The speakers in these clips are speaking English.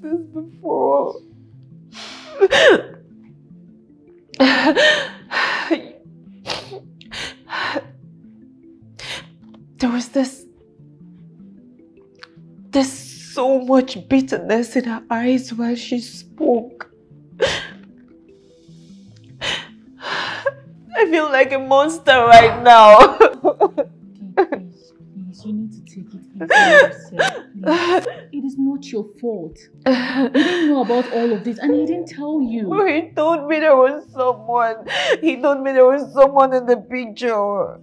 this before. there was this there's so much bitterness in her eyes while she spoke. I feel like a monster right now. you need to take it It is not your fault. You didn't know about all of this and he didn't tell you. He told me there was someone. He told me there was someone in the picture.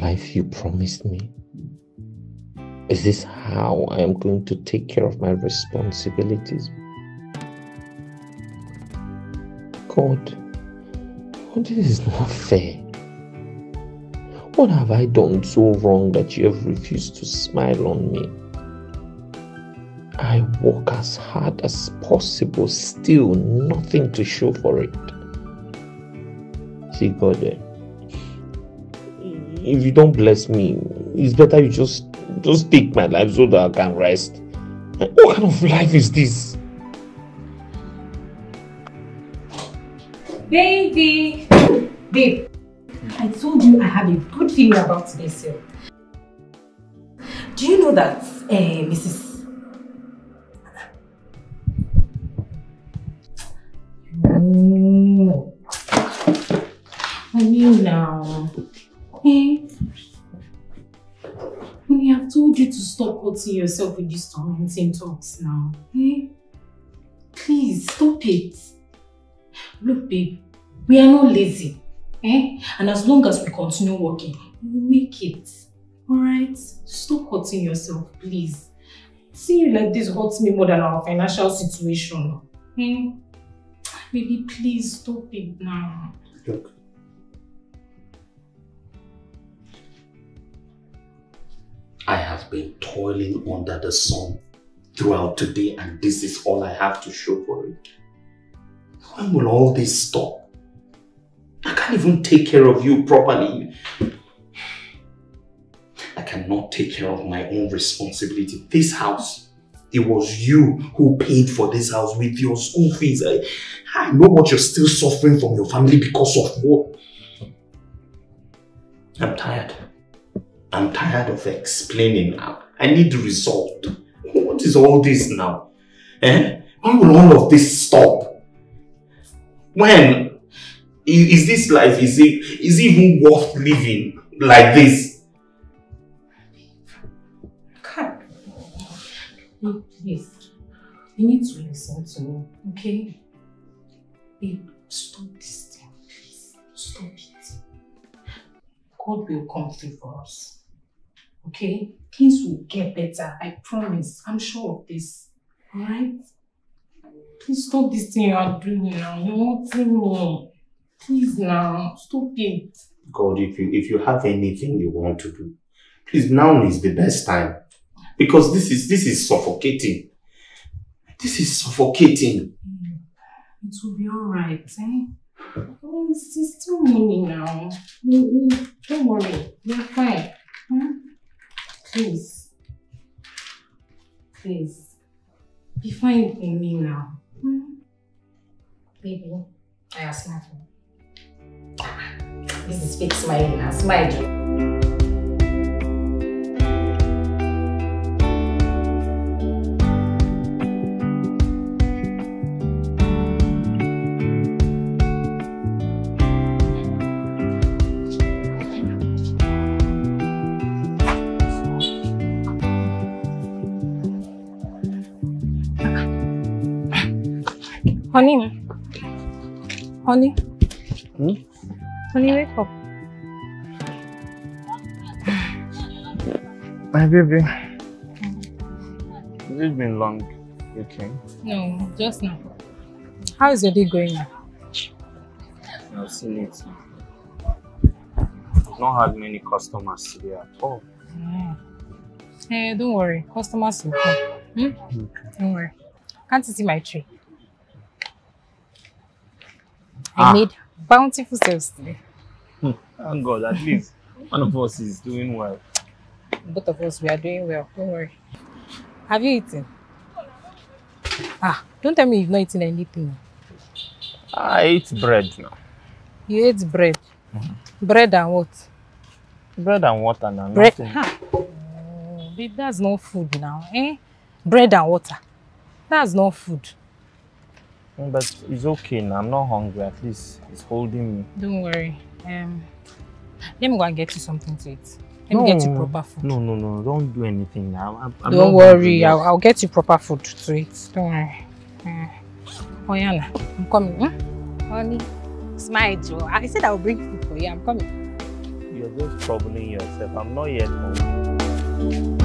life you promised me? Is this how I am going to take care of my responsibilities? God, this is not fair. What have I done so wrong that you have refused to smile on me? I work as hard as possible, still nothing to show for it. See, God, if you don't bless me, it's better you just just take my life so that I can rest. What kind of life is this? Baby! Babe, I told you I have a good feeling about this. Do you know that uh, eh, Mrs. No. I knew now. Eh? Honey, I've told you to stop hurting yourself with these tormenting talks now. Eh? Please, stop it. Look, babe, we are not lazy. Eh? And as long as we continue working, we'll make it. Alright? Stop hurting yourself, please. Seeing you like this hurts me more than our financial situation. Eh? Baby, please stop it now. Look, I have been toiling under the sun throughout today and this is all I have to show for it. When will all this stop? I can't even take care of you properly. I cannot take care of my own responsibility. This house, it was you who paid for this house with your school fees. I, I know what you're still suffering from your family because of what. I'm tired. I'm tired of explaining. I need the result. What is all this now? Eh? When will all of this stop? When? Is this life, is it, is it even worth living like this? God. No, please. You need to listen to me, okay? Babe, stop this thing, please. Stop it. God will come through for us. Okay? Things will get better. I promise. I'm sure of this. Alright? Please stop this thing you are doing now. You're wanting me. Please now. Stop it. God, if you if you have anything you want to do, please now is the best time. Because this is this is suffocating. This is suffocating. Mm. It will be alright, eh? Oh, it's still me now. Mm-hmm. Don't worry, we're fine. Hmm? Please. Please. Be fine with me now. Hmm? Baby, I ask nothing. This is fake smiling now. Smile. Honey. Mm. Honey. Hmm? Honey, wake up. My baby. Has it been long you came? No, just now. How is your day going now? I've seen it. I've not had many customers today at all. Mm. Hey, eh, don't worry. Customers will come. Hmm? Okay. Don't worry. Can't you see my tree? I ah. made bountiful sales today. Hmm. Thank God, at least one of us is doing well. Both of us, we are doing well. Don't worry. Have you eaten? Ah, don't tell me you've not eaten anything. I ate bread now. You ate bread? Mm-hmm. Bread and what? Bread and water now. Bread. Nothing. Huh. Oh, babe, that's not food now. Eh? Bread and water. That's not food. Mm, but it's okay now. I'm not hungry. At least it's holding me. Don't worry. Um, let me go and get you something to eat. Let no, me get you proper food. No, no, no. Don't do anything now. I'm, I'm Don't worry. I'll, I'll get you proper food to eat. Don't worry. Uh, Yana, I'm coming. Hmm? Honey, smile, Joe. I said I'll bring food for you. I'm coming. You're just troubling yourself. I'm not yet home.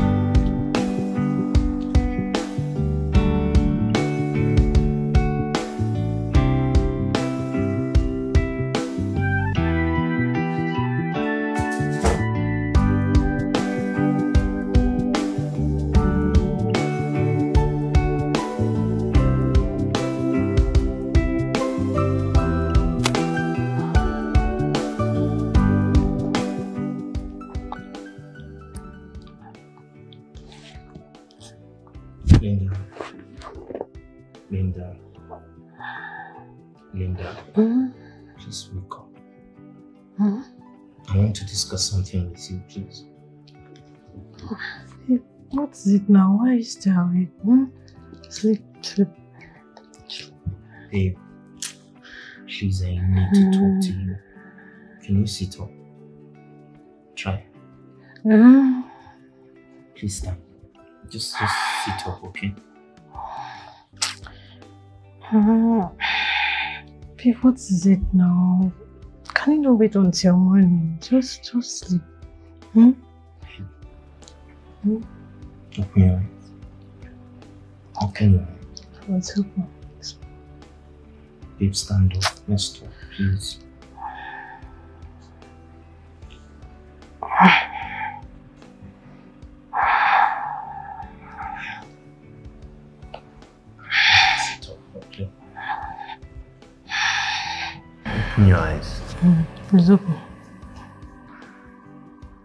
discuss something with you, please. What is it now? Why is there a Hmm? Sleep, sleep. Babe, please, I need to talk to mm. you. Can you sit up? Try. Mm. Please stand. Just, just sit up, okay? Uh, babe, what is it now? Can you not wait until morning? Just, just sleep. Hmm? Hmm? Open your eyes. Open your eyes. I was open. Babe, stand up. Let's talk, please. Sit up, okay. Open your eyes. Zopo. Mm,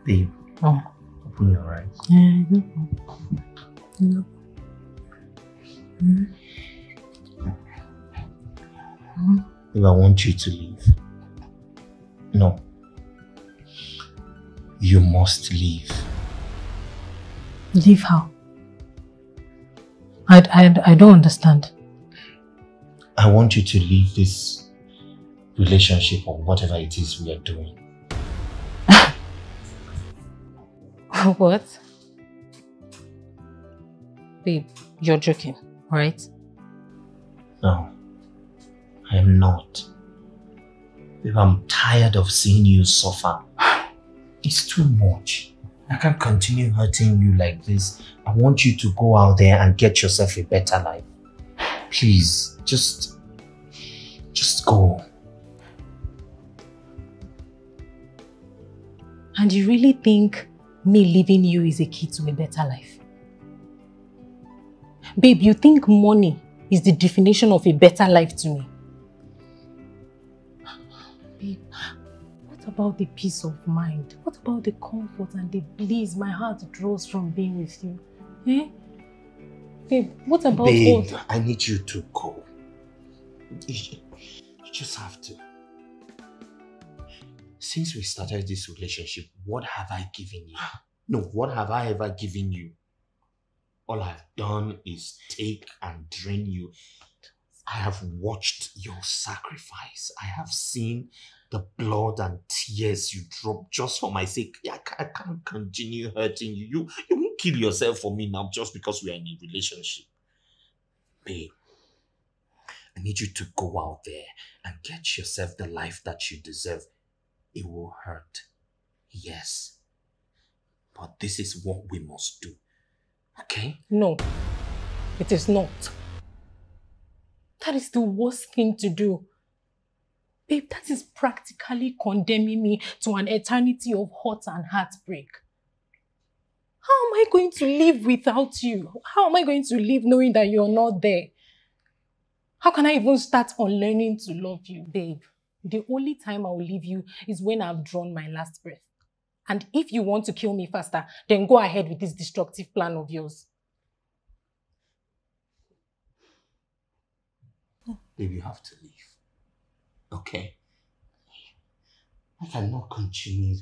Babe. Oh. Open your eyes. Yeah, Zopo. Zopo. Mm. Mm. If I want you to leave, no. You must leave. Leave how? I, I, I don't understand. I want you to leave this relationship or whatever it is we are doing. what? Babe, you're joking, right? No, I am not. Babe, I'm tired of seeing you suffer. It's too much. I can't continue hurting you like this. I want you to go out there and get yourself a better life. Please, just, just go. And you really think me leaving you is a key to a better life? Babe, you think money is the definition of a better life to me? Babe, what about the peace of mind? What about the comfort and the bliss my heart draws from being with you? Eh? Babe, what about Babe, all... I need you to go. You, you just have to since we started this relationship, what have I given you? No, what have I ever given you? All I've done is take and drain you. I have watched your sacrifice. I have seen the blood and tears you drop just for my sake. I, can't continue hurting you. You you won't kill yourself for me now just because we are in a relationship. Babe, I need you to go out there and get yourself the life that you deserve it will hurt. Yes. But this is what we must do. Okay? No, it is not. That is the worst thing to do. Babe, that is practically condemning me to an eternity of hurt and heartbreak. How am I going to live without you? How am I going to live knowing that you're not there? How can I even start on learning to love you, babe? the only time I will leave you is when I've drawn my last breath. And if you want to kill me faster, then go ahead with this destructive plan of yours. Babe, you have to leave. Okay? I cannot continue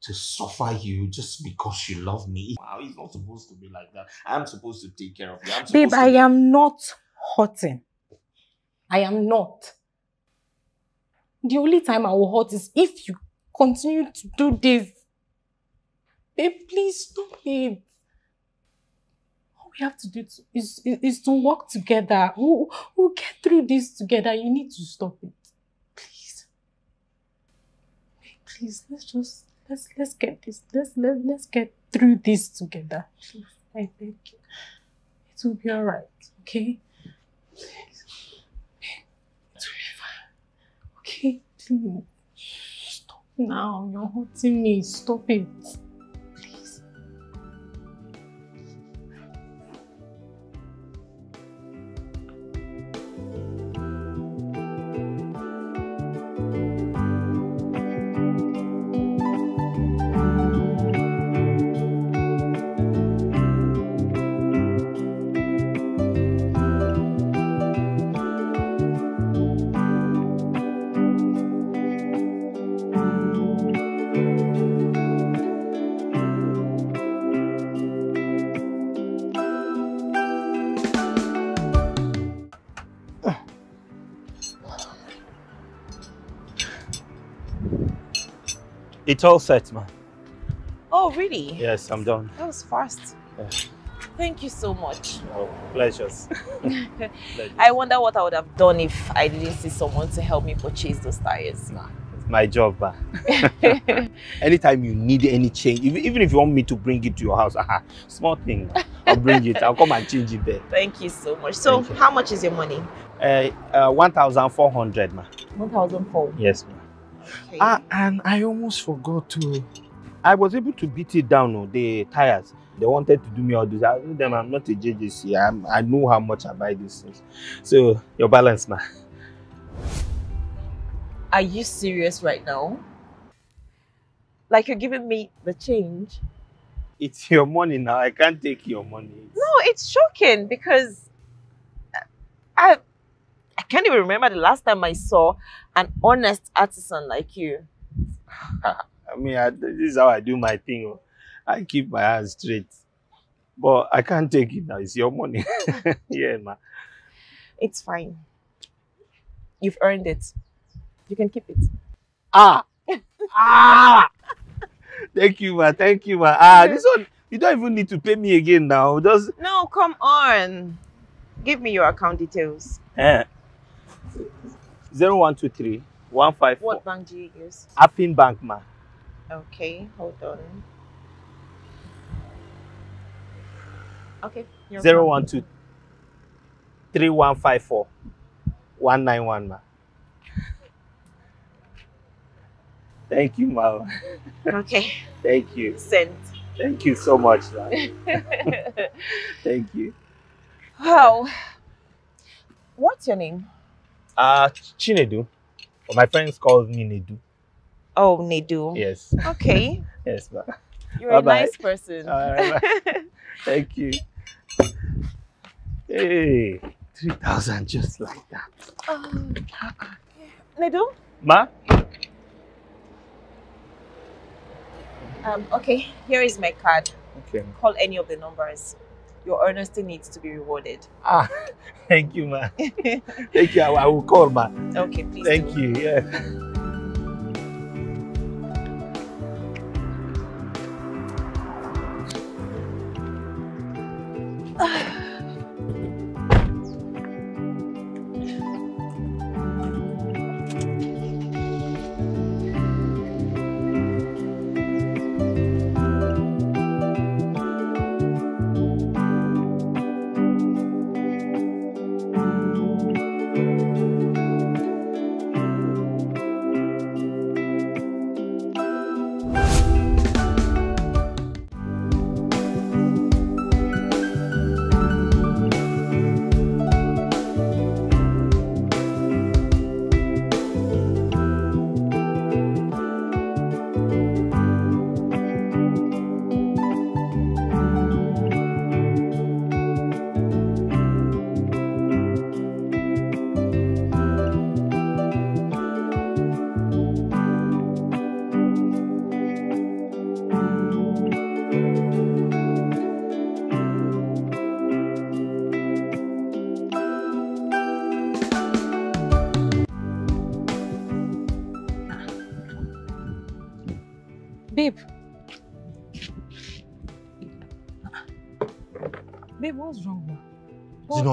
to suffer you just because you love me. Wow, it's not supposed to be like that. I'm supposed to take care of you. Babe, I am not hurting. I am not. The only time I will hurt is if you continue to do this. Babe, please stop it. All we have to do to, is, is, is to work together. We'll, we'll get through this together. You need to stop it. Please. Babe, please, let's just, let's, let's get this, let's, let, let's get through this together. Please, I beg you. It will be alright, okay? Stop now. You're hurting me. Stop it. It's all set, man. Oh, really? Yes, I'm done. That was fast. Yeah. Thank you so much. Oh, pleasures. I wonder what I would have done if I didn't see someone to help me purchase those tires. Nah, it's my job, man. Anytime you need any change, even if you want me to bring it to your house, small thing, I'll bring it. I'll come and change it there. Thank you so much. So, how much is your money? Uh, uh 1,400, ma. 1,400? Yes, ma. Okay. Uh, and I almost forgot to. I was able to beat it down, Oh, the tires. They wanted to do me all this. I told them I'm not a JJC. I'm, I know how much I buy these things. So, your balance, man. Are you serious right now? Like you're giving me the change? It's your money now. I can't take your money. No, it's shocking because uh, I, I can't even remember the last time I saw an honest artisan like you? I mean, I, this is how I do my thing. Oh. I keep my hands straight. But I can't take it now. It's your money. yeah, ma. It's fine. You've earned it. You can keep it. Ah! ah! Thank you, ma. Thank you, ma. Ah, this one, you don't even need to pay me again now. Just... No, come on. Give me your account details. Yeah. 0123 What bank do you use? Affin Bank, ma. Okay, hold on. Okay. Zero one two three one five four one nine one ma. Thank you, ma. Okay. Thank you. Sent. Thank you so much, ma. Thank you. Wow. What's your name? Uh, Chinedu. My friends call me Nedu. Oh, Nedu. Yes. Okay. yes, ma. You're bye a bye. nice person. All right, Thank you. Hey, 3,000 just like that. Oh. Nedu? Ma? Um, okay, here is my card. Okay. Call any of the numbers your honesty needs to be rewarded. Ah, thank you, ma. thank you. I, I will call, ma. Okay, please. Thank do. you. Yeah.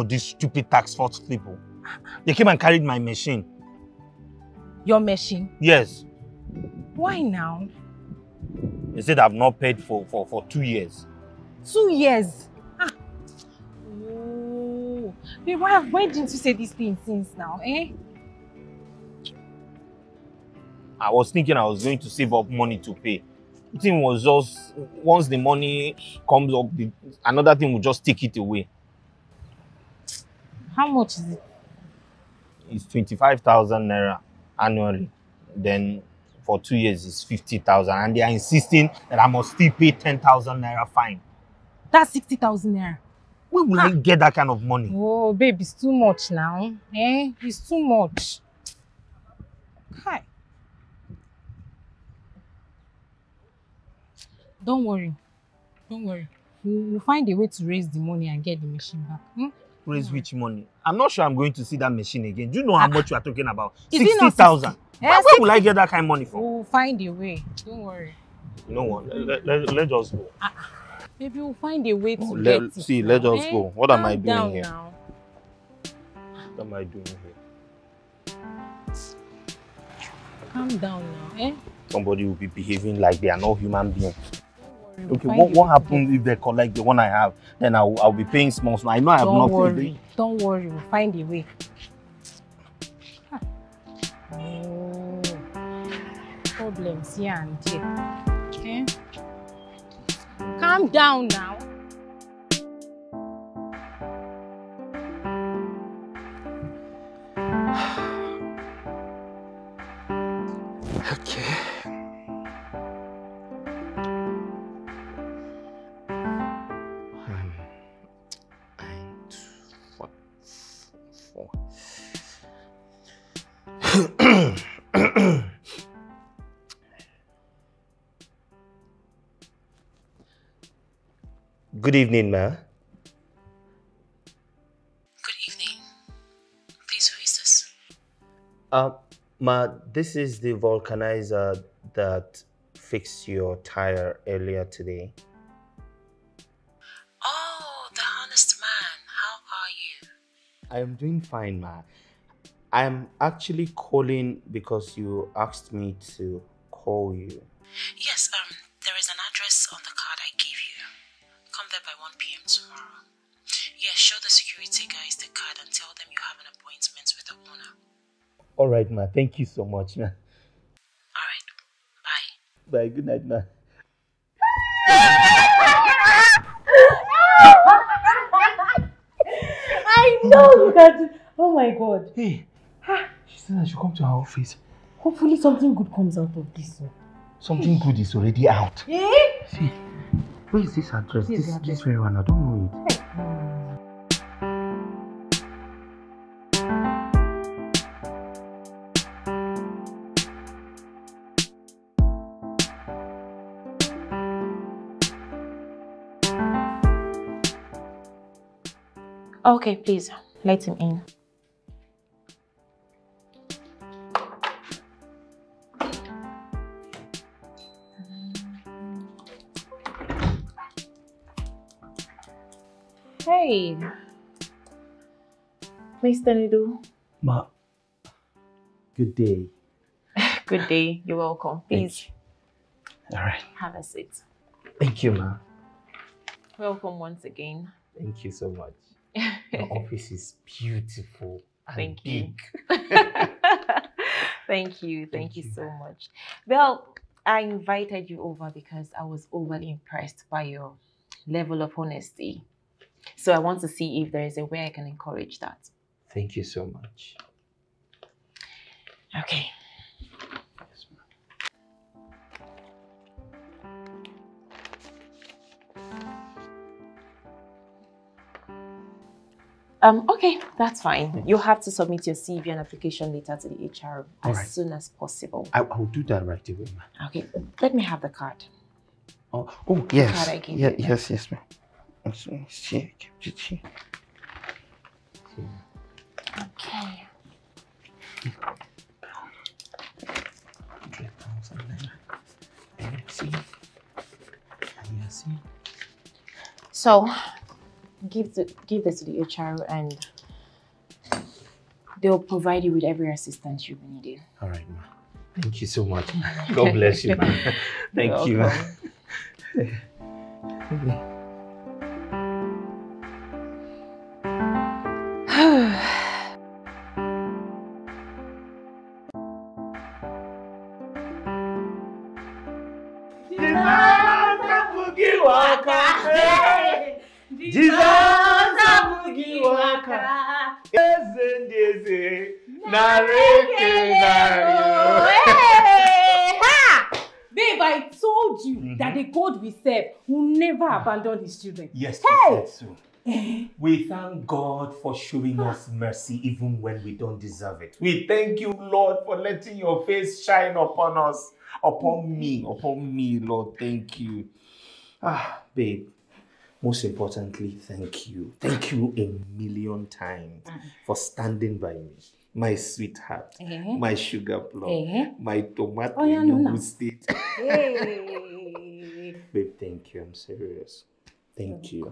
these stupid tax force people. They came and carried my machine. Your machine? Yes. Why now? They said I've not paid for, for, for two years. Two years? Ah. Oh. why, why didn't you say this thing since now, eh? I was thinking I was going to save up money to pay. The thing was just, once the money comes up, the, another thing will just take it away. How much is it? It's 25,000 naira annually. Then for two years, it's 50,000. And they are insisting that I must still pay 10,000 naira fine. That's 60,000 naira. Where will ah. I get that kind of money? Oh, babe, it's too much now. Eh? It's too much. Hi. Don't worry. Don't worry. We'll find a way to raise the money and get the machine back. Hmm? raise hmm. which money i'm not sure i'm going to see that machine again do you know how ah, much you are talking about sixty thousand eh, where will i get that kind of money from. we'll find a way don't worry. No one. let let let us go. Uh, maybe we'll find a way to oh, get let, it. see let us eh? go what am i doing here now. what am i doing here. calm down now eh. somebody will be behaving like they are not human beings. Okay, what, what happens if they collect the one I have? Then I'll, I'll be paying small, small. I know I have not worry. Don't worry, we'll find a way. Oh, problems here and there. Okay? Calm down now. Good evening, ma. Good evening. Please, who is this? Uh, ma, this is the vulcanizer that fixed your tire earlier today. Oh, the honest man. How are you? I am doing fine, ma. I am actually calling because you asked me to call you. All right, ma. Thank you so much, ma. All right. Bye. Bye. Good night, ma. I know you can Oh my God. Hey. Ah. She said I should come to her office. Hopefully something good comes out of this. Oh. Something good is already out. Eh? See, where is this address? This, address. this very one, I don't know it. Okay, please, let him in. Hey. Mr. Nidu. Ma. Good day. good day. You're welcome. Please. You. All right. Have a seat. Thank you, ma. Welcome once again. Thank you so much. Your office is beautiful. Thank you. thank you. thank you. Thank you so much. Well, I invited you over because I was overly impressed by your level of honesty. So I want to see if there is a way I can encourage that. Thank you so much. Okay. Um, okay, that's fine. You'll have to submit your CV and application later to the HR as right. soon as possible. I, will do that right away, ma'am. Okay, let me have the card. Oh, oh yes. Card yeah, you. yes, yes, ma'am. Okay. So, give the, give this to the HR and they'll provide you with every assistance you need. needing. All right, ma. Thank you so much. God bless you, ma. Thank You're you. abandoned his children. Yes, hey! said so. we thank God for showing us ah. mercy even when we don't deserve it. We thank you, Lord, for letting your face shine upon us, upon me, upon me, Lord. Thank you. Ah, babe, most importantly, thank you. Thank you a million times mm. for standing by me. My sweetheart, eh? my sugar plum, eh? my tomato oh, yeah, no, state. hey. Babe, thank you. I'm serious. Thank you.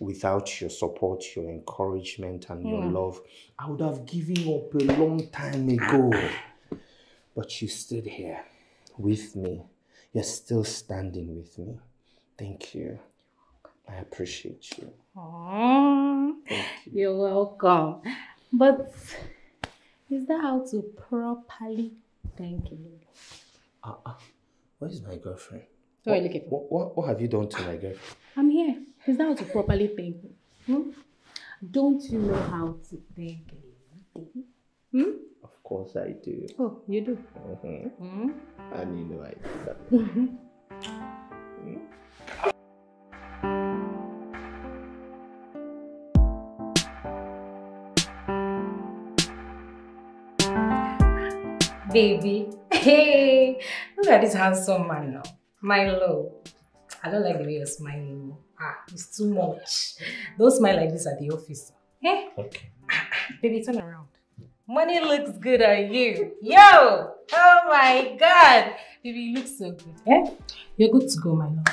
Without your support, your encouragement, and mm. your love, I would have given up a long time ago. but you stood here with me. You're still standing with me. Thank you. I appreciate you. Aww. You. You're welcome. But is that how to properly thank you? Uh, uh, where's my girlfriend? So what, looking for? What, what, what, have you done to my girl? I'm here. Is that how to properly think? Hmm? Don't you know how to think? Hmm? Of course I do. Oh, you do? Mm-hmm. Mm-hmm. And you know I do that. Mm-hmm. baby. Hey, look at this handsome man now love, I don't like the way you're smiling. Ah, it's too much. Don't smile like this at the office. Eh? Okay. Baby, turn around. Money looks good on you. Yo! Oh my god! Baby, you look so good. Eh? You're good to go, my love.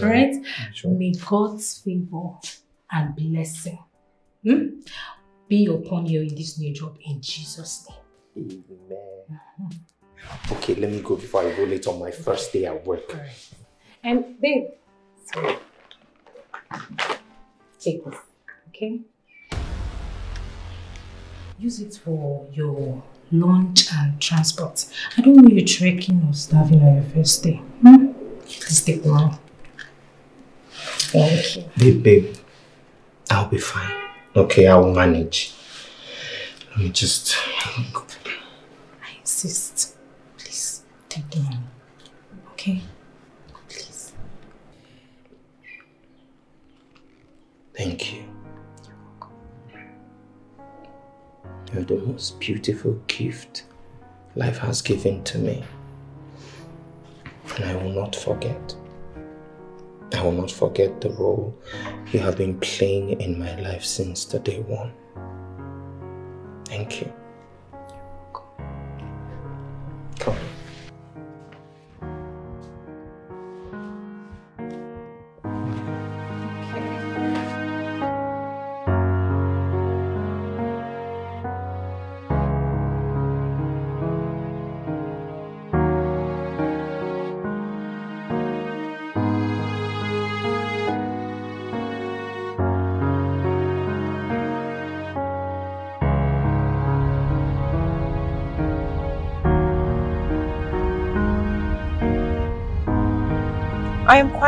Alright? Sure. May God's favor and blessing hmm, be upon you in this new job in Jesus' name. Amen. Mm -hmm. Okay, let me go before I go late on my first day at work. And babe, take this, okay? Use it for your lunch and transport. I don't want you trekking or starving on your first day. Hmm? Please take one. Okay. Thank you. Babe, babe, I'll be fine. Okay, I will manage. Let me just... I insist check the Okay? Please. Thank you. You're the most beautiful gift life has given to me. And I will not forget. I will not forget the role you have been playing in my life since the day one. Thank you.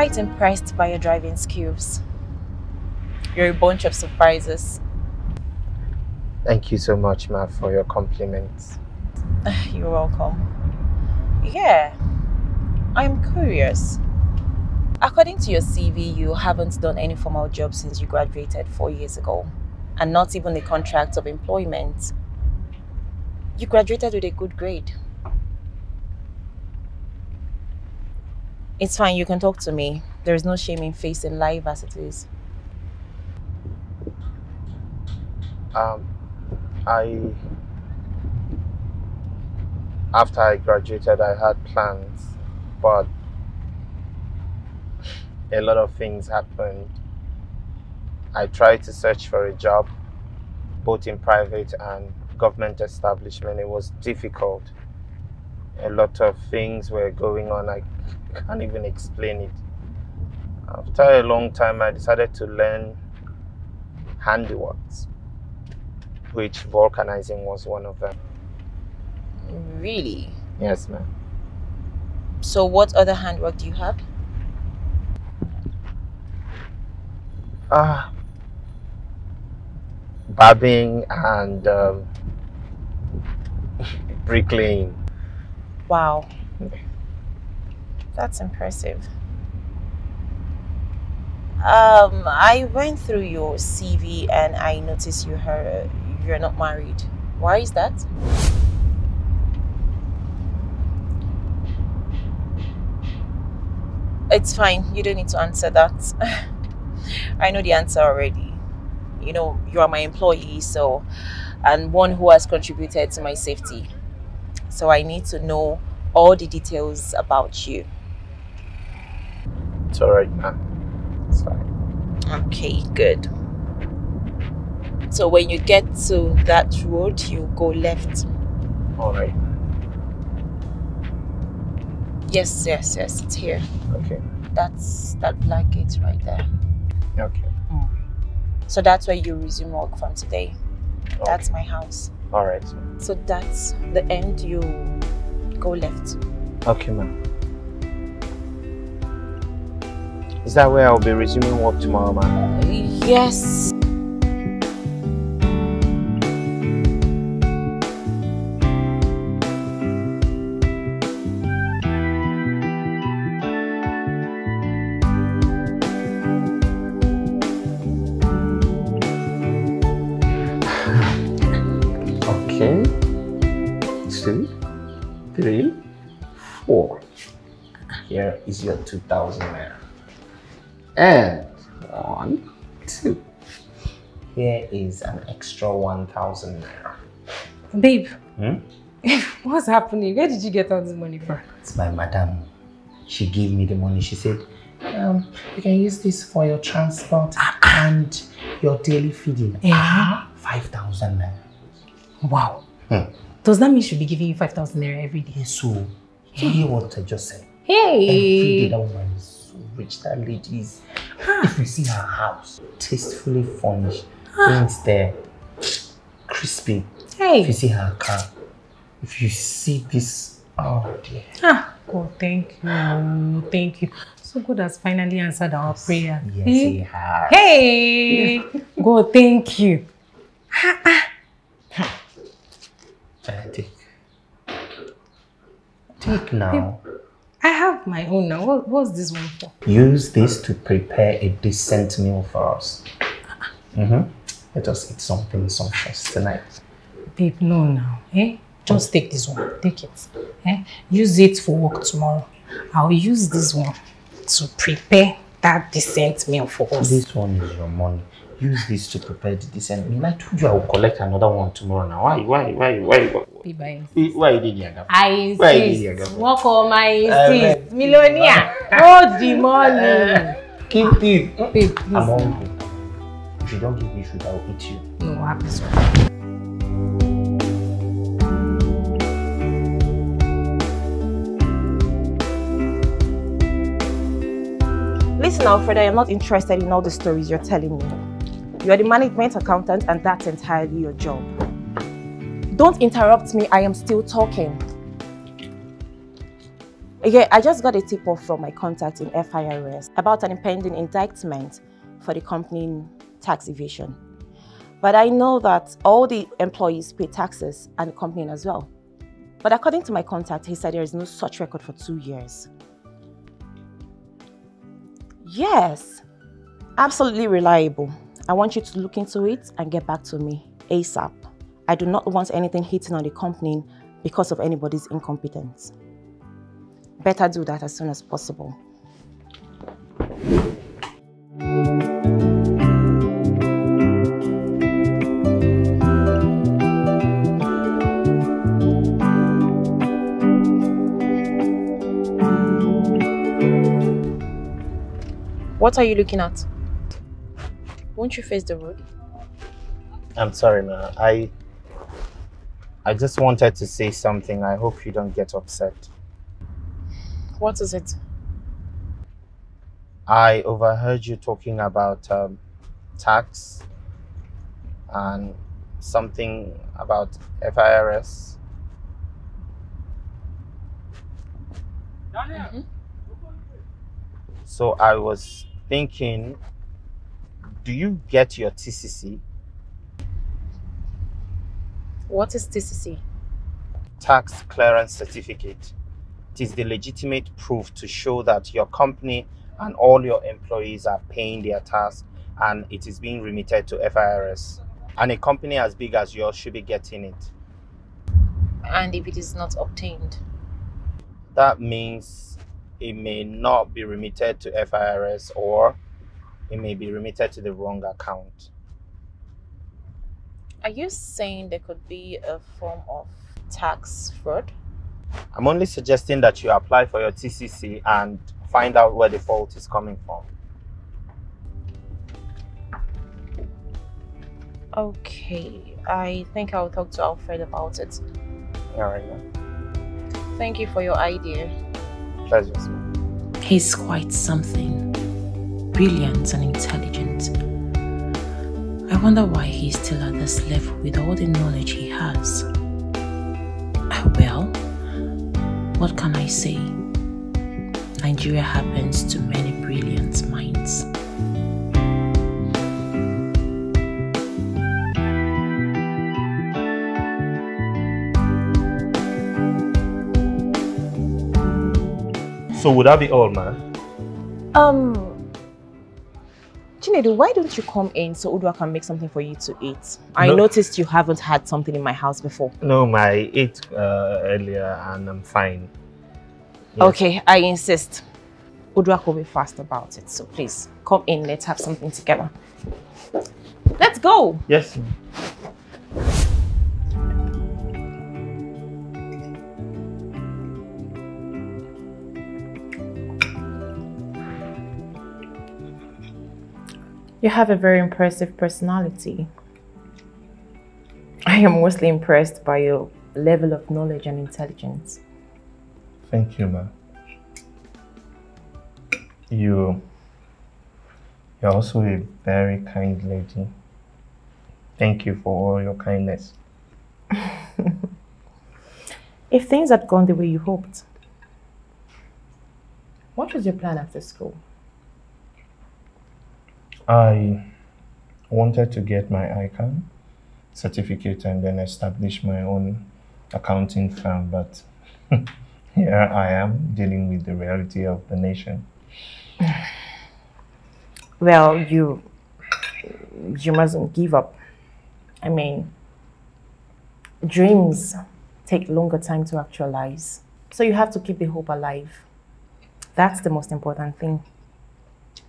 quite impressed by your driving skills. You're a bunch of surprises. Thank you so much, Ma, for your compliments. You're welcome. Yeah, I'm curious. According to your CV, you haven't done any formal job since you graduated four years ago, and not even a contract of employment. You graduated with a good grade. It's fine, you can talk to me. There is no shame in facing life as it is. Um, I... After I graduated, I had plans, but a lot of things happened. I tried to search for a job, both in private and government establishment. It was difficult. A lot of things were going on. I can't even explain it. After a long time, I decided to learn handiworks, which vulcanizing was one of them. Really? Yes, ma'am. So what other handwork do you have? Ah, uh, barbing and um, bricklaying. Wow. That's impressive. Um, I went through your CV and I noticed you are you're not married. Why is that? It's fine. You don't need to answer that. I know the answer already. You know, you are my employee, so, and one who has contributed to my safety. So I need to know all the details about you. It's all right, man. It's fine. Okay, good. So when you get to that road, you go left. All right. Yes, yes, yes. It's here. Okay. That's that black gate right there. Okay. Mm. So that's where you resume work from today. Okay. That's my house. All right. So that's the end. You go left. Okay, ma'am. Is that where I'll be resuming work tomorrow, ma'am? Yes. okay. Two, three, four. Here is your 2,000 naira. And one, two. Here is an extra 1,000 naira. Babe, hmm? what's happening? Where did you get all this money from? It's my madam. She gave me the money. She said, um, you can use this for your transport and your daily feeding. Yeah. Eh? 5,000 naira. Wow. Hmm. Does that mean she'll be giving you 5,000 naira every day? so. Eh? Hear what I just said. Hey! Every day rich that lady is. Ah. If you see her house, tastefully furnished, ah. things there, crispy. Hey. If you see her car, if you see this, oh dear. Ah, God, thank you, thank you. So God has finally answered our prayer. Yes, hey. Hmm? He has. Hey, yeah. God, thank you. Ha, ah, ah. Hmm. Take. Take now. Hey. I have my own now. What, what's this one for? Use this to prepare a decent meal for us. Mm-hmm. Let us eat something sumptuous tonight. Babe, no now. Eh? Just take this one. Take it. Eh? Use it for work tomorrow. I'll use this one to prepare that decent meal for us. This one is your money use this to prepare this and I told you I will collect another one tomorrow. Now why why why why why why did you agape? I insist. Work on my insist. Millionaire. Hold the money. Keep it. I'm hungry. If you don't give me food, I will eat you. No, I'm sorry. Listen, Alfred. I'm not interested in all the stories you're telling me. You're the management accountant and that's entirely your job. Don't interrupt me, I am still talking. Yeah, I just got a tip-off from my contact in FIRS about an impending indictment for the company tax evasion. But I know that all the employees pay taxes and the company as well. But according to my contact, he said there is no such record for two years. Yes, absolutely reliable. I want you to look into it and get back to me ASAP. I do not want anything hitting on the company because of anybody's incompetence. Better do that as soon as possible. What are you looking at? Won't you face the road? I'm sorry, ma. I I just wanted to say something. I hope you don't get upset. What is it? I overheard you talking about um, tax and something about FIRS. Mm -hmm. So I was thinking do you get your TCC? What is TCC? Tax Clearance Certificate. It is the legitimate proof to show that your company and all your employees are paying their tax and it is being remitted to FIRS. And a company as big as yours should be getting it. And if it is not obtained? That means it may not be remitted to FIRS or it may be remitted to the wrong account. Are you saying there could be a form of tax fraud? I'm only suggesting that you apply for your TCC and find out where the fault is coming from. Okay, I think I'll talk to Alfred about it. Alright. Thank you for your idea. Pleasure. He's quite something. Brilliant and intelligent. I wonder why he's still at this level with all the knowledge he has. Ah, well, what can I say? Nigeria happens to many brilliant minds. So would that be all, ma? Um, Chinedu, why don't you come in so Udwa can make something for you to eat? I no. noticed you haven't had something in my house before. No, ma, I ate uh, earlier and I'm fine. Yes. Okay, I insist. Udwa will be fast about it, so please come in, let's have something together. Let's go! Yes. You have a very impressive personality. I am mostly impressed by your level of knowledge and intelligence. Thank you, ma. You, you're also a very kind lady. Thank you for all your kindness. if things had gone the way you hoped, what was your plan after school? I wanted to get my ICANN certificate and then establish my own accounting firm, but here I am dealing with the reality of the nation. Well, you you mustn't give up. I mean, dreams take longer time to actualize. So you have to keep the hope alive. That's the most important thing.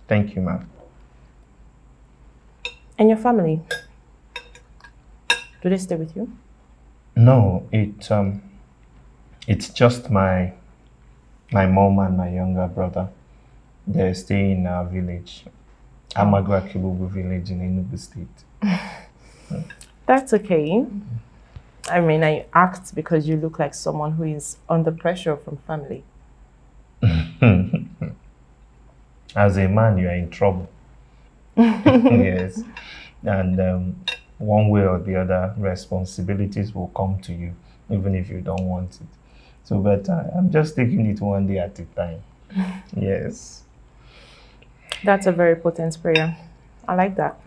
Thank you, ma'am. And your family? Do they stay with you? No, it um, it's just my my mom and my younger brother. They stay in our village, oh. Amagwa Kibubu village in Enugu State. That's okay. I mean, I act because you look like someone who is under pressure from family. As a man, you are in trouble yes. And um, one way or the other, responsibilities will come to you, even if you don't want it. So, but uh, I'm just taking it one day at a time. Yes. That's a very potent prayer. I like that.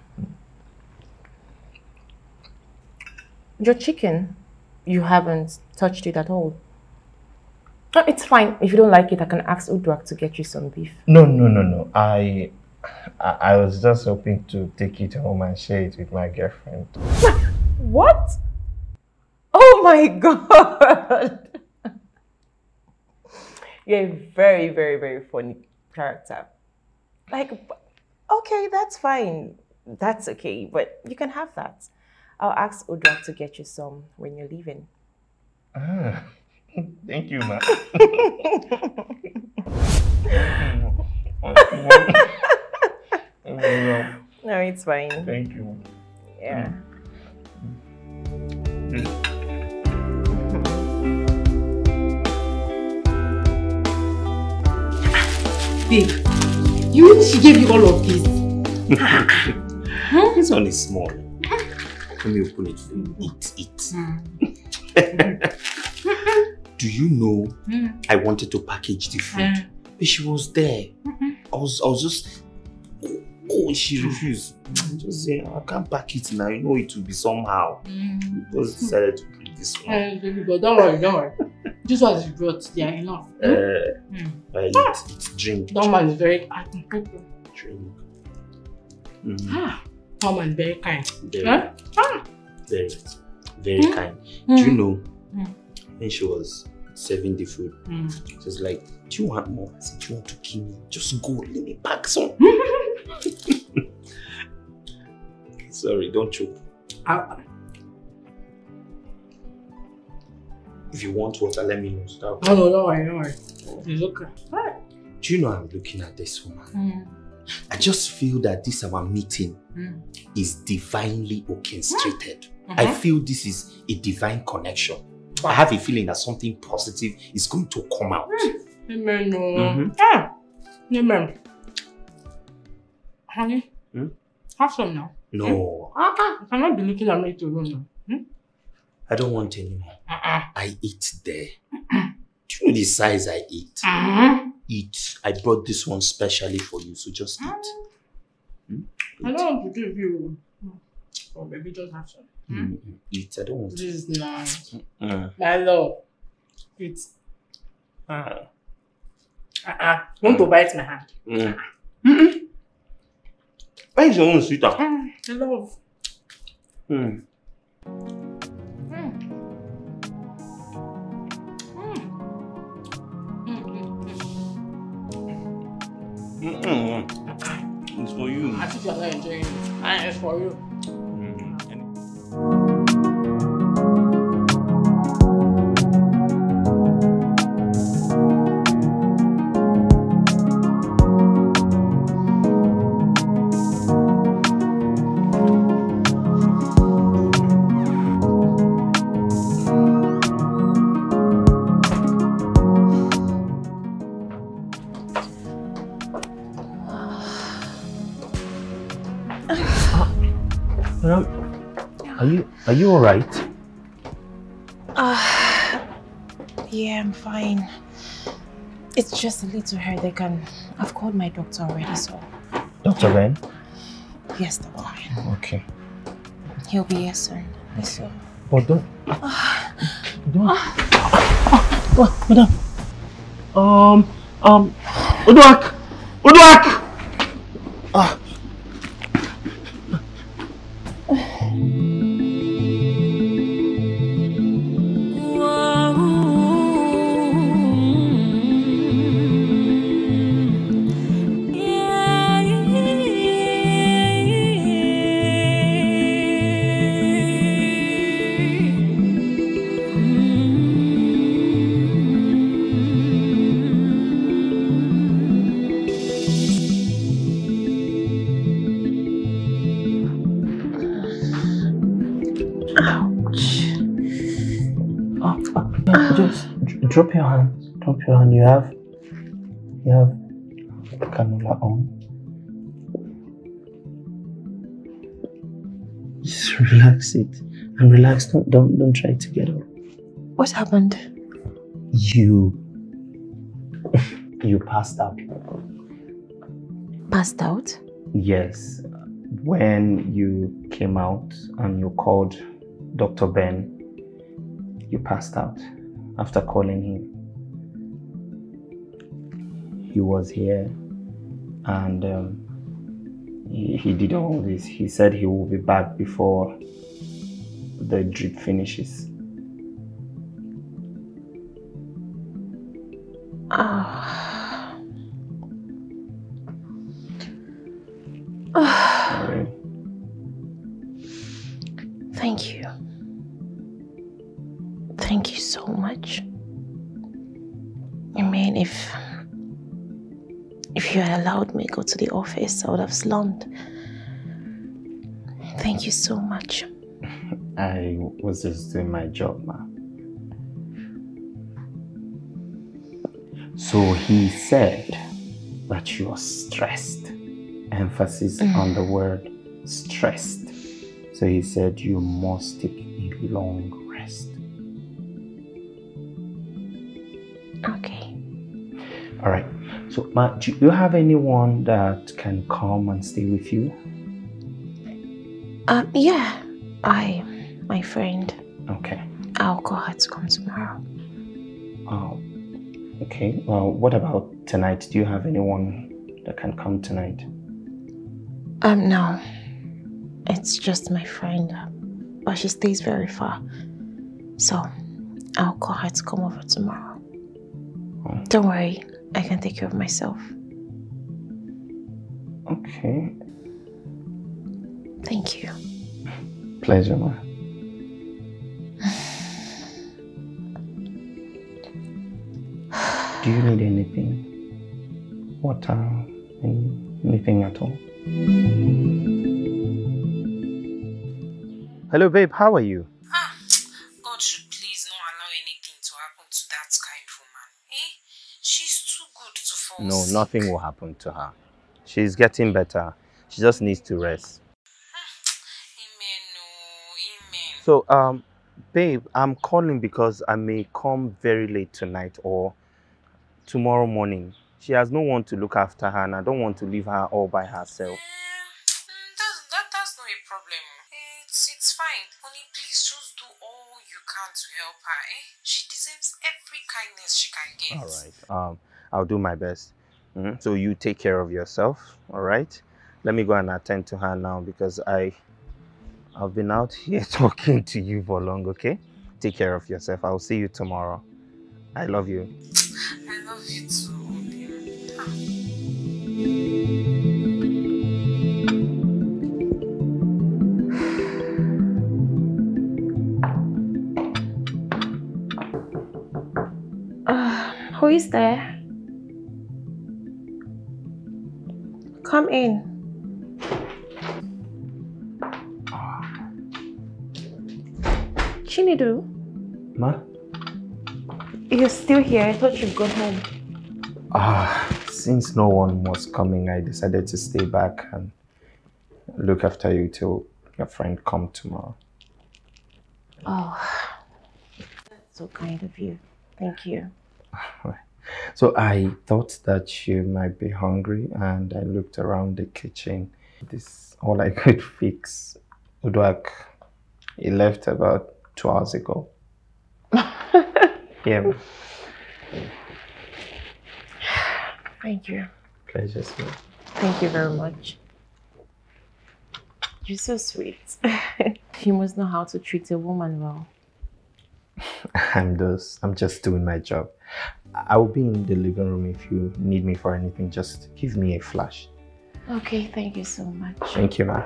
Your chicken, you haven't touched it at all. It's fine. If you don't like it, I can ask Udwak to get you some beef. No, no, no, no. I I, was just hoping to take it home and share it with my girlfriend. What? Oh my God. You're a very, very, very funny character. Like, okay, that's fine. That's okay, but you can have that. I'll ask Odra to get you some when you're leaving. Ah, thank you, ma. no, it's fine. Thank you. Yeah. Mm. mm. Babe, you mean she gave you all of this? huh? This one is small. Let me open it. Eat it. Do you know mm. I wanted to package the food? Mm. But she was there. Mm-hmm. I was I was just Oh, she refused. Mm. Just say, I can't pack it now. You know it will be somehow. Mm. We just decided to bring this one. Hey, eh, baby, but don't worry, don't worry. Just what you brought, they are enough. Eh, uh, mm. well, ah. it's drink. That one is very Drink. Mm. Ah, that man very kind. Very, huh? Eh? Ah! very, very mm. kind. Mm. Do you know, mm. when she was serving the food, mm. she was like, do you want more? I said, do you want to kill me? Just go, let me pack some. Sorry, don't choke. if you want water, let me know. Stop. no, no, no, I know. It's okay. What? Do you know I'm looking at this woman? Mm. I just feel that this our meeting mm. is divinely orchestrated. Mm -hmm. I hmm. feel this is a divine connection. Wow. I have a feeling that something positive is going to come out. Hmm. Amen. -hmm. Ah, amen. Honey, hmm? have some now. No. Hmm? I cannot be looking at me to alone now. Hmm? I don't want any more. Uh -uh. I eat there. Do you know the size I eat? Uh Eat. I brought this one specially for you, so just eat. Ah. Hmm? I don't want to give you. Oh, baby, just have some. Mm, eat. I don't want. This is nice. Uh, My love. Eat. Ah. Uh-uh. Ah, ah. Want to mm. bite my hand? Mm. Mm Where's your own sweetheart? Mm, I love. Hmm. Mm. Mm. Mm. mm. It's for you. I think you're not enjoying it. And it's for you. Are you all right? Uh, yeah, I'm fine. It's just a little headache and I've called my doctor already, so... Dr. Ren? Yes, Dr. Oh, Ren. Okay. He'll be here soon. Yes, okay. sir. Oh, don't... Uh, don't... Uh, oh, madam. Um, um... Uduak! Uduak! Ah. you have you have canola on. Just relax it and relax. Don't don't don't try to get up. What happened? You you passed out. Passed out? Yes. When you came out and you called Dr. Ben, you passed out after calling him he was here and um, he, he did all this. He said he will be back before the drip finishes. Ah. Thank you. Thank you so much. I mean, if you had allowed me go to the office, I would have slumped. Thank you so much. I was just doing my job, ma. So he said that you are stressed. Emphasis mm. on the word stressed. So he said you must take a long rest. Okay. All right. So, Ma, do you have anyone that can come and stay with you? Um, yeah, I, my friend. Okay. I'll call her to come tomorrow. Oh, okay. Well, what about tonight? Do you have anyone that can come tonight? Um, no. It's just my friend, but she stays very far. So, I'll call her to come over tomorrow. Oh. Don't worry, I can take care of myself. Okay. Thank you. Pleasure, Ma. Do you need anything? Water? Anything at all? Hello, babe. How are you? No, nothing will happen to her. She's getting better. She just needs to rest. Ah, so, um, babe, I'm calling because I may come very late tonight or tomorrow morning. She has no one to look after her and I don't want to leave her all by herself. Eh, mm, that's, that, that's not a problem. It's, it's fine. Honey, please just do all you can to help her. Eh? She deserves every kindness she can get. All right. Um, I'll do my best. Mm -hmm. So you take care of yourself, all right? Let me go and attend to her now because I, I've been out here talking to you for long, okay? Take care of yourself. I'll see you tomorrow. I love you. I love you too, who is there? Come in. Chinidu. Ma? You're still here. I thought you'd go home. Ah, since no one was coming, I decided to stay back and look after you till your friend come tomorrow. Oh, that's so kind of you. Thank you. Ah, so I thought that she might be hungry and I looked around the kitchen. This all I could fix. Udwak, he left about two hours ago. yeah. Thank you. Pleasure, sir. Thank you very much. You're so sweet. you must know how to treat a woman well. I'm just, I'm just doing my job. I'll be in the living room if you need me for anything. Just give me a flash. Okay, thank you so much. Thank you, ma'am.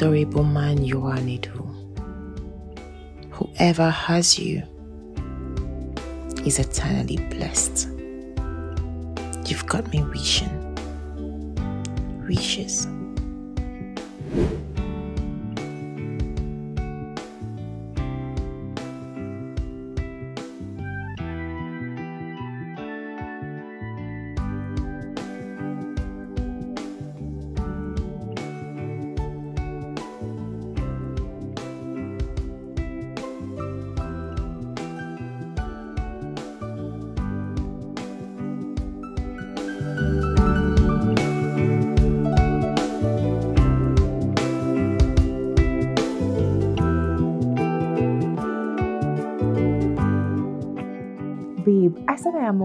adorable man you are, Nidu. Whoever has you is eternally blessed. You've got me wishing. Wishes.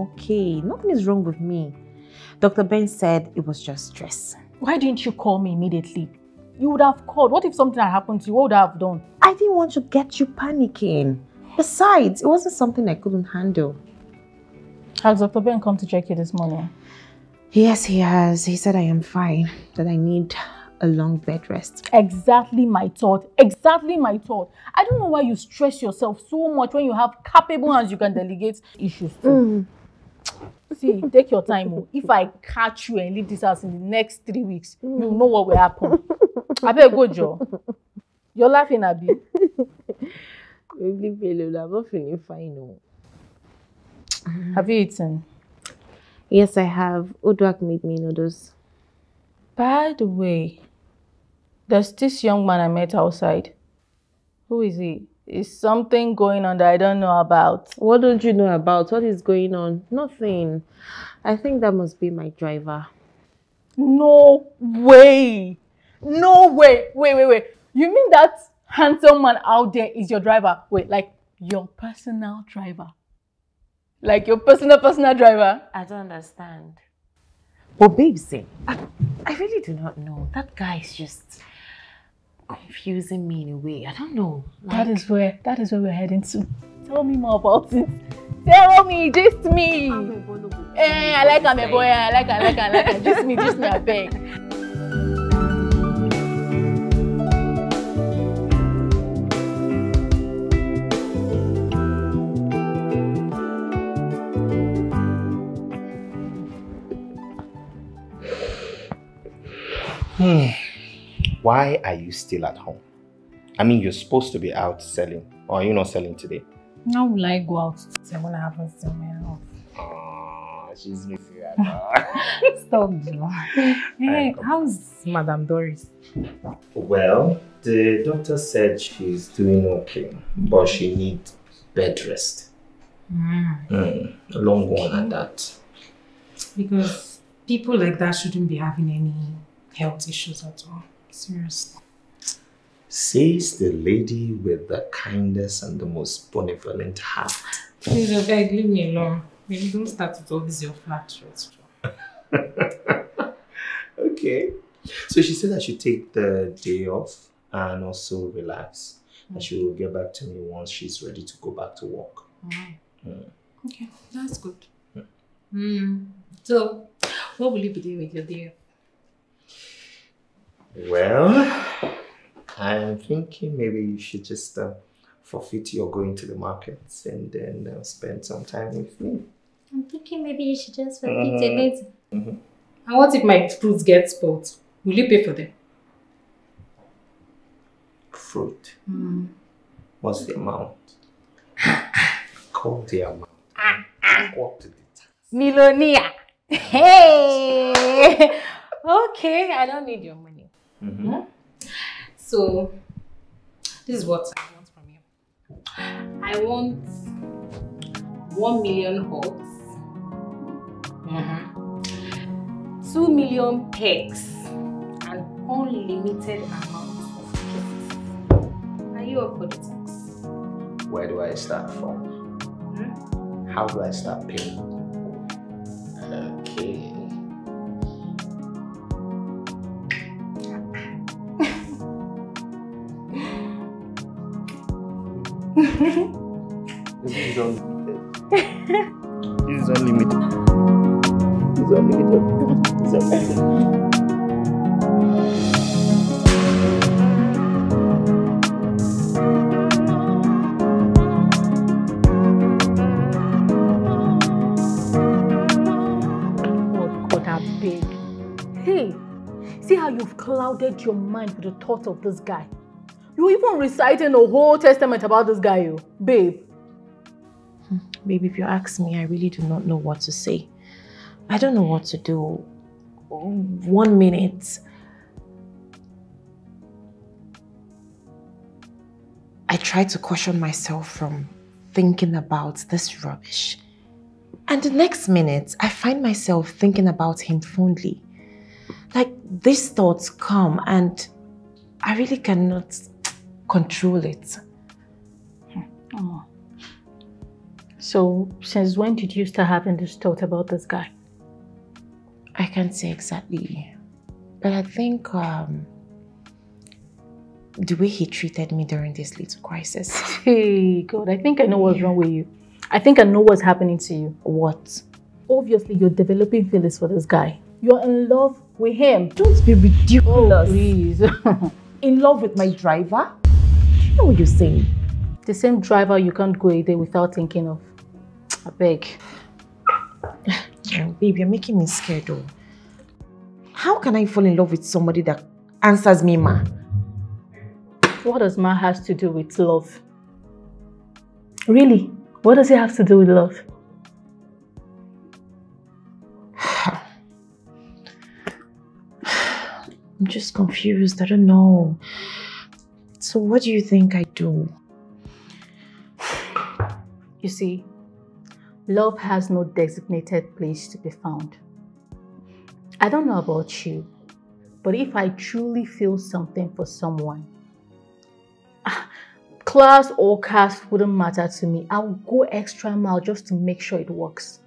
okay. Nothing is wrong with me. Dr. Ben said it was just stress. Why didn't you call me immediately? You would have called. What if something had happened to you? What would I have done? I didn't want to get you panicking. Besides, it wasn't something I couldn't handle. Has Dr. Ben come to check you this morning? Yes, he has. He said I am fine, that I need a long bed rest. Exactly my thought. Exactly my thought. I don't know why you stress yourself so much when you have capable hands you can delegate issues to. Mm see take your time oh. if i catch you and leave this house in the next three weeks you know what will happen abeg go job. you're laughing abi. baby I'm not feeling fine o. Oh. have you eaten. yes i have odwak made me noodles. by the way there's this young man i met outside who is he is something going on that I don't know about. What don't you know about? What is going on? Nothing. I think that must be my driver. No way. No way. Wait, wait, wait. You mean that handsome man out there is your driver? Wait, like your personal driver? Like your personal, personal driver? I don't understand. But, babes, I, I really do not know. That guy is just confusing me in a way. I don't know. Like... That is where that is where we're heading to. Tell me more about it. Tell me, just me. Eh, I like I'm a boy. I like I like I like just me, just me, I beg. Hmm why are you still at home? I mean, you're supposed to be out selling. Or are you not selling today? How will I go out today when I haven't seen my house? Oh, she's me Stop, Hey, eh, how's Madame Doris? Well, the doctor said she's doing okay, but she needs bed rest. Mm. Mm, a long one at that. Because people like that shouldn't be having any health issues at all. Seriously. Says the lady with the kindest and the most benevolent heart. Please, beg, leave me alone. Maybe don't start with all this your flat Okay. So she said I should take the day off and also relax. Mm. And she will get back to me once she's ready to go back to work. Mm. Okay, that's good. Mm. So, what will you be doing with your day well, I'm thinking maybe you should just uh, forfeit your going to the markets and then uh, spend some time with me. I'm thinking maybe you should just forfeit it later. Mm -hmm. And what if my fruits get spoiled? Will you pay for them? Fruit? Mm. What's the amount? Call the amount. What the Millionaire. Hey! okay, I don't need your money. Mm -hmm. So, this is what I want from you. I want one million hugs, mm -hmm. two million pecks, and unlimited amount of kisses. Are you up for the tax? Where do I start from? Mm -hmm. How do I start paying? this is unlimited. this is unlimited. It's unlimited. It's unlimited. Hey, see how you've clouded your mind with the thought of this guy. You even reciting the whole testament about this guy, you. Oh, babe. Hmm, babe, if you ask me, I really do not know what to say. I don't know what to do. One minute. I try to caution myself from thinking about this rubbish. And the next minute, I find myself thinking about him fondly. Like these thoughts come and I really cannot control it. Oh. So, since when did you start having this thought about this guy? I can't say exactly. But I think um, the way he treated me during this little crisis. Hey, God, I think I know what's wrong with you. I think I know what's happening to you. What? Obviously, you're developing feelings for this guy. You're in love with him. Don't be ridiculous. Oh, please. in love with my driver? What were you saying? The same driver you can't go a day without thinking of. I beg. Oh, babe, you're making me scared though. How can I fall in love with somebody that answers me, ma? What does ma have to do with love? Really? What does it have to do with love? I'm just confused. I don't know. So, what do you think I do? You see, love has no designated place to be found. I don't know about you, but if I truly feel something for someone, ah, class or caste wouldn't matter to me. I'll go extra mile just to make sure it works.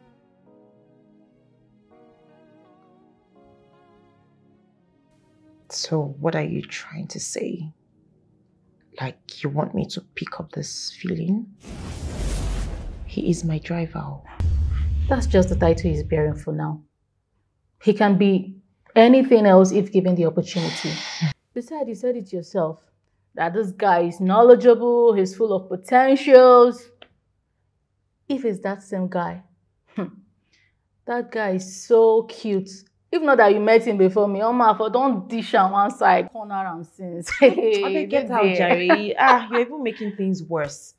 So, what are you trying to say? Like, you want me to pick up this feeling? He is my driver. That's just the title he's bearing for now. He can be anything else if given the opportunity. Besides, you said it yourself that this guy is knowledgeable, he's full of potentials. If it's that same guy, hmm, that guy is so cute if not that you met him before me for don't dish on one side corner and since. get out jerry ah you're even making things worse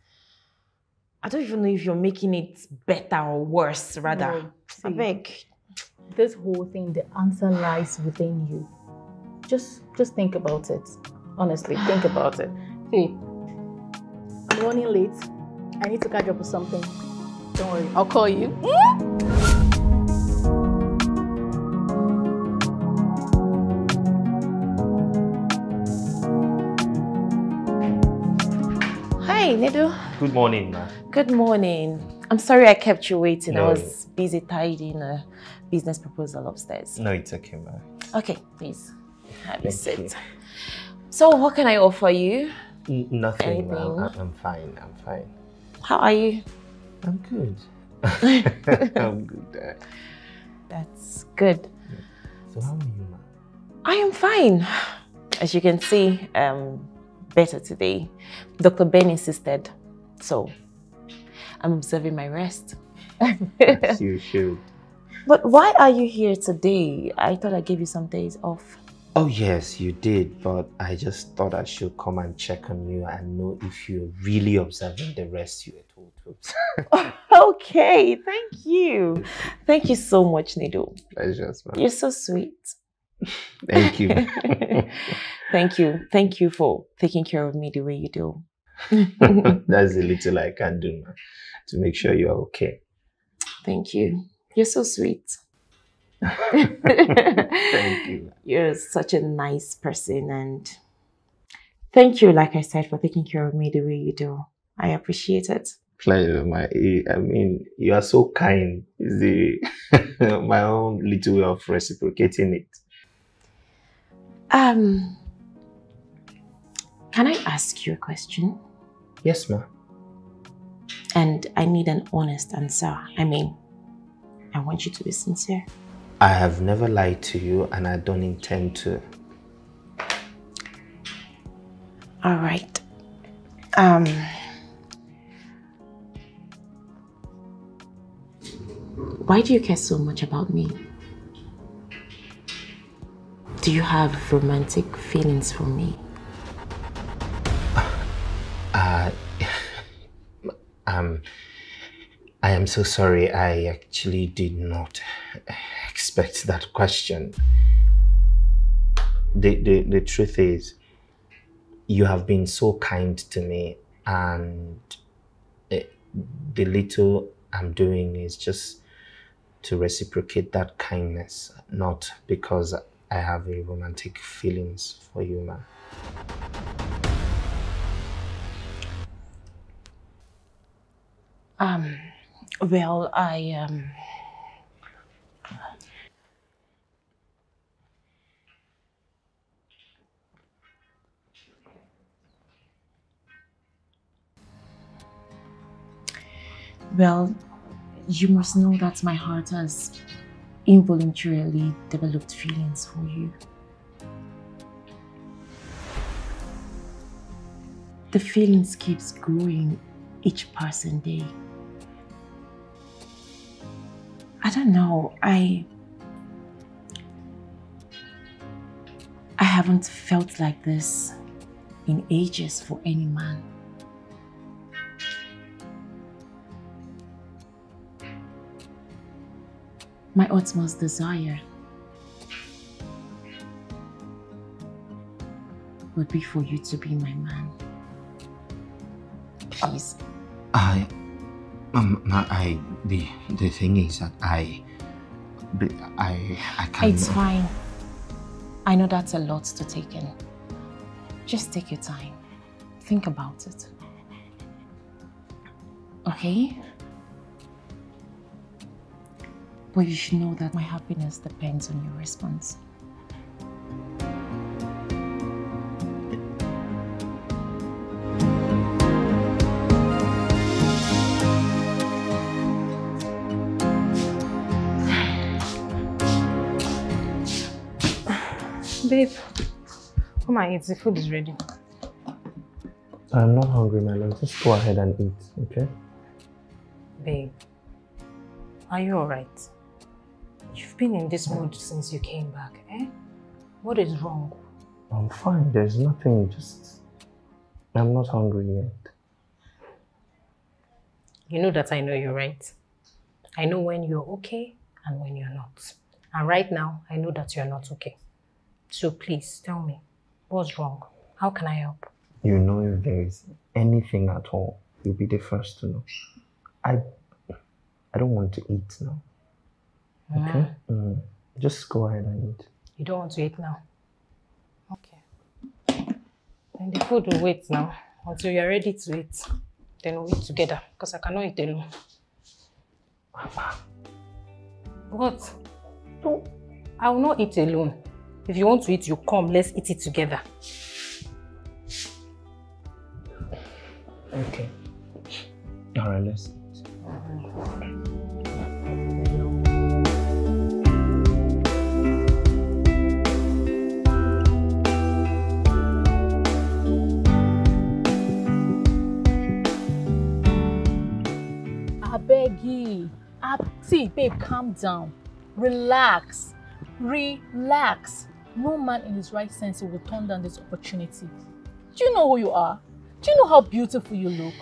i don't even know if you're making it better or worse rather no, abeg. this whole thing the answer lies within you just just think about it honestly think about it see i'm running late i need to catch up with something don't worry i'll call you. Hmm? Good morning, ma. Good morning. I'm sorry I kept you waiting. No. I was busy tidying a business proposal upstairs. No, it's okay, ma. Okay, please. Have a sit. So, what can I offer you? N nothing, Anything? ma. I'm fine. I'm fine. How are you? I'm good. I'm good. That's good. So, how are you, ma? I am fine. As you can see, um, better today. Dr. Ben insisted. So I'm observing my rest. yes, you should. But why are you here today? I thought I gave you some days off. Oh yes, you did, but I just thought I should come and check on you and know if you're really observing the rest you were told to okay, thank you. Thank you so much, Nido. Pleasure, man. You're so sweet. Thank you. Thank you. Thank you for taking care of me the way you do. That's the little I can do to make sure you're okay. Thank you. You're so sweet. thank you. You're such a nice person and thank you, like I said, for taking care of me the way you do. I appreciate it. Pleasure, my I mean, you are so kind. Is the my own little way of reciprocating it. Um, can I ask you a question? Yes, ma'am. And I need an honest answer. I mean, I want you to be sincere. I have never lied to you and I don't intend to. All right. Um, why do you care so much about me? Do you have romantic feelings for me? Uh, um, I am so sorry. I actually did not expect that question. The, the, the truth is, you have been so kind to me and eh, the little I'm doing is just to reciprocate that kindness, not because I have a romantic feelings for you, ma. Um, well, I, um... Well, you must know that my heart has involuntarily developed feelings for you. The feelings keeps growing each passing day. I don't know, I... I haven't felt like this in ages for any man. my utmost desire would be for you to be my man. Please. I, um, I, the, the thing is that I, I, I can't. It's fine. I know that's a lot to take in. Just take your time. Think about it. Okay? But you should know that my happiness depends on your response. Babe, come and eat. The food is ready. I'm not hungry, my love. Just go ahead and eat, okay? Babe, are you alright? You've been in this mood since you came back, eh? What is wrong? I'm fine. There's nothing. Just, I'm not hungry yet. You know that I know you're right. I know when you're okay and when you're not. And right now, I know that you're not okay. So please, tell me, what's wrong? How can I help? You know if there is anything at all, you'll be the first to know. I, I don't want to eat now. Okay. Ah. Mm. Just go ahead and eat. You don't want to eat now? Okay. Then the food will wait now until you're ready to eat. Then we'll eat together because I cannot eat alone. Mama. What? No. I will not eat alone. If you want to eat, you come. Let's eat it together. Okay. All right, let's beggy. See, babe, calm down. Relax. Relax. No man in his right sense will turn down this opportunity. Do you know who you are? Do you know how beautiful you look?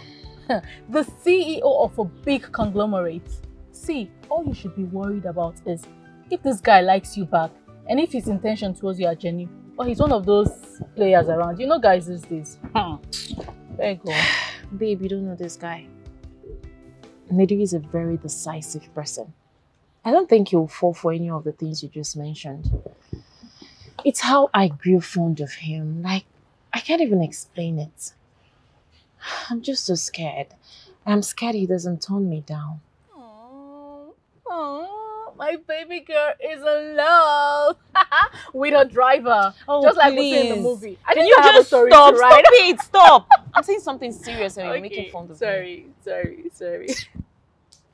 the CEO of a big conglomerate. See, all you should be worried about is if this guy likes you back and if his intention towards you are genuine. Or he's one of those players around. You know guys these days. There hmm. you Babe, you don't know this guy. Neddy is a very decisive person. I don't think he'll fall for any of the things you just mentioned. It's how I grew fond of him. Like, I can't even explain it. I'm just so scared. I'm scared he doesn't turn me down. Aww. Aww my baby girl is alone with a driver. Oh, just like we see in the movie. I Can you I just stop? Stop it! Stop! I'm saying something serious and okay. you're making fun of sorry, me. Sorry, sorry,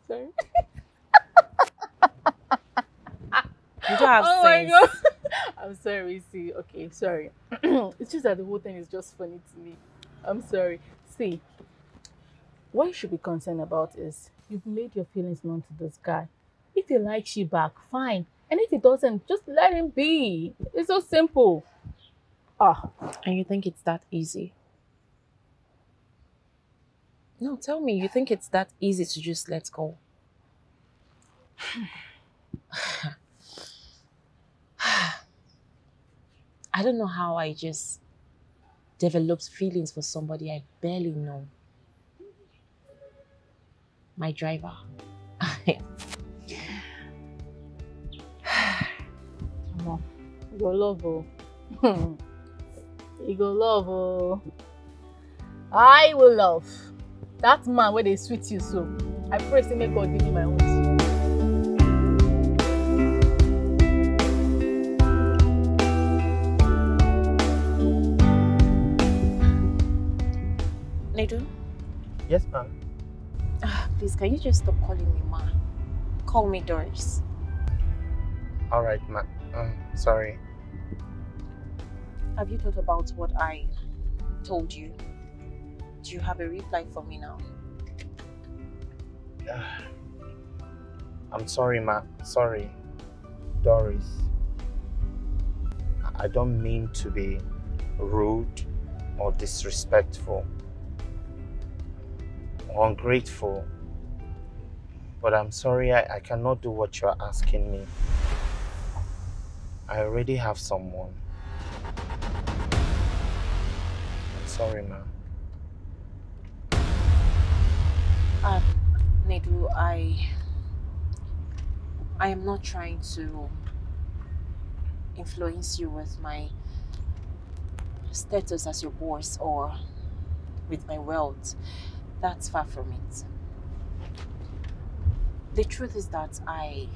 sorry, You don't have oh sense. my god. I'm sorry, see. Okay, sorry. it's just that the whole thing is just funny to me. I'm sorry. See, what you should be concerned about is you've made your feelings known to this guy. If he likes you back, fine. And if he doesn't, just let him be. It's so simple. Ah. And you think it's that easy? No, tell me, you think it's that easy to just let go? I don't know how I just developed feelings for somebody I barely know. My driver. omo you go love o oh. you go love oh. I will love that man wey dey sweet you so i pray say make god give me my own too. Naidu? Yes, ma'am. Uh, please, can you just stop calling me ma? Call me Doris. All right, ma'am. I'm mm, sorry. Have you thought about what I told you? Do you have a reply for me now? I'm sorry, Ma. Sorry, Doris. I don't mean to be rude or disrespectful or ungrateful, but I'm sorry I, I cannot do what you are asking me. I already have someone. Sorry, ma'am. Um, uh, Nedu, I... I am not trying to influence you with my status as your boss or with my wealth. That's far from it. The truth is that I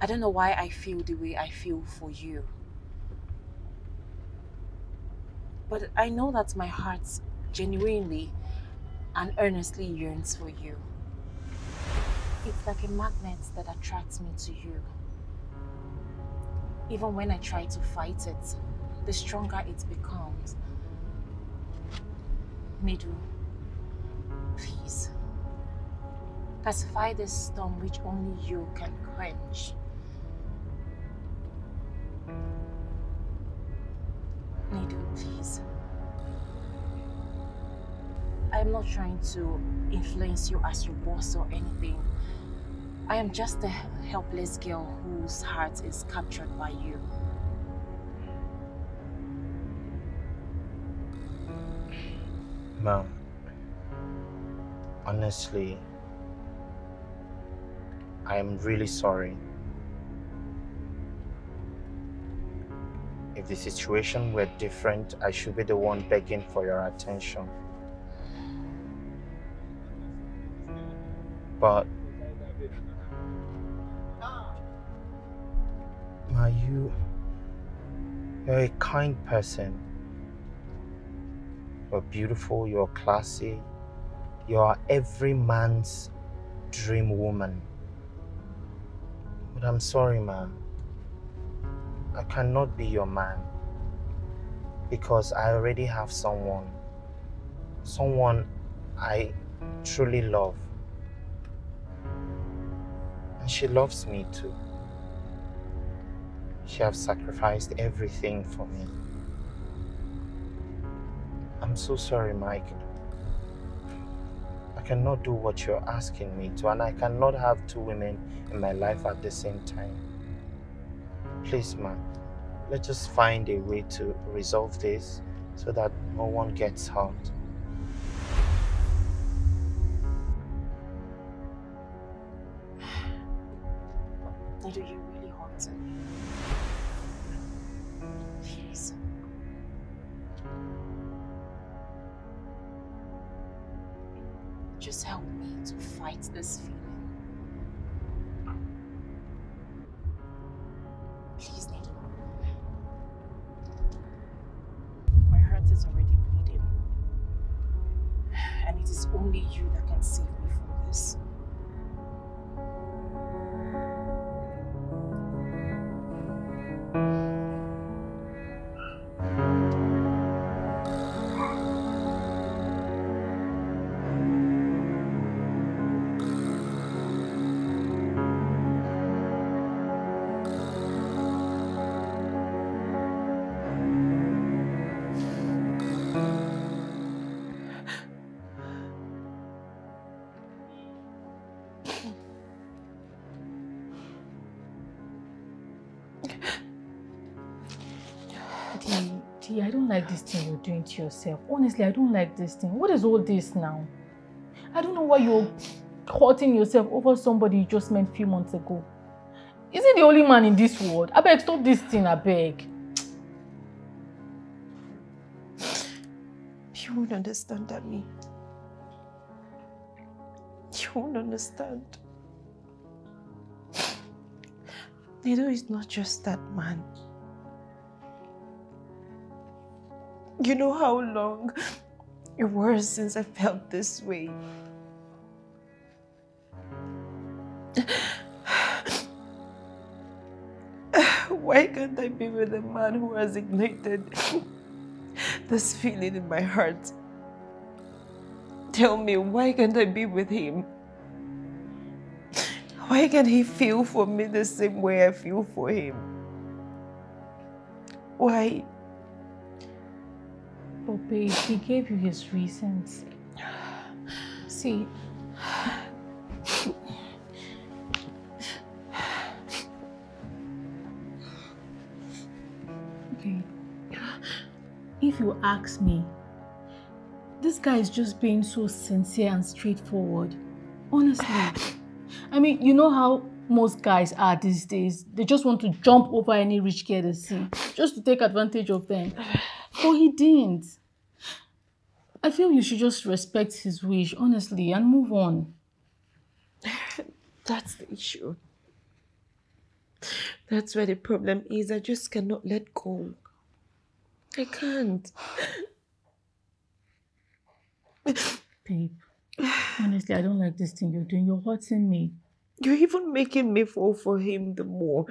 I don't know why I feel the way I feel for you. But I know that my heart genuinely and earnestly yearns for you. It's like a magnet that attracts me to you. Even when I try to fight it, the stronger it becomes. Nidu, please. Pacify this storm which only you can quench. please. I'm not trying to influence you as your boss or anything. I am just a helpless girl whose heart is captured by you. Mom, honestly, I am really sorry. the situation were different, I should be the one begging for your attention. But are you you're a kind person. You're beautiful, you're classy, you are every man's dream woman. But I'm sorry, ma. I cannot be your man because I already have someone. Someone I truly love. And she loves me too. She has sacrificed everything for me. I'm so sorry, Mike. I cannot do what you're asking me to, and I cannot have two women in my life at the same time. Please, ma, let's just find a way to resolve this so that no one gets hurt. Nido, you really hurt me. Please. Just help me to fight this feeling. Daddy, I don't like this thing you're doing to yourself. Honestly, I don't like this thing. What is all this now? I don't know why you're hurting yourself over somebody you just met a few months ago. Is he the only man in this world? I beg, stop this thing, I beg. You won't understand, me. You won't understand. Nido is not just that man. You know how long it was since I felt this way. Why can't I be with a man who has ignited this feeling in my heart? Tell me, why can't I be with him? Why can't he feel for me the same way I feel for him? Why? But babe, he gave you his reasons. See, okay, if you ask me, this guy is just being so sincere and straightforward. Honestly. I mean, you know how most guys are these days. They just want to jump over any rich girl they see, just to take advantage of them. But oh, he didn't. I feel you should just respect his wish, honestly, and move on. That's the issue. That's where the problem is. I just cannot let go. I can't. Babe, honestly, I don't like this thing you're doing. You're hurting me. You're even making me fall for him the more.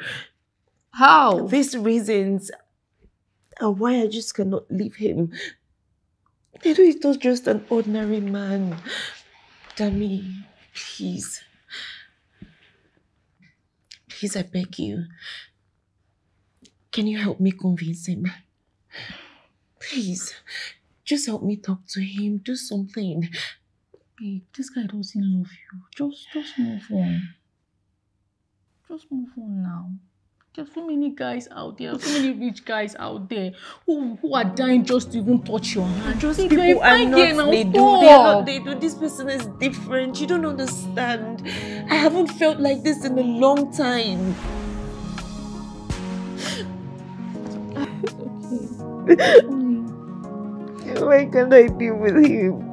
How? These reasons and why I just cannot leave him. know is not just an ordinary man. Dami, please. Please, I beg you. Can you help me convince him? Please, just help me talk to him. Do something. Babe, this guy doesn't love you. Just, just move on. Just move on now there are so many guys out there, so many rich guys out there who, who are dying just to even touch your hand. Just people are not, they do, they not, they do. This person is different. You don't understand. I haven't felt like this in a long time. okay. Why can't I be with him?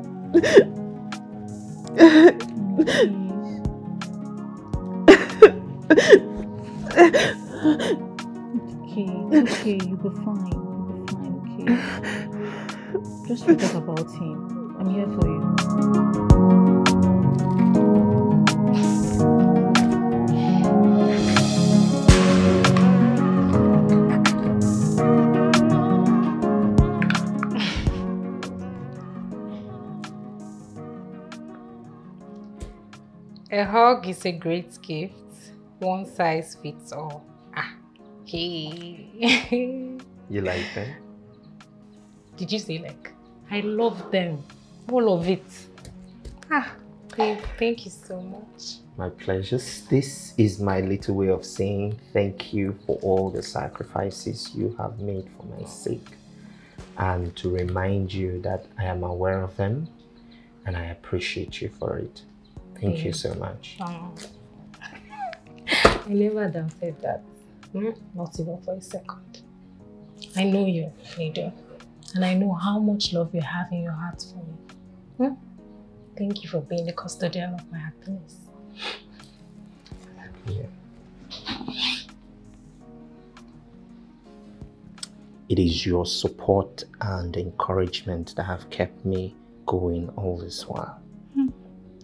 Please. okay, okay, you'll be fine. You'll be fine, okay. Just forget about him. I'm here for you. A hug is a great gift, one size fits all okay. you like them? Did you say like? I love them. All of it. Ah, babe, thank you so much. My pleasure. This is my little way of saying thank you for all the sacrifices you have made for my sake. And to remind you that I am aware of them and I appreciate you for it. Thank you so much. Oh. I never done said that. Mm, not even for a second. I know you, Nido. And I know how much love you have in your heart for me. Mm? Thank you for being the custodian of my happiness. It is your support and encouragement that have kept me going all this while. Mm.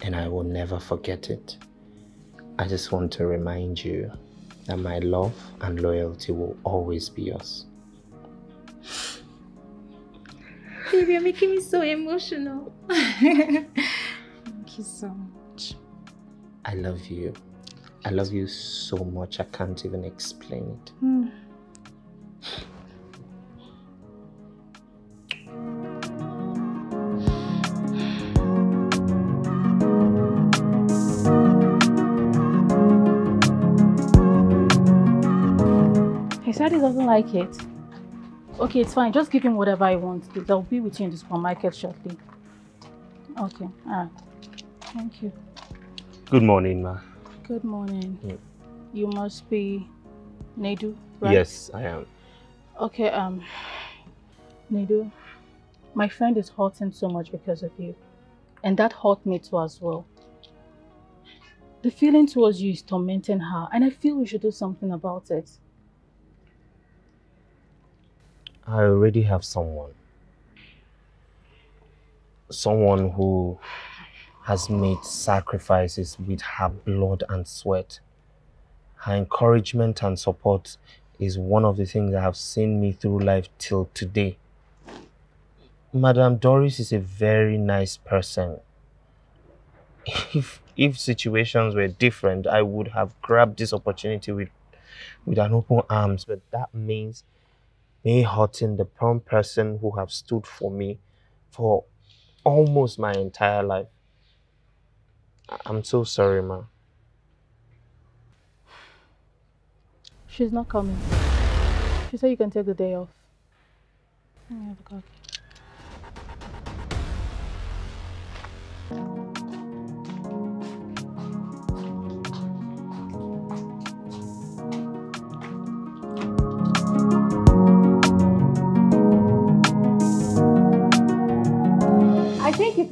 And I will never forget it. I just want to remind you that my love and loyalty will always be yours. Baby, you're making me so emotional. Thank you so much. I love you. I love you so much, I can't even explain it. Mm. daddy doesn't like it. Okay, it's fine. Just give him whatever I want. They'll be with you in the supermarket shortly. Okay, alright. Thank you. Good morning, ma. Good morning. Yeah. You must be Nadu, right? Yes, I am. Okay, um, Nadu, my friend is hurting so much because of you. And that hurt me too as well. The feeling towards you is tormenting her and I feel we should do something about it. I already have someone. Someone who has made sacrifices with her blood and sweat. Her encouragement and support is one of the things that have seen me through life till today. Madame Doris is a very nice person. If, if situations were different, I would have grabbed this opportunity with, with an open arms, but that means Nay the prompt person who have stood for me for almost my entire life. I'm so sorry, ma. She's not coming. She said you can take the day off. i have a cookie.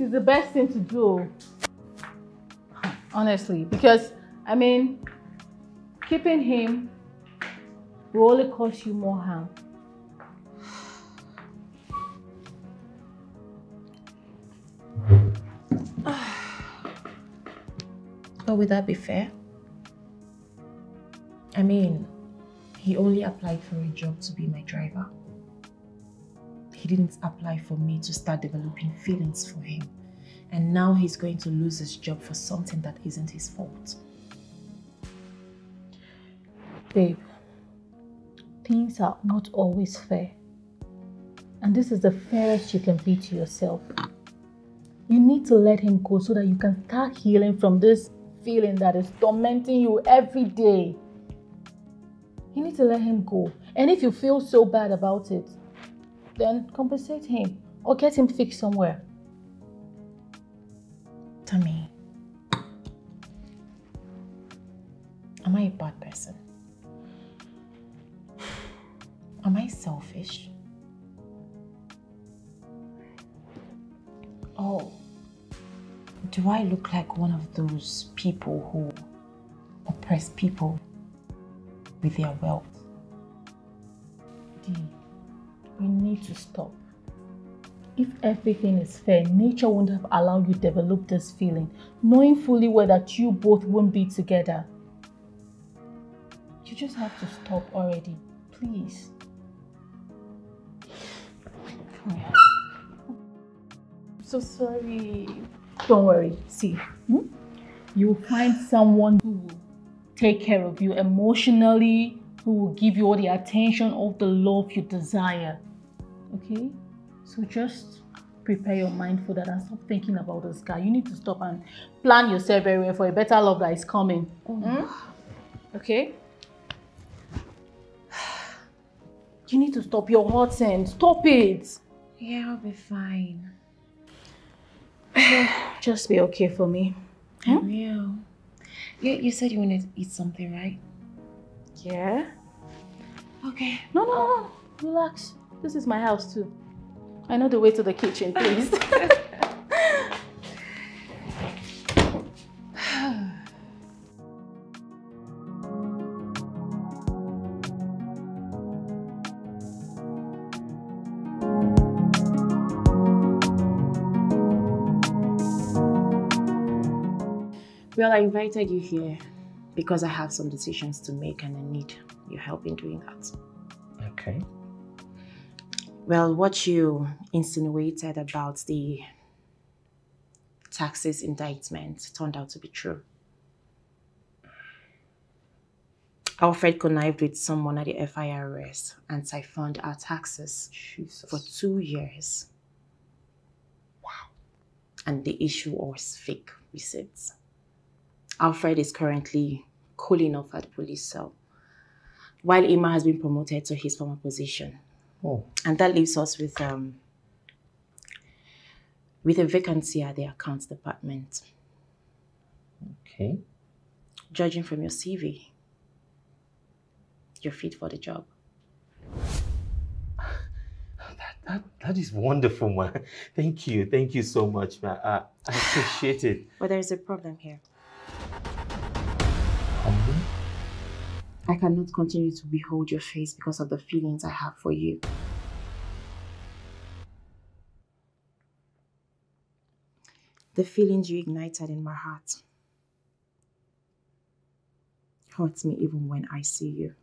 is the best thing to do. Honestly, because I mean, keeping him will only cause you more harm. But would that be fair? I mean, he only applied for a job to be my driver. He didn't apply for me to start developing feelings for him and now he's going to lose his job for something that isn't his fault. Babe, things are not always fair. And this is the fairest you can be to yourself. You need to let him go so that you can start healing from this feeling that is tormenting you every day. You need to let him go. And if you feel so bad about it, then compensate him or get him fixed somewhere to me. Am I a bad person? Am I selfish? Oh, do I look like one of those people who oppress people with their wealth? D, we need to stop if everything is fair, nature wouldn't have allowed you to develop this feeling, knowing fully well that you both won't be together. You just have to stop already, please. I'm so sorry. Don't worry. See, hmm? you will find someone who will take care of you emotionally, who will give you all the attention of the love you desire. Okay? So just prepare your mind for that and stop thinking about this guy. You need to stop and plan yourself very well for a better love that is coming. Mm. Mm? Okay? You need to stop your heart and Stop it. Yeah, I'll be fine. just be okay for me. Yeah. hmm? You, you said you wanted to eat something, right? Yeah. Okay. No, no, no. Relax. This is my house too. I know the way to the kitchen, please. Well, I invited you here because I have some decisions to make and I need your help in doing that. Okay. Well, what you insinuated about the taxes indictment turned out to be true. Alfred connived with someone at the FIRS and siphoned our taxes Jesus. for two years. Wow. And they issue us fake receipts. Alfred is currently cooling off at police cell, while Emma has been promoted to his former position. Oh. And that leaves us with um, with a vacancy at the accounts department. Okay. Judging from your CV, you're fit for the job. That, that, that is wonderful, ma. Thank you. Thank you so much, ma. Uh, I appreciate it. But well, there's a problem here. I cannot continue to behold your face because of the feelings I have for you. The feelings you ignited in my heart hurts me even when I see you.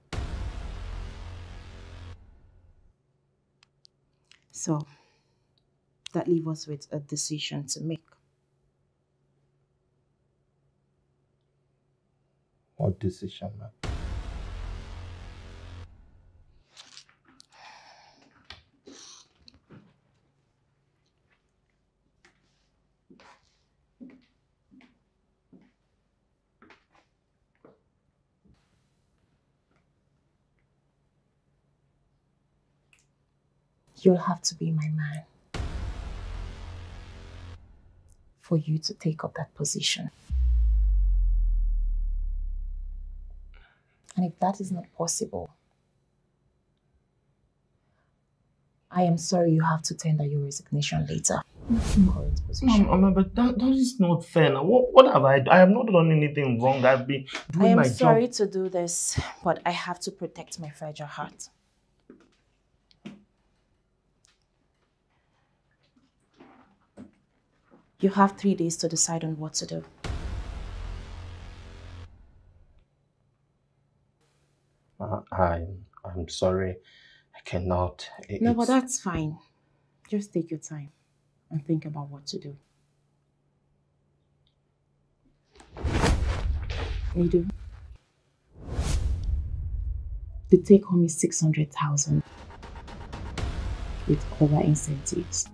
So, that leaves us with a decision to make. What decision, ma'am? You'll have to be my man for you to take up that position. And if that is not possible, I am sorry you have to tender your resignation later. Mm-hmm. Current position. Mama, but that, that is not fair now. What, what have I I have not done anything wrong. I've been doing my job. I am sorry job. to do this, but I have to protect my fragile heart. You have three days to decide on what to do. Uh, I'm, I'm sorry. I cannot. no, but that's fine. Just take your time and think about what to do. You do. The take home is 600,000 with other incentives.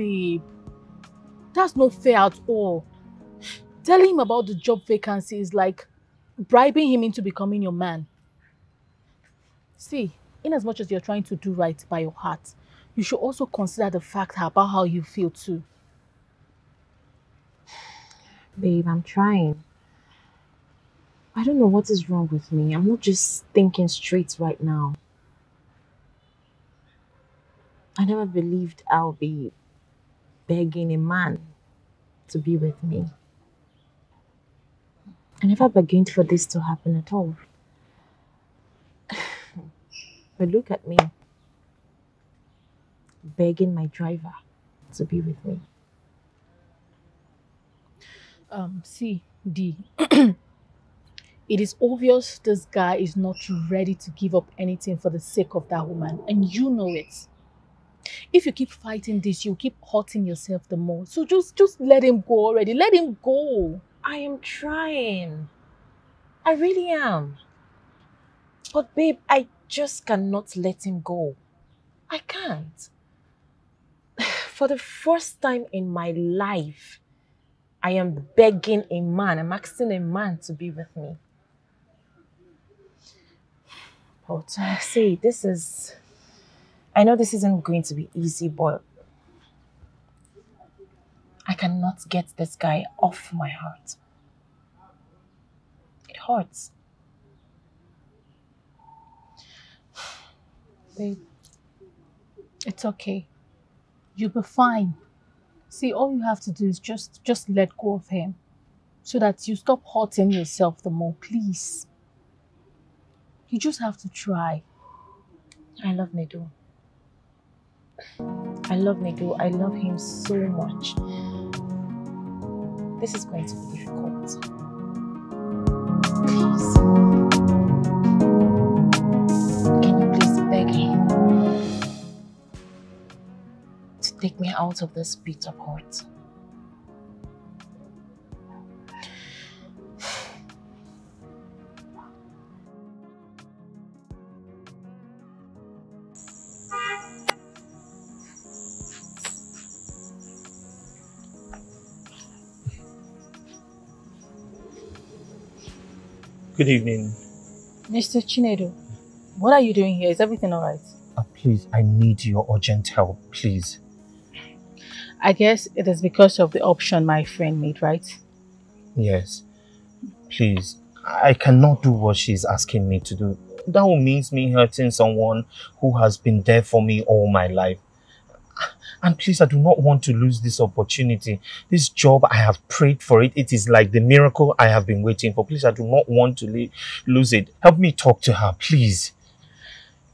babe. That's not fair at all. Telling him about the job vacancy is like bribing him into becoming your man. See, in as much as you're trying to do right by your heart, you should also consider the fact about how you feel too. Babe, I'm trying. I don't know what is wrong with me. I'm not just thinking straight right now. I never believed I'll be begging a man to be with me. I never begged for this to happen at all. but look at me, begging my driver to be with me. Um, see, D. it is obvious this guy is not ready to give up anything for the sake of that woman, and you know it. If you keep fighting this, you keep hurting yourself the more. So just just let him go already. Let him go. I am trying. I really am. But babe, I just cannot let him go. I can't. For the first time in my life, I am begging a man, I'm asking a man to be with me. But uh, see, this is I know this isn't going to be easy, but I cannot get this guy off my heart. It hurts. Babe, it's okay. You'll be fine. See, all you have to do is just, just let go of him so that you stop hurting yourself the more, please. You just have to try. I love Nedo. I love Nigo. I love him so much. This is going to be difficult. Please. Can you please beg him to take me out of this bitter pot? Good evening. Mr. Chinedu, what are you doing here? Is everything all right? Uh, please, I need your urgent help, please. I guess it is because of the option my friend made, right? Yes. Please, I cannot do what she's asking me to do. That means me hurting someone who has been there for me all my life. And please, I do not want to lose this opportunity. This job, I have prayed for it. It is like the miracle I have been waiting for. Please, I do not want to lose it. Help me talk to her, please.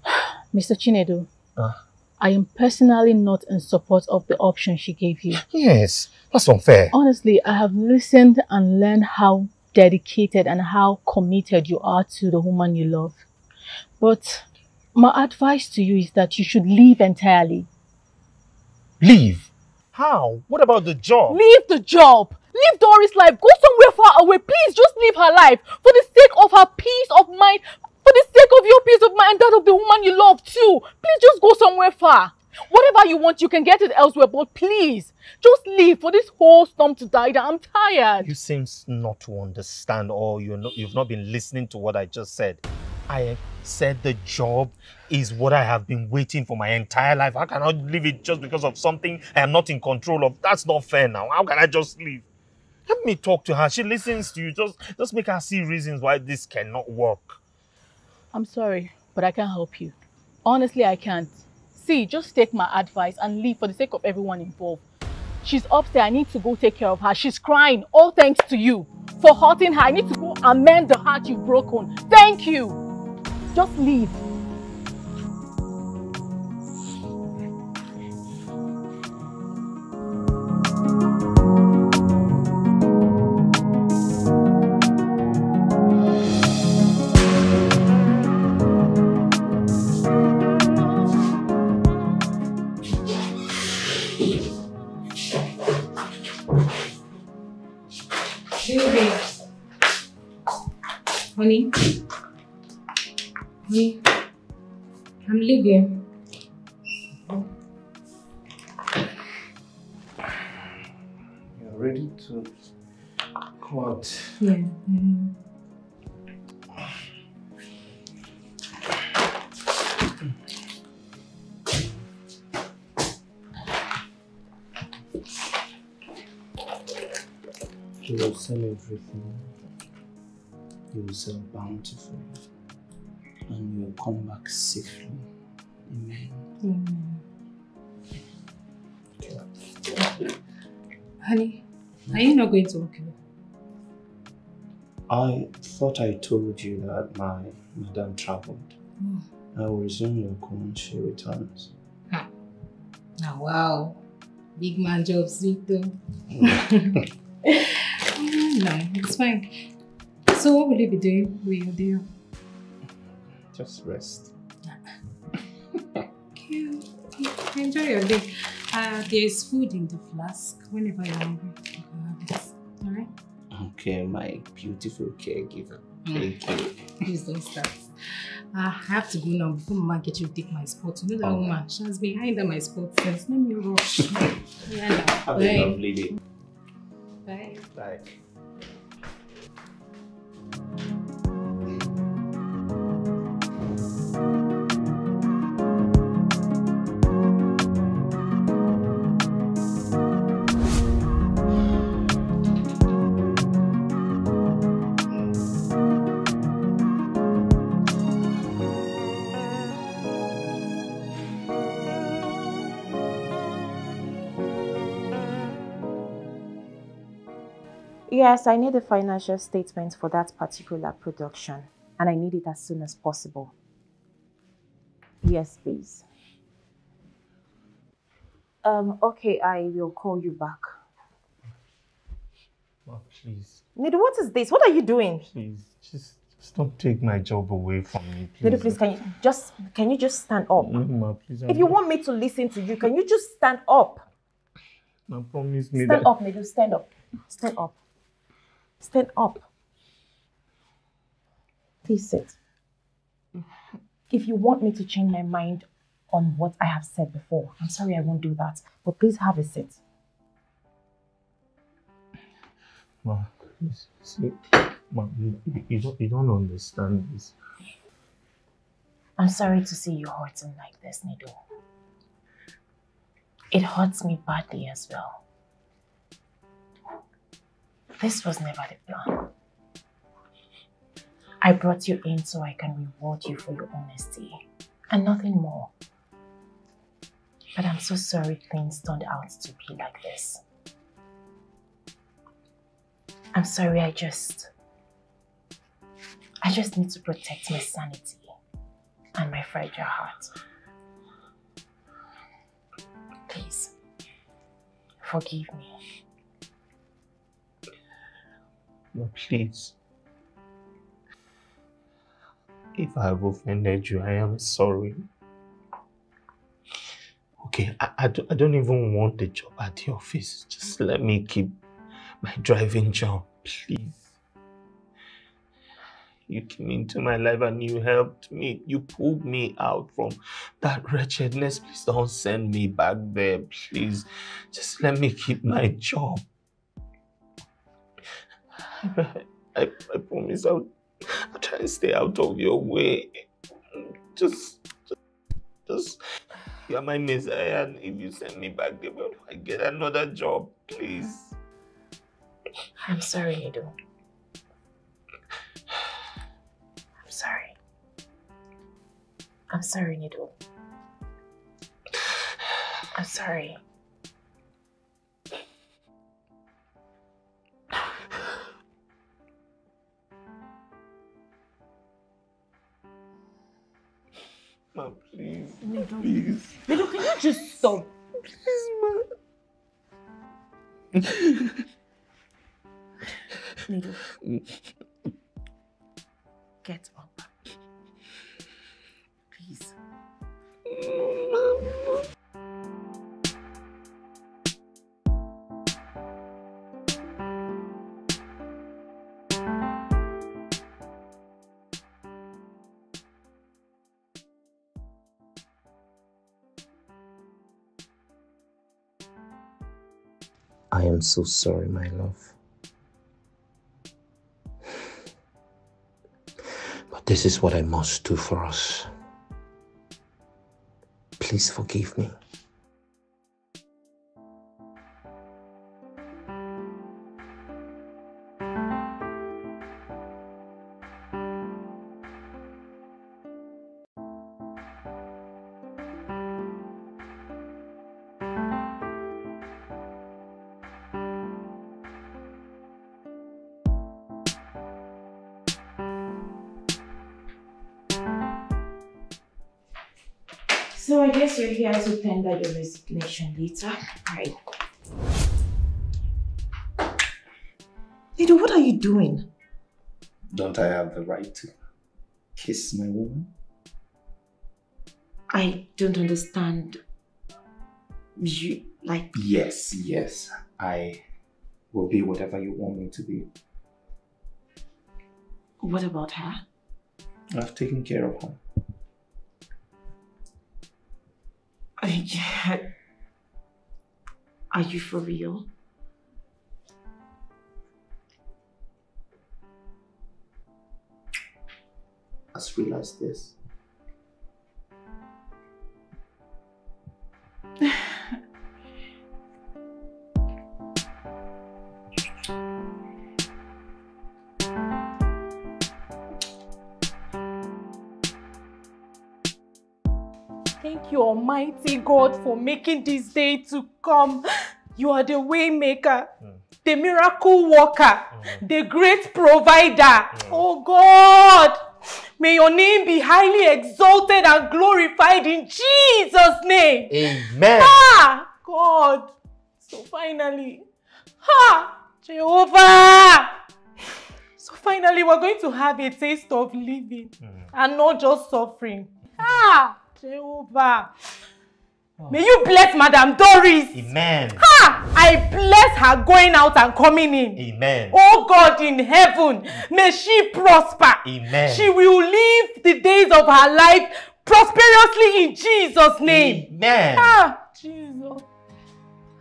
Mr. Chinedu, uh, I am personally not in support of the option she gave you. Yes, that's unfair. Honestly, I have listened and learned how dedicated and how committed you are to the woman you love. But my advice to you is that you should leave entirely. Leave? How? What about the job? Leave the job. Leave Doris' life. Go somewhere far away. Please just leave her life. For the sake of her peace of mind. For the sake of your peace of mind and that of the woman you love too. Please just go somewhere far. Whatever you want, you can get it elsewhere. But please, just leave for this whole storm to die down. I'm tired. You seem not to understand or you're not, you've not been listening to what I just said. I said the job is what I have been waiting for my entire life. How can I cannot leave it just because of something I am not in control of? That's not fair now. How can I just leave? Let me talk to her. She listens to you. Just, just make her see reasons why this cannot work. I'm sorry, but I can't help you. Honestly, I can't. See, just take my advice and leave for the sake of everyone involved. She's upstairs. I need to go take care of her. She's crying. All thanks to you for hurting her. I need to go amend the heart you've broken. Thank you. Just leave. Honey, I'm leaving. You're ready to go out. Yeah. Mm -hmm. You will sell everything. You will sell bountifully and you will come back safely. Amen. Amen. Honey, are you not going to work I thought I told you that my madam traveled. Hmm. I will resume your call when she returns. Huh. Ah. Now, ah, wow. Big man job, sweet though. Ah, no, it's fine. So what will you be doing with your deal? Just rest. Thank you. Enjoy your day. Uh, there is food in the flask. Whenever you're hungry, you can have this. All right? Okay, my beautiful caregiver. Thank you. Please don't start. I have to go now before Mama gets you take my spot. You know that oh. woman? She has been behind my spot since. Let me rush. yeah, now. Have Bye. a lovely day. Bye. Bye. Yes, I need the financial statement for that particular production and I need it as soon as possible. Yes, please. Um, okay, I will call you back. Well, please. Nidu, what is this? What are you doing? Please, just, just don't take my job away from me. Please. Nidu, please, can you just can you just stand up? No, ma, please. I'm if you not... want me to listen to you, can you just stand up? Ma, promise me stand that. Stand up, Nidu. Stand up. Stand up. Stand up. Please sit. If you want me to change my mind on what I have said before, I'm sorry I won't do that, but please have a seat. Ma, see, Ma, you, you, don't, you don't understand this. I'm sorry to see you hurting like this, Nido. It hurts me badly as well. This was never the plan. I brought you in so I can reward you for your honesty and nothing more. But I'm so sorry things turned out to be like this. I'm sorry, I just... I just need to protect my sanity and my fragile heart. Please, forgive me. your place. If I have offended you, I am sorry. Okay, I, I, do, I don't even want the job at the office. Just let me keep my driving job, please. You came into my life and you helped me. You pulled me out from that wretchedness. Please don't send me back there. Please, just let me keep my job. I, I promise I'll, I'll try and stay out of your way. Just, just, just you are my messiah and if you send me back there, world, I get another job, please? I'm sorry, Edo. I'm sorry. I'm sorry, Nido. I'm sorry. Please. Middle, can you just stop? Please, ma. Middle. Get up. Please. so sorry, my love. But this is what I must do for us. Please forgive me. So I guess you're here to tender your resignation later, right? Lido, what are you doing? Don't I have the right to kiss my woman? I don't understand. You, like... Yes, yes. I will be whatever you want me to be. What about her? I've taken care of her. yeah. Are you for real? As real as this. Almighty God for making this day to come. You are the waymaker, mm. the miracle worker, mm. the great provider. Mm. Oh God, may your name be highly exalted and glorified in Jesus' name. Amen. Ah, God. So finally, ha, Jehovah. So finally, we're going to have a taste of living mm. and not just suffering. Ah. Jehovah. Oh. May you bless Madam Doris. Amen. Ha! I bless her going out and coming in. Amen. Oh God in heaven, may she prosper. Amen. She will live the days of her life prosperously in Jesus' name. Amen. Ha! Jesus.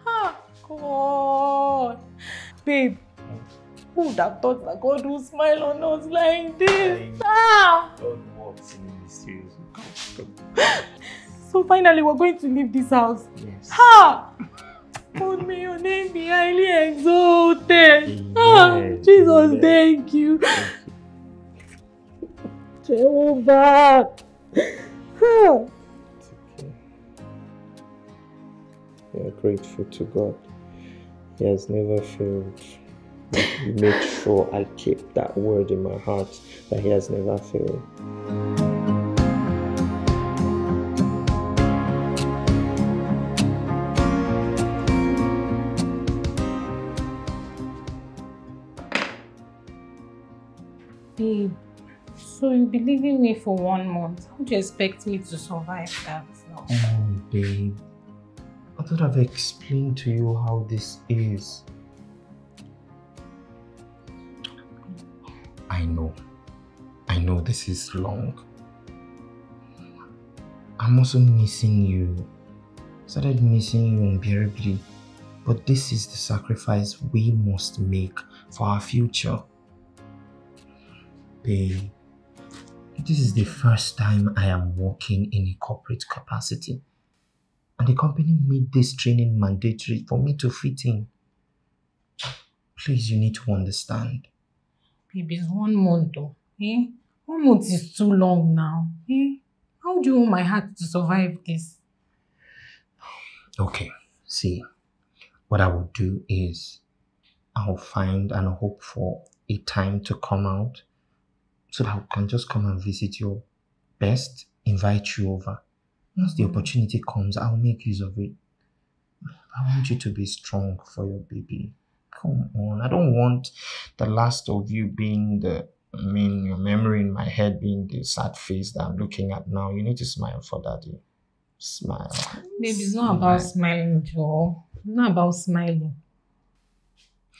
Ha! God. Babe, who would have thought that God would smile on us like this? ah! God in a mysterious way. so finally, we're going to leave this house. Yes. Ha! Oh, may your name be highly exalted. Amen. Ah, Jesus, thank you. Jehovah. Huh. It's We are grateful to God. He has never failed. He made sure I keep that word in my heart that He has never failed. So you'll be leaving me for one month. How do you expect me to survive that now? Oh, babe. I thought I've explained to you how this is. I know. I know this is long. I'm also missing you. Started missing you unbearably. But this is the sacrifice we must make for our future. Babe, this is the first time I am working in a corporate capacity. And the company made this training mandatory for me to fit in. Please, you need to understand. Baby, it's one month though. Eh? One month is too long now. Eh? How do you want my heart to survive this? Okay, see, what I will do is I'll find and hope for a time to come out so that I can just come and visit your best, invite you over. Once the mm-hmm. opportunity comes, I'll make use of it. I want you to be strong for your baby. Come on. I don't want the last of you being the, I mean, your memory in my head being the sad face that I'm looking at now. You need to smile for daddy. Smile. Baby, it's not smile. about smiling, Joe. It's not about smiling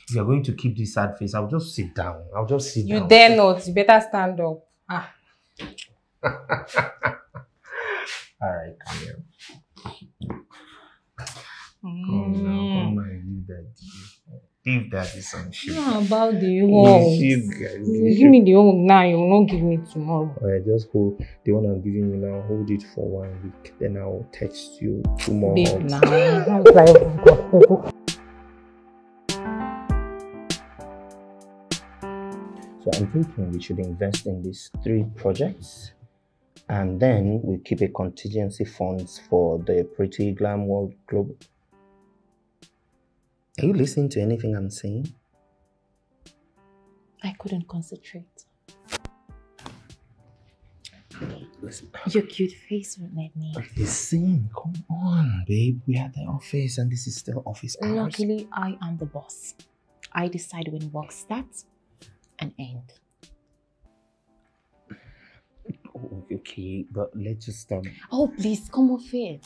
if you're going to keep this sad face, I'll just sit down. I'll just sit you down. You dare not. You better stand up. Ah. All right, come here. Mm. Come now, come mm. and leave that. Leave that is some shit. How about the homework? Give me the old now. You will not give me tomorrow. All right, just hold the one I'm giving you now. Hold it for one week. Then I'll text you tomorrow. Babe, now. So I'm thinking we should invest in these three projects and then we keep a contingency funds for the Pretty Glam World Club. Are you listening to anything I'm saying? I couldn't concentrate. Listen. Your cute face won't let me. The same. Come on, babe. We are the office and this is still office hours. Luckily, I am the boss. I decide when work starts an end. Oh, okay, but let's just um. Oh, please come off it.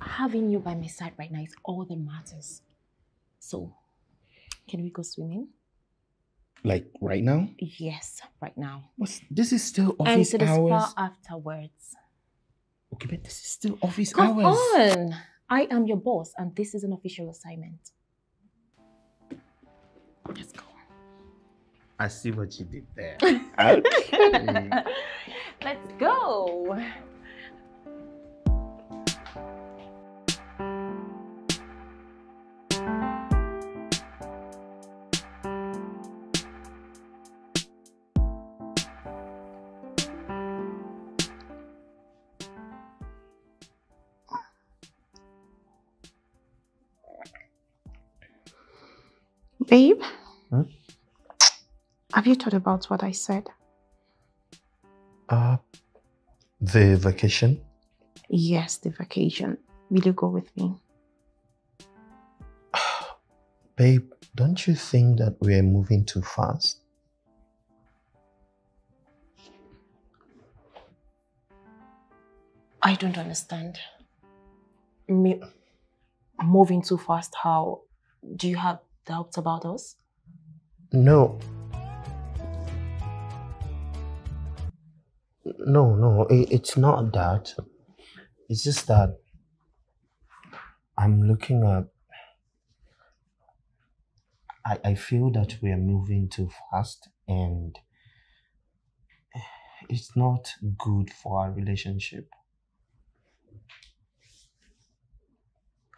Having you by my side right now is all that matters. So, can we go swimming? Like right now? Yes, right now. What's, this is still office and to the hours. Spa afterwards. Okay, but this is still office Come hours. Come on. I am your boss and this is an official assignment. Let's go. I see what you did there. okay. Let's go. Babe? Have you thought about what I said? Uh, the vacation? Yes, the vacation. Will you go with me? Babe, don't you think that we're moving too fast? I don't understand. Me moving too fast, how? Do you have doubts about us? No, no, no, it, it's not that. It's just that I'm looking at. I, I feel that we are moving too fast and it's not good for our relationship.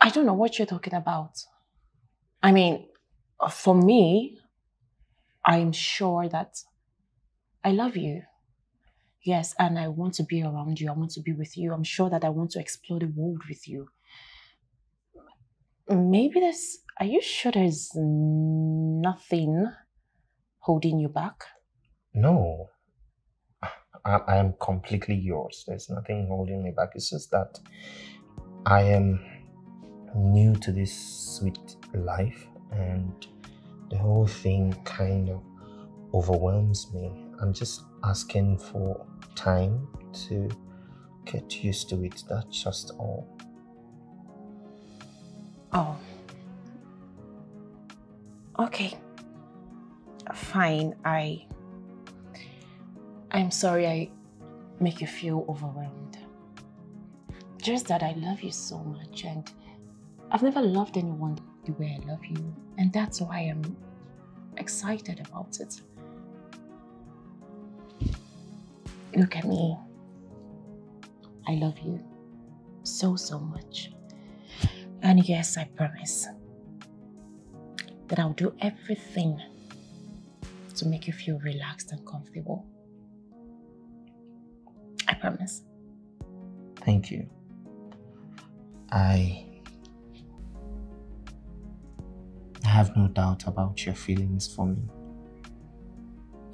I don't know what you're talking about. I mean, for me, I'm sure that I love you. Yes, and I want to be around you. I want to be with you. I'm sure that I want to explore the world with you. Maybe there's, are you sure there's nothing holding you back? No. I, I am completely yours. There's nothing holding me back. It's just that I am new to this sweet life and the whole thing kind of overwhelms me. I'm just asking for time to get used to it. That's just all. Oh. Okay. Fine. I. I'm sorry I make you feel overwhelmed. Just that I love you so much and I've never loved anyone the way I love you. And that's why I'm excited about it. Look at me. I love you so, so much. And yes, I promise that I'll do everything to make you feel relaxed and comfortable. I promise. Thank you. I have no doubt about your feelings for me.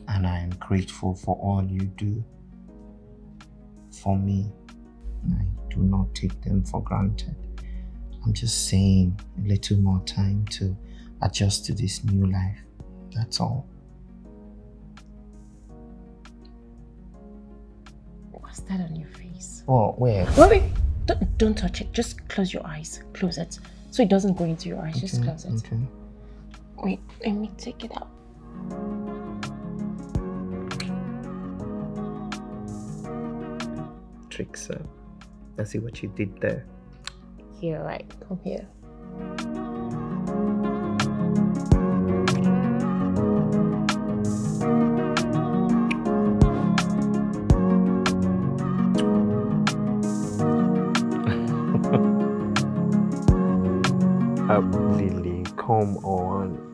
And I am grateful for all you do for me. I do not take them for granted. I'm just saying a little more time to adjust to this new life. That's all. What's that on your face? Oh, where? Wait, wait. Don't, don't touch it. Just close your eyes. Close it. So it doesn't go into your eyes. Okay, just close it. Okay. Wait, let me take it out. let I see what you did there. You're right. Come here. Uh, Lily, come on.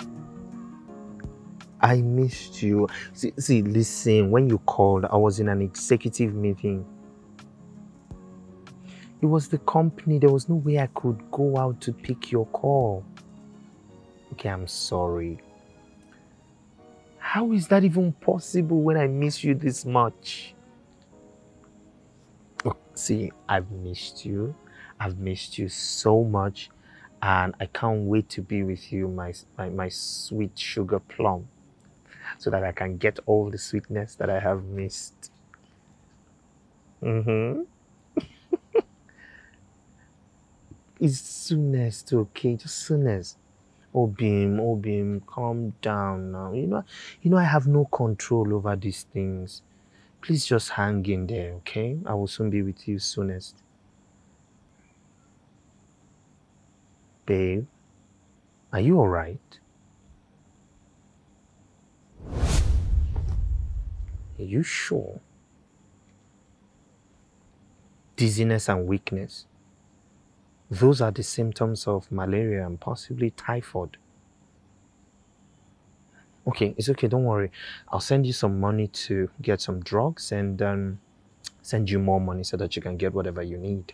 I missed you. See, see, listen, when you called, I was in an executive meeting. It was the company. There was no way I could go out to pick your call. Okay, I'm sorry. How is that even possible when I miss you this much? Oh, see, I've missed you. I've missed you so much. And I can't wait to be with you, my, my, my sweet sugar plum, so that I can get all the sweetness that I have missed. Mm-hmm. It's soonest, to okay? Just soonest. Oh Bim, oh Bim, calm down now. You know, you know I have no control over these things. Please just hang in there, okay? I will soon be with you soonest. Babe, are you alright? Are you sure? Dizziness and weakness. Those are the symptoms of malaria and possibly typhoid. Okay, it's okay, don't worry. I'll send you some money to get some drugs and then um, send you more money so that you can get whatever you need.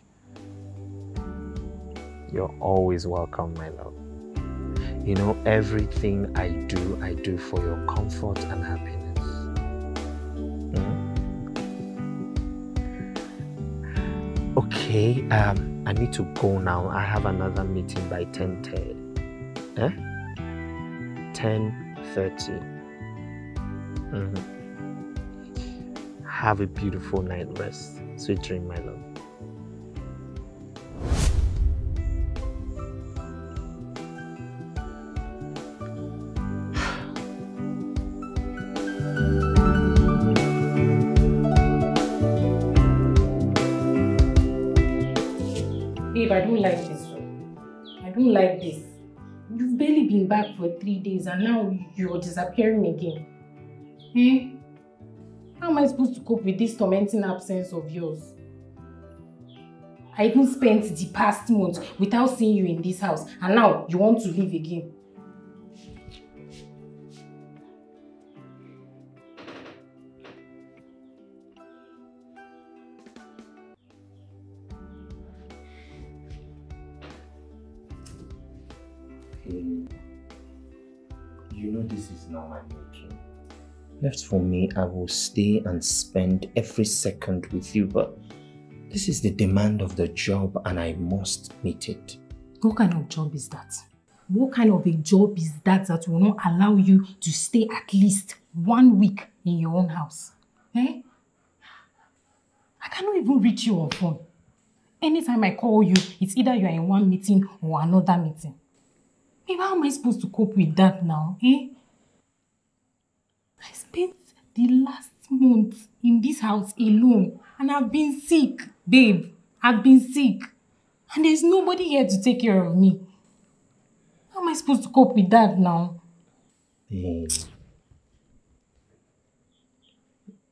You're always welcome, my love. You know, everything I do, I do for your comfort and happiness. okay, um, I need to go now. I have another meeting by 10 10 Eh? 10 30. Mm-hmm. Have a beautiful night rest. Sweet dream, my love. back for three days and now you're disappearing again. Eh? How am I supposed to cope with this tormenting absence of yours? I even spent the past month without seeing you in this house and now you want to leave again. know this is not my making. Left for me, I will stay and spend every second with you, but this is the demand of the job and I must meet it. What kind of job is that? What kind of a job is that that will not allow you to stay at least one week in your own house? Eh? I cannot even reach you on phone. Anytime I call you, it's either you are in one meeting or another meeting. Babe, how am I supposed to cope with that now? Eh? I spent the last month in this house alone and I've been sick, babe. I've been sick. And there's nobody here to take care of me. How am I supposed to cope with that now? Mom.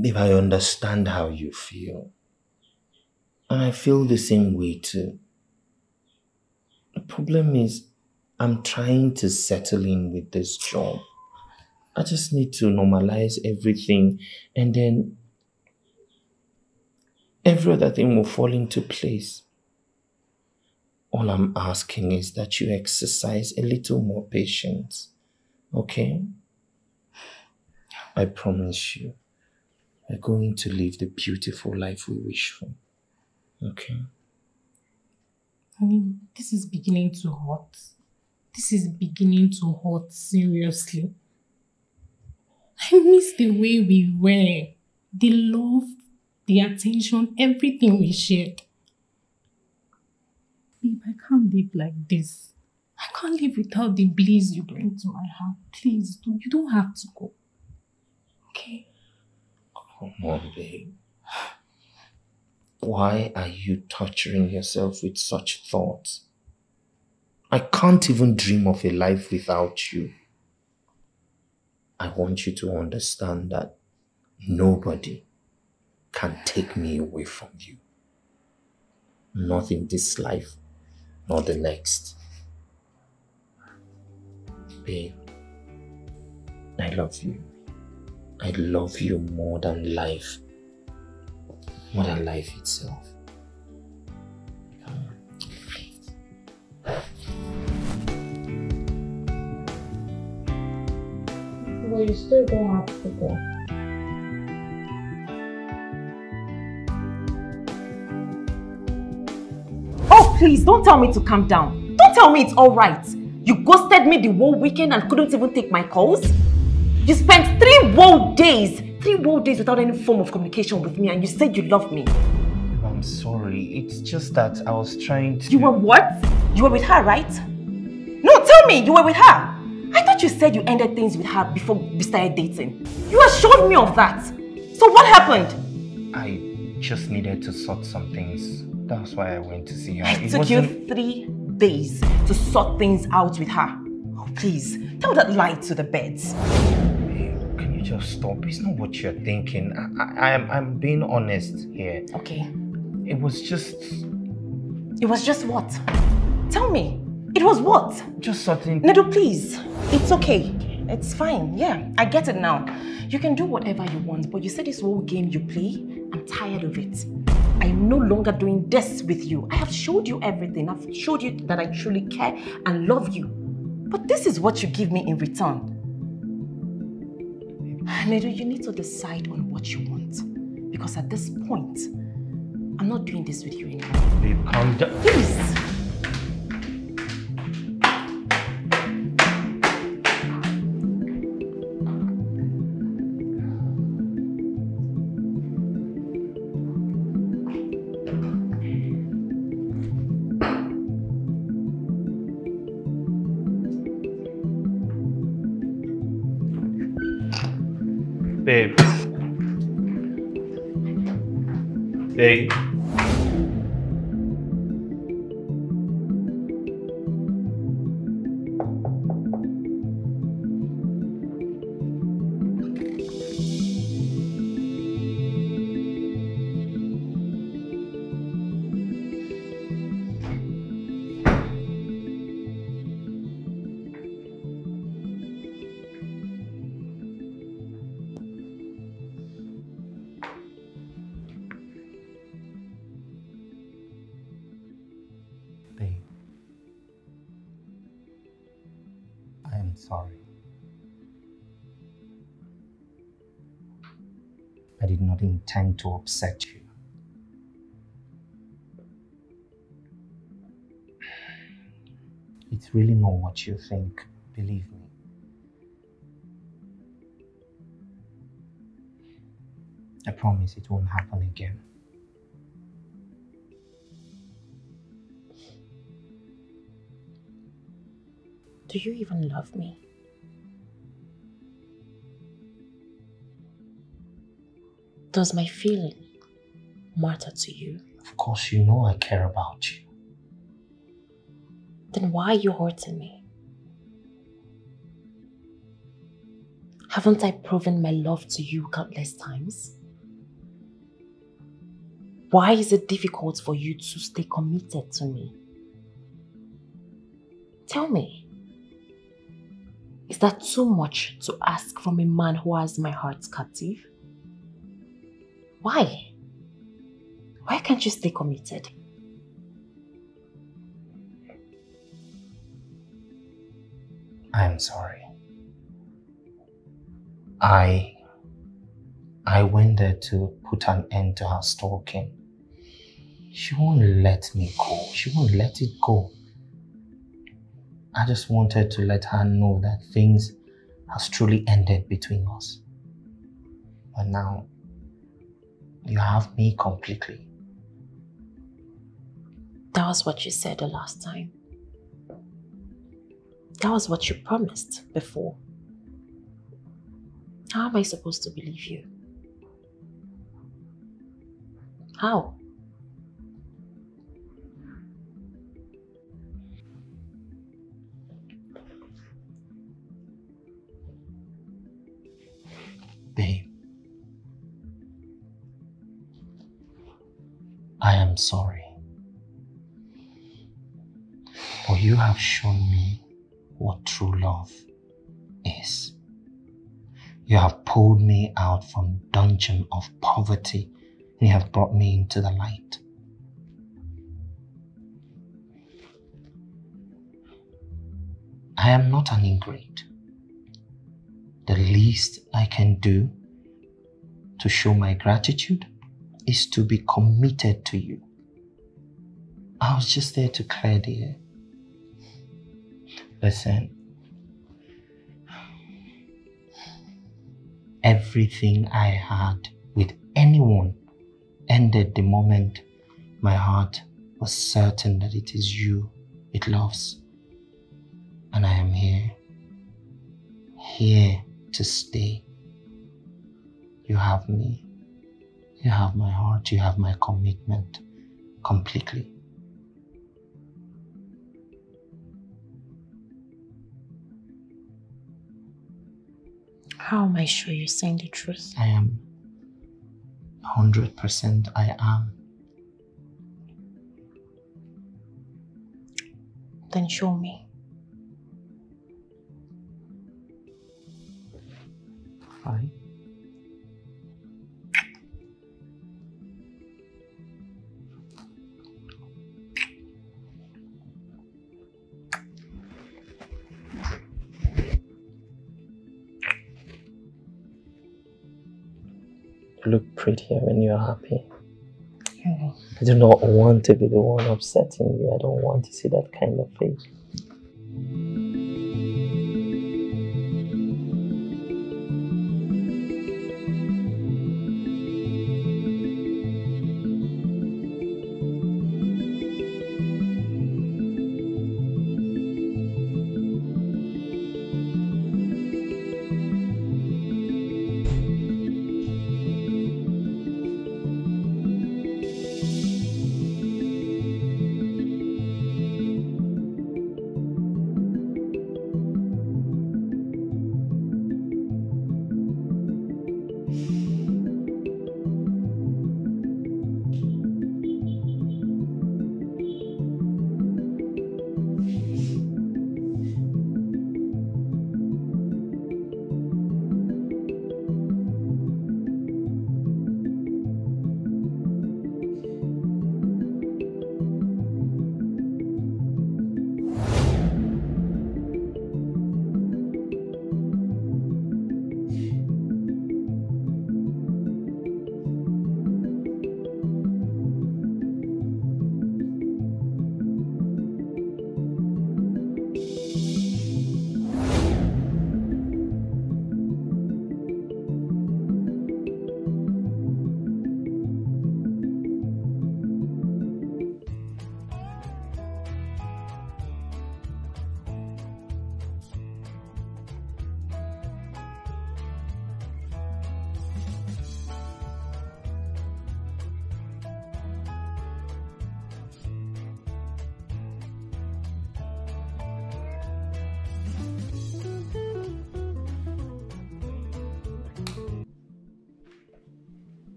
Babe, I understand how you feel. And I feel the same way too. The problem is, I'm trying to settle in with this job. I just need to normalize everything and then every other thing will fall into place. All I'm asking is that you exercise a little more patience, okay? I promise you, we're going to live the beautiful life we wish for, okay? I mean, this is beginning to hurt. This is beginning to hurt seriously. I miss the way we were, the love, the attention, everything we shared. Babe, I can't live like this. I can't live without the bliss you bring to my heart. Please, do, you don't have to go. Okay? Come on, babe. Why are you torturing yourself with such thoughts? I can't even dream of a life without you. I want you to understand that nobody can take me away from you. Not in this life, nor the next. Babe, I love you. I love you more than life, more than life itself. still have to go. Oh, please, don't tell me to calm down. Don't tell me it's all right. You ghosted me the whole weekend and couldn't even take my calls. You spent three whole days, three whole days without any form of communication with me and you said you loved me. I'm sorry. It's just that I was trying to... You were what? You were with her, right? No, tell me, you were with her thought you said you ended things with her before we started dating. You assured me of that. So what happened? I just needed to sort some things. That's why I went to see her. It, it took wasn't... you three days to sort things out with her. Oh, please, tell that lie to the beds just stop. It's not what you're thinking. I, I'm, I'm being honest here. Okay. It was just... It was just what? Tell me. It was what? Just something. Nedo, please. It's okay. It's fine. Yeah, I get it now. You can do whatever you want, but you see this whole game you play, I'm tired of it. I'm no longer doing this with you. I have showed you everything. I've showed you that I truly care and love you. But this is what you give me in return. Nedo, you need to decide on what you want. Because at this point, I'm not doing this with you anymore. Babe, calm down. Please. tend to upset you. It's really not what you think, believe me. I promise it won't happen again. Do you even love me? Does my feeling matter to you? Of course, you know I care about you. Then why are you hurting me? Haven't I proven my love to you countless times? Why is it difficult for you to stay committed to me? Tell me, is that too much to ask from a man who has my heart captive? Why? Why can't you stay committed? I'm sorry. I I went there to put an end to her stalking. She won't let me go. She won't let it go. I just wanted to let her know that things has truly ended between us. But now you have me completely. That was what you said the last time. That was what you promised before. How am I supposed to believe you? How? am sorry. For you have shown me what true love is. You have pulled me out from dungeon of poverty. And you have brought me into the light. I am not an ingrate. The least I can do to show my gratitude is to be committed to you. I was just there to the air. Listen, everything I had with anyone ended the moment my heart was certain that it is you it loves. And I am here, here to stay. You have me, you have my heart, you have my commitment completely. How am I sure you're saying the truth? I am. 100% I am. Then show me. Fine. look prettier when you're happy. I do not want to be the one upsetting you. I don't want to see that kind of face.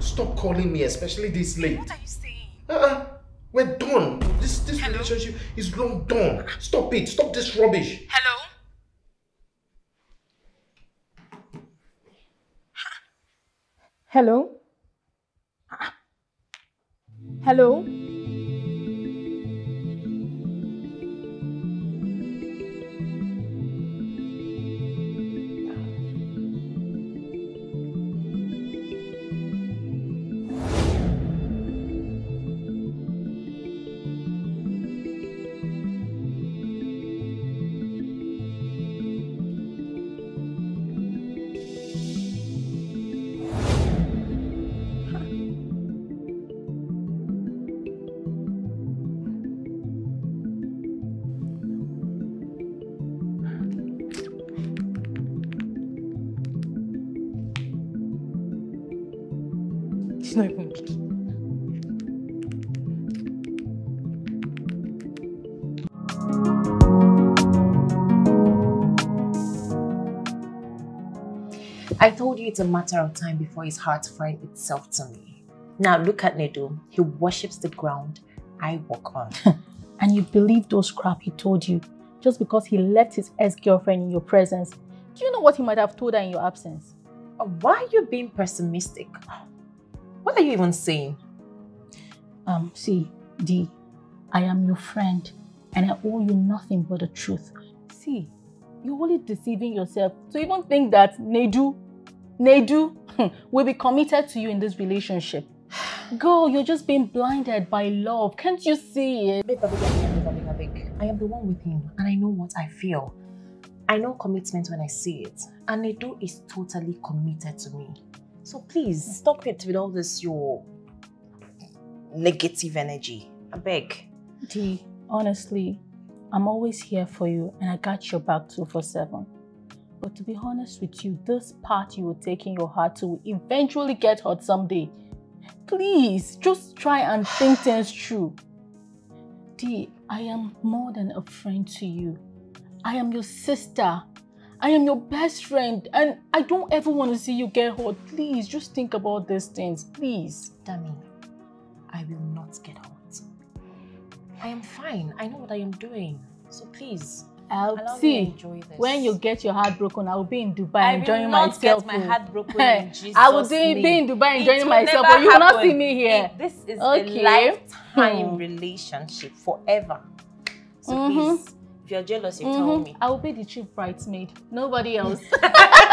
Stop calling me, especially this late. What are you saying? Uh-uh. We're done. This this relationship is long done. Stop it. Stop this rubbish. Hello? Hello? Hello? told you it's a matter of time before his heart finds itself to me. Now look at Nedo. He worships the ground I walk on. and you believe those crap he told you just because he left his ex-girlfriend in your presence. Do you know what he might have told her in your absence? Uh, why are you being pessimistic? What are you even saying? Um, see, Dee, I am your friend and I owe you nothing but the truth. See, you're only deceiving yourself to even think that Nedu Nedu hmm. will be committed to you in this relationship. Girl, you're just being blinded by love. Can't you see it? I am the one with him and I know what I feel. I know commitment when I see it. And Nedu is totally committed to me. So please, stop it with all this your negative energy. I beg. D, honestly, I'm always here for you and I got your back 24/7. But to be honest with you, this path you are taking your heart to will eventually get hurt someday. Please, just try and think things through. Dee, I am more than a friend to you. I am your sister. I am your best friend and I don't ever want to see you get hurt. Please, just think about these things, please. Dami, I will not get hurt. I am fine. I know what I am doing. So please, I'll see. When you get your heart broken, I will be in Dubai I enjoying myself. I will not get my oh. heart broken in Jesus' I will be, be in Dubai enjoying myself, but you will not see me here. It, this is okay. a lifetime hmm. relationship forever. So mm -hmm. please, if you're jealous, you mm -hmm. tell mm-hmm. me. I will be the chief bridesmaid. Nobody else.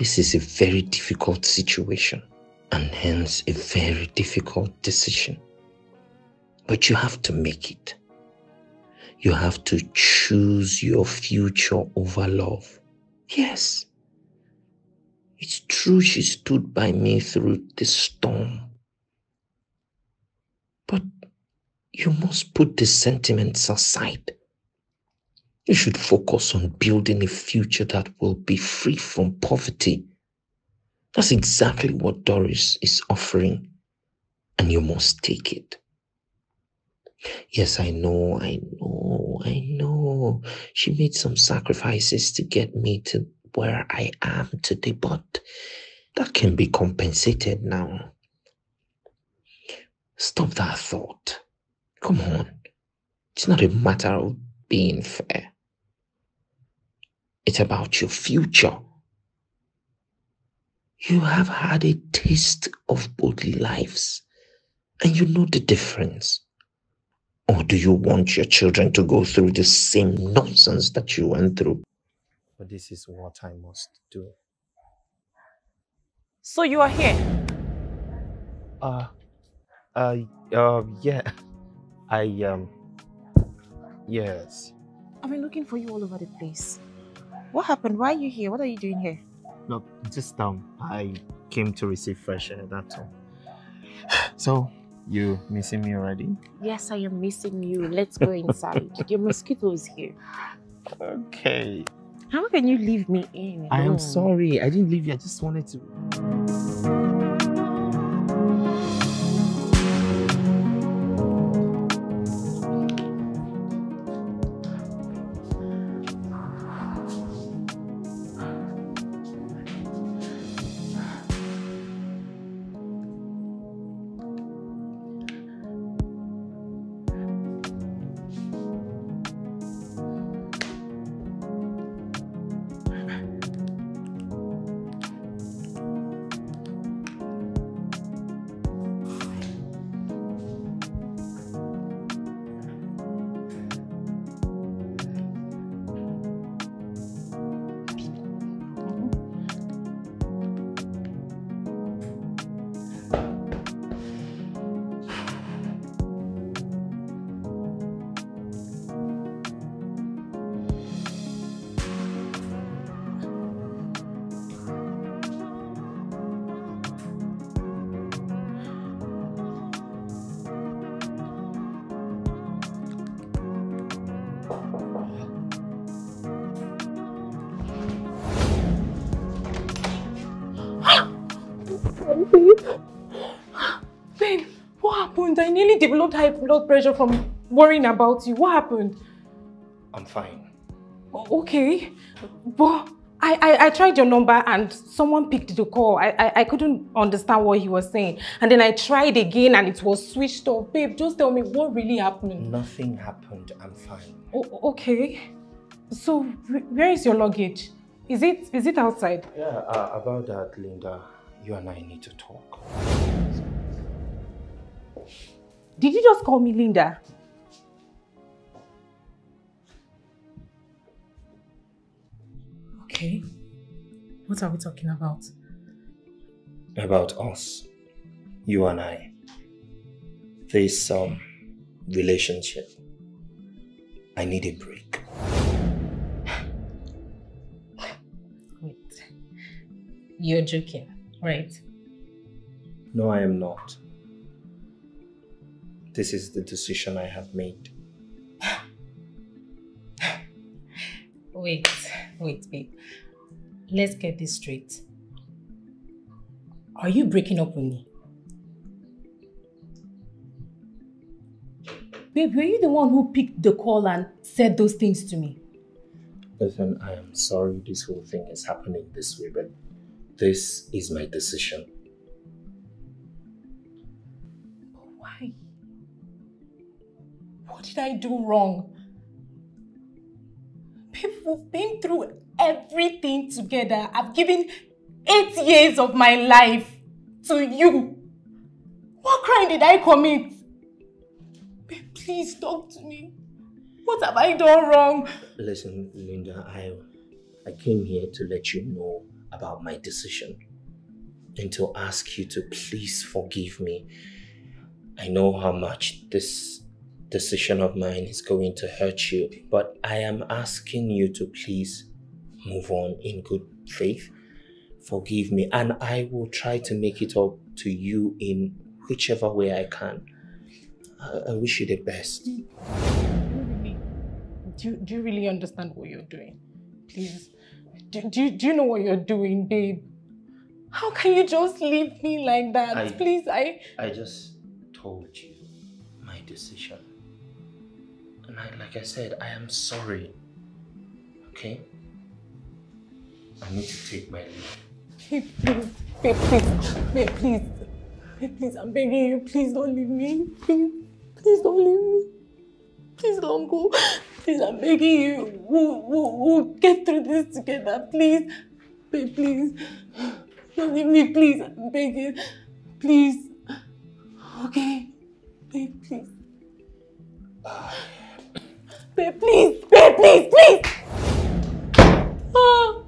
This is a very difficult situation and hence a very difficult decision. But you have to make it. You have to choose your future over love. Yes. It's true she stood by me through the storm. But you must put the sentiments aside. You should focus on building a future that will be free from poverty. That's exactly what Doris is offering, and you must take it. Yes, I know, I know, I know. She made some sacrifices to get me to where I am today, but that can be compensated now. Stop that thought. Come on. It's not a matter of being fair. It's about your future. You have had a taste of both lives and you know the difference. Or do you want your children to go through the same nonsense that you went through? But this is what I must do. So you are here? Uh, uh, uh yeah. I, um, Yes. I've been looking for you all over the place. What happened? Why are you here? What are you doing here? Look, just um, I came to receive fresh air, that's all. So, you missing me already? Yes, I am missing you. Let's go inside. Your mosquito is here. Okay. How can you leave me in? I am sorry. I didn't leave you. I just wanted to... developed high blood pressure from worrying about you. What happened? I'm fine. Oh, okay, but I, I, I, tried your number and someone picked the call. I, I, I couldn't understand what he was saying. And then I tried again and it was switched off. Babe, just tell me what really happened. Nothing happened. I'm fine. O oh, okay. So where is your luggage? Is it is it outside? Yeah, uh, about that, Linda. You and I need to talk. Did you just call me Linda? Okay. What are we talking about? About us. You and I. This um, relationship. I need a break. Wait. You're joking, right? No, I am not. This is the decision I have made. wait, wait, wait. Let's get this straight. Are you breaking up with me? Babe, were you the one who picked the call and said those things to me? Listen, I am sorry this whole thing is happening this way, but this is my decision. What did I do wrong? People, we've been through everything together. I've given eight years of my life to you. What crime did I commit? Babe, please talk to me. What have I done wrong? Listen, Linda, I, I came here to let you know about my decision and to ask you to please forgive me. I know how much this decision of mine is going to hurt you, but I am asking you to please move on in good faith. Forgive me, and I will try to make it up to you in whichever way I can. I, I wish you the best. Do you really, do, do you really understand what you're doing? Please, do, do, do you know what you're doing, babe? How can you just leave me like that? I, Please, I... I just told you my decision. I, like I said, I am sorry. Okay? I need to take my leave. Babe, please. Babe, please. Babe, please. Babe, please, I'm begging you. Please don't leave me. Please. Please don't leave me. Please don't go. Please, I'm begging you. We'll, we'll, we'll get through this together. Please. Babe, please. Don't leave me, please. I'm begging. Please. Okay. Babe, please. Ah. Babe, please, babe, please, please. Ah.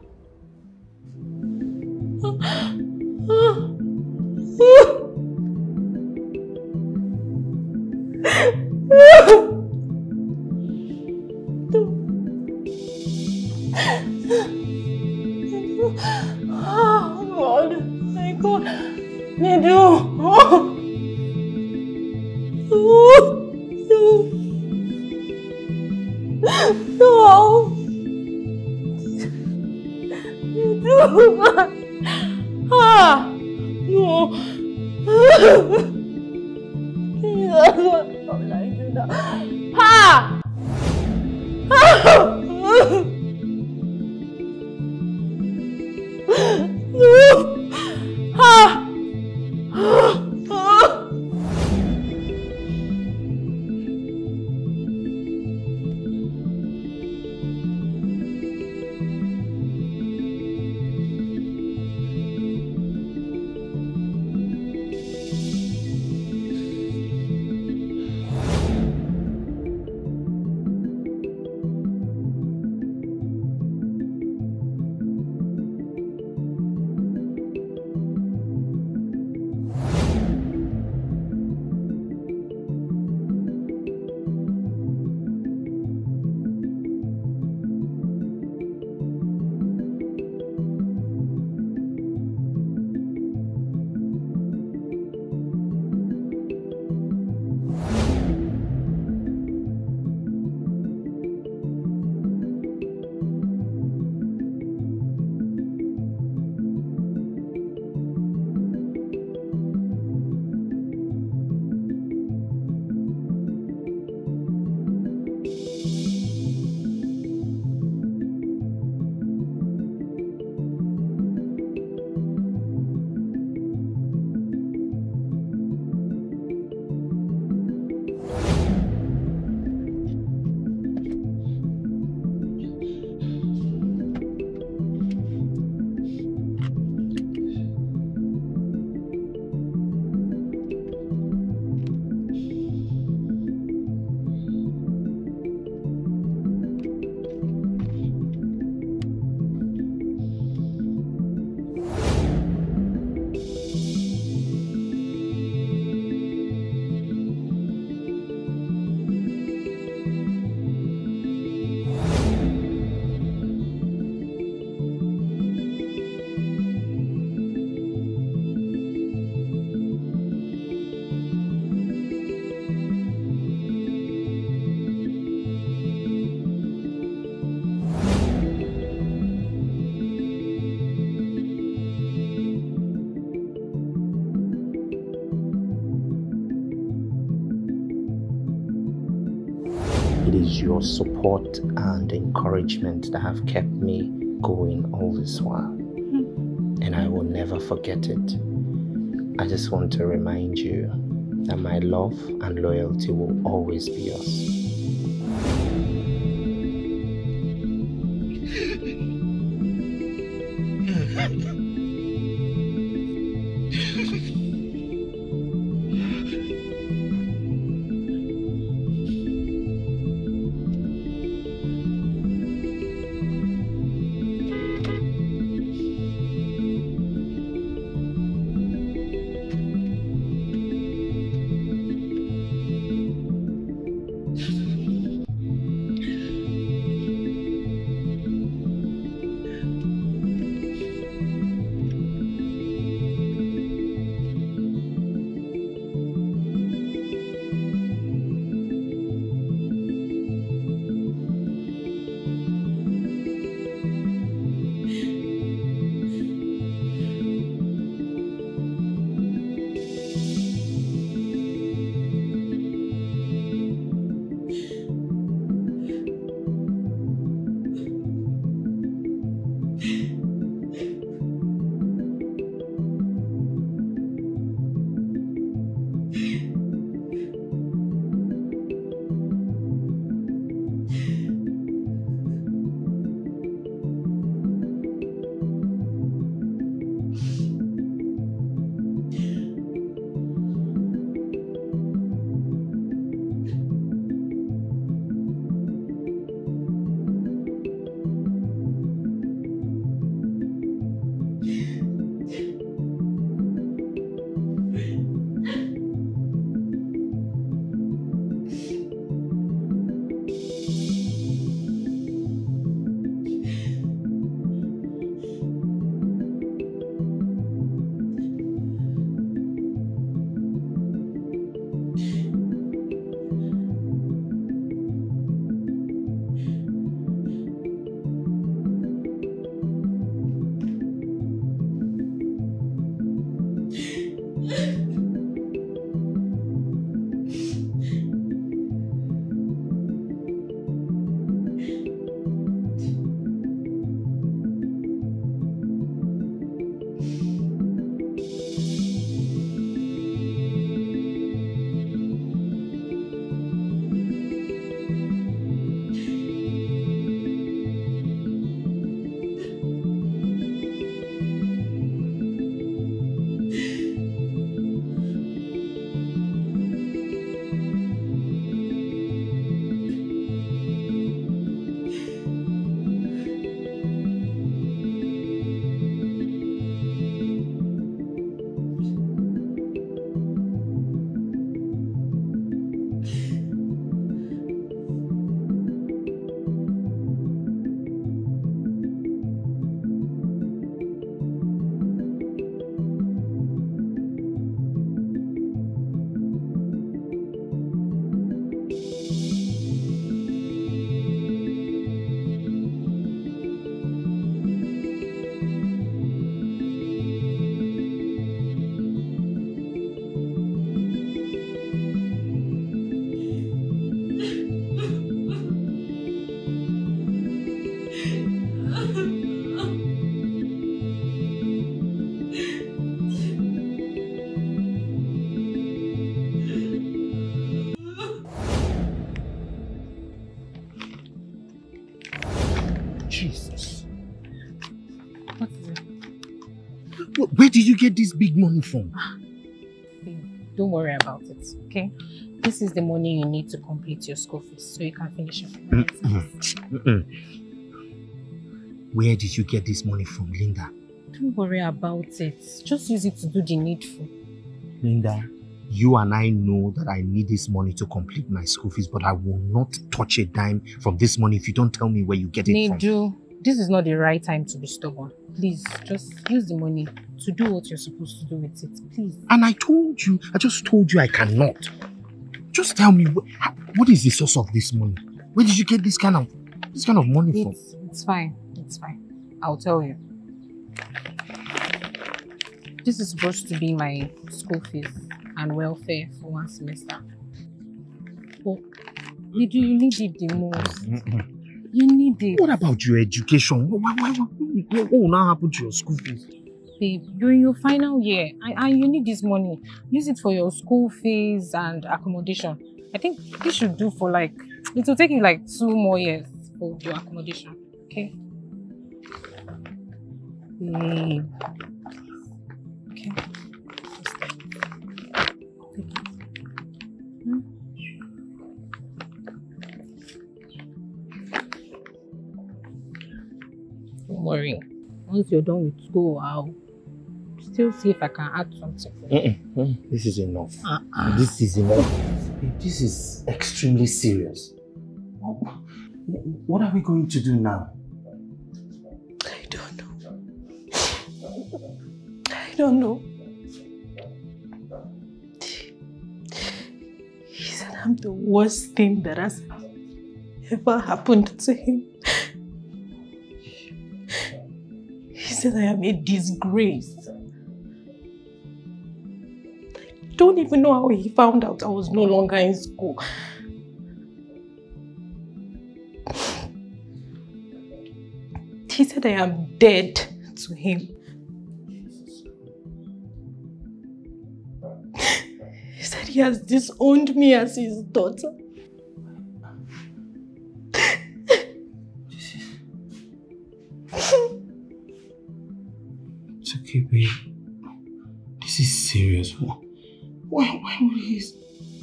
support and encouragement that have kept me going all this while. Hmm. And I will never forget it. I just want to remind you that my love and loyalty will always be yours. get this big money from? don't worry about it, okay? This is the money you need to complete your school fees so you can finish your Where did you get this money from, Linda? Don't worry about it. Just use it to do the needful. Linda, you and I know that I need this money to complete my school fees, but I will not touch a dime from this money if you don't tell me where you get it Nidu, from this is not the right time to be stubborn. Please, just use the money to do what you're supposed to do with it, please. And I told you, I just told you I cannot. Just tell me, what is the source of this money? Where did you get this kind of, this kind of money it's, from? It's fine, it's fine. I'll tell you. This is supposed to be my school fees and welfare for one semester. But you, you need it the most. Mm-hmm. You need it. What about your education? What, what, what, what will now happen to your school fees? Babe, during your final year, and you need this money. Use it for your school fees and accommodation. I think this should do for like, it will take you like two more years for your accommodation, okay? Babe. Once you're done with go, I'll still see if I can add something for you. Mm -mm. This is enough. Uh -uh. This is enough. This is extremely serious. What are we going to do now? I don't know. I don't know. He said I'm the worst thing that has ever happened to him. said I am a disgrace. I don't even know how he found out I was no longer in school. He said I am dead to him. He said he has disowned me as his daughter. Why, why would he,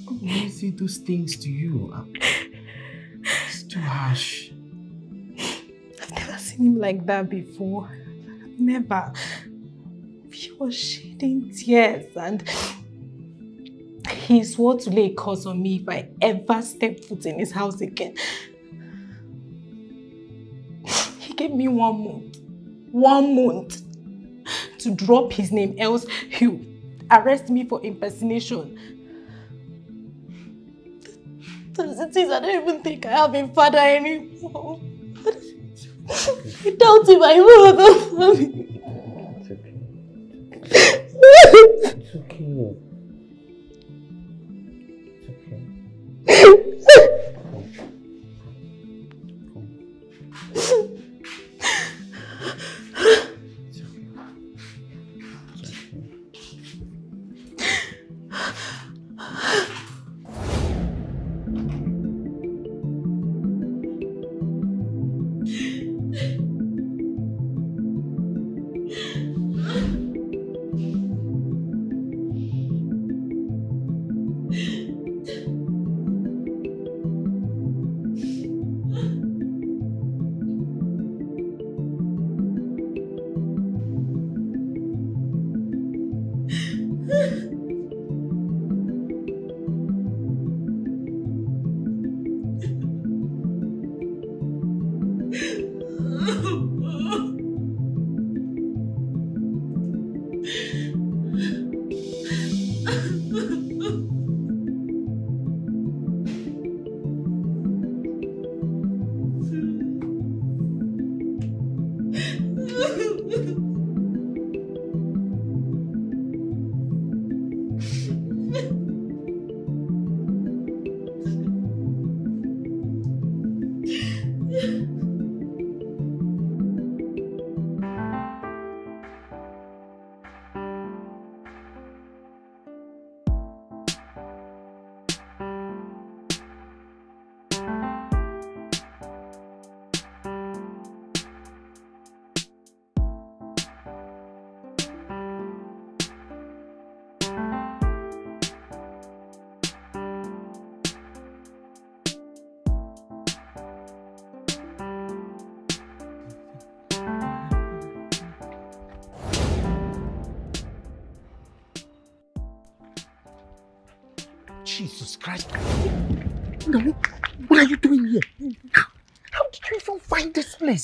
why would he do those things to you? It's too harsh. I've never seen him like that before. Never. He was shedding tears and he swore to lay a curse on me if I ever step foot in his house again. He gave me one month, one month to drop his name, else he'll arrest me for impersonation. As it is, I don't even think I have a father anymore. I doubt if I even have a family. It's okay. It's okay. It's okay.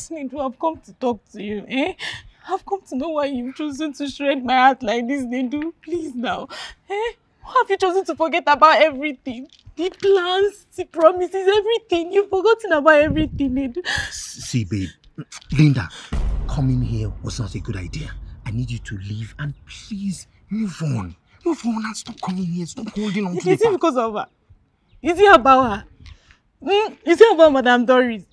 listening to, I've come to talk to you, eh? I've come to know why you've chosen to shred my heart like this, They Please now, eh? Why have you chosen to forget about everything? The plans, the promises, everything. You've forgotten about everything, Nedu. See, babe, Linda, coming here was not a good idea. I need you to leave and please move on. Move on and stop coming here. Stop holding on to Is it because of her? Is it about her? Mm, is it about Madame Doris?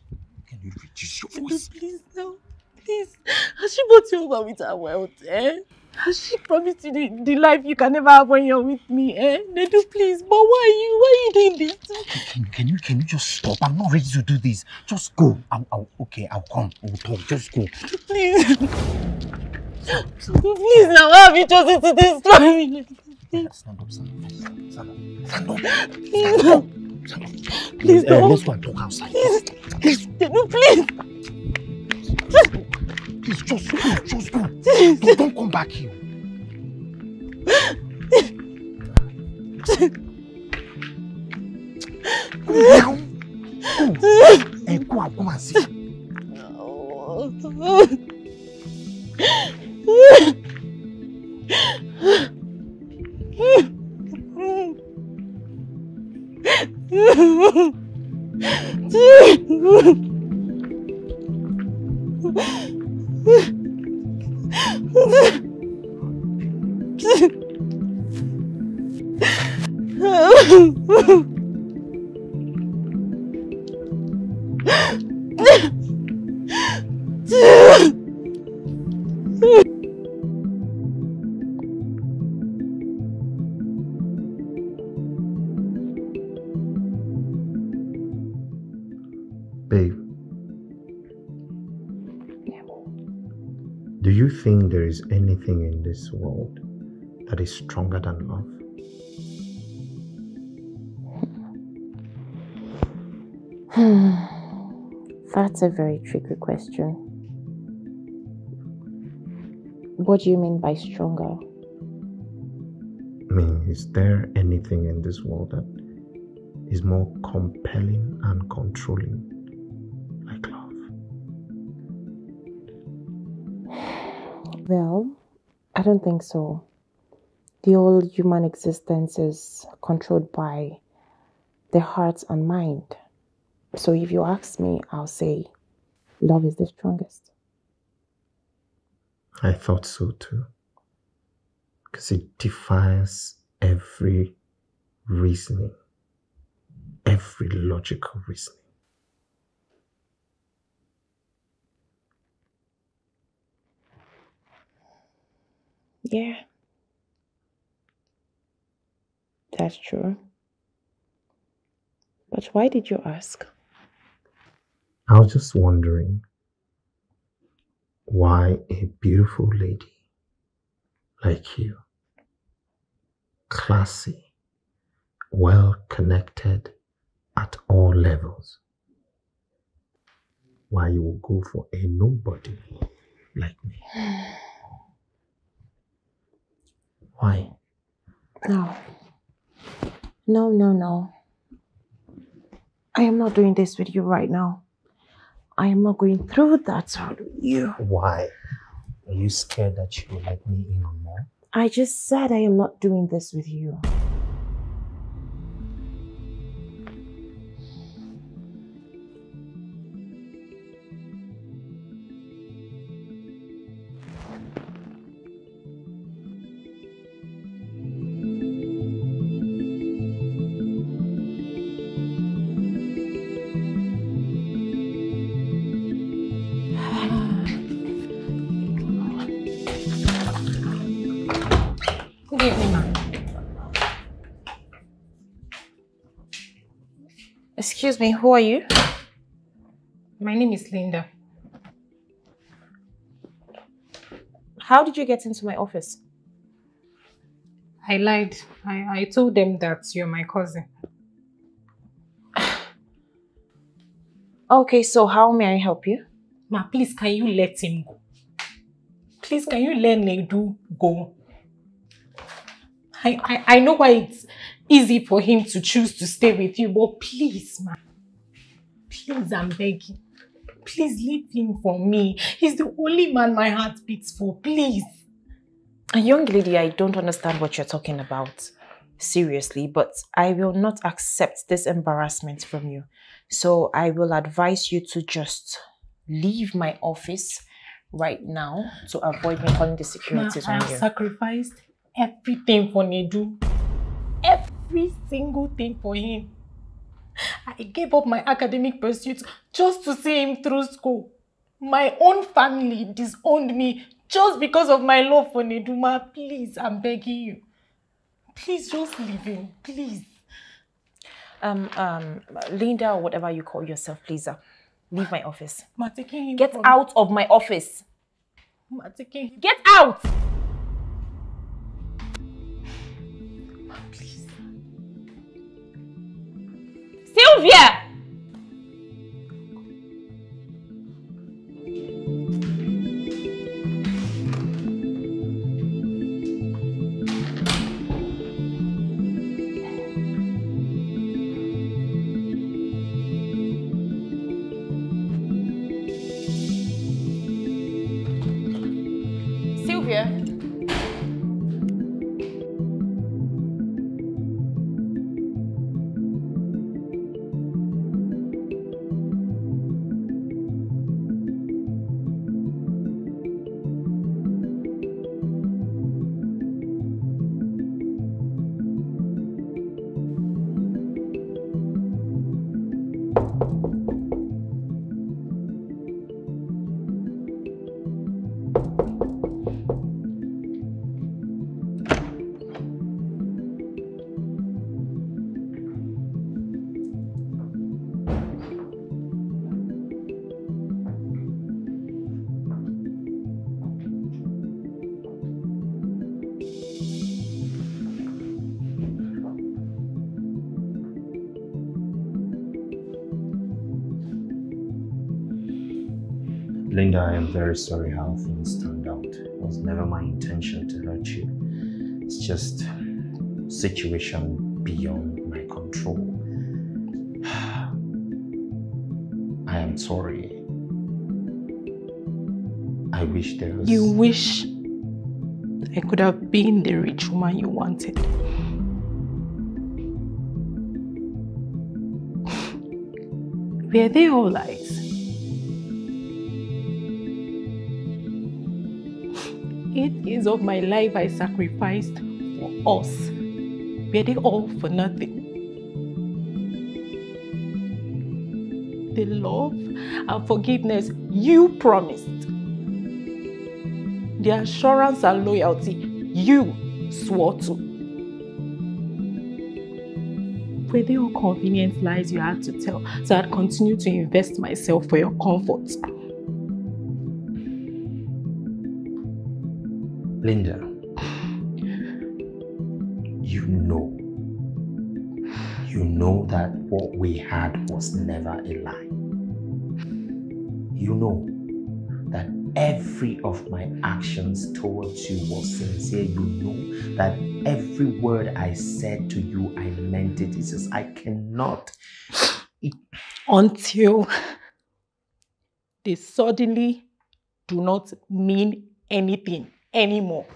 you reduce your voice? Please, no. Please. Has she brought you over with her wealth, eh? Has she promised you the, the life you can never have when you're with me, eh? Nedu, please. But why are you? Why are you doing this? Can, can you can you just stop? I'm not ready to do this. Just go. I'll, I'll okay. I'll come. We'll talk. Just go. Please. please now, why have you chosen to destroy me? Stand up, stand up, stand up, stand up. Stand up. Please. Stand up. Please eh, don't. Uh, let's go and talk outside. Please. Please. No, please. just go. Just go. Don't, don't come back here. Go down. Go. Hey, eh, go and come and see. Oh, anything in this world that is stronger than love. That's a very tricky question. What do you mean by stronger? I mean, is there anything in this world that is more compelling and controlling Well, I don't think so. The whole human existence is controlled by the heart and mind. So if you ask me, I'll say love is the strongest. I thought so too. Because it defies every reasoning, every logical reasoning. Yeah, that's true. But why did you ask? I was just wondering why a beautiful lady like you, classy, well connected at all levels, why you will go for a nobody like me. Why? No. No, no, no. I am not doing this with you right now. I am not going through that sort with you. Why? Are you scared that you will let me in more? I just said I am not doing this with you. Excuse me, who are you? My name is Linda. How did you get into my office? I lied. I, I told them that you're my cousin. okay, so how may I help you? Ma, please, can you let him go? Please, can you let Nedu go? I, I, I know why it's easy for him to choose to stay with you. But please, ma'am. please, I'm begging. Please leave him for me. He's the only man my heart beats for. Please. A young lady, I don't understand what you're talking about. Seriously, but I will not accept this embarrassment from you. So I will advise you to just leave my office right now to avoid me calling the security. Ma, I have sacrificed everything for Nedu. Everything every single thing for him. I gave up my academic pursuits just to see him through school. My own family disowned me just because of my love for Neduma. Please, I'm begging you. Please just leave him, please. Um, um, Linda or whatever you call yourself, please, uh, leave my office. Ma, Get out of my office. Ma, Get out! wie! I'm very sorry how things turned out. It was never my intention to hurt you. It's just situation beyond my control. I am sorry. I wish there was... You wish I could have been the rich woman you wanted. Were they all lies? years of my life I sacrificed for us. Were they all for nothing? The love and forgiveness you promised, the assurance and loyalty you swore to. Were they all convenient lies you had to tell so I'd continue to invest myself for your comfort? Linda, you know. You know that what we had was never a lie. You know that every of my actions towards you was sincere. You know that every word I said to you, I meant it. It's just, I cannot. It... Until they suddenly do not mean anything anymore.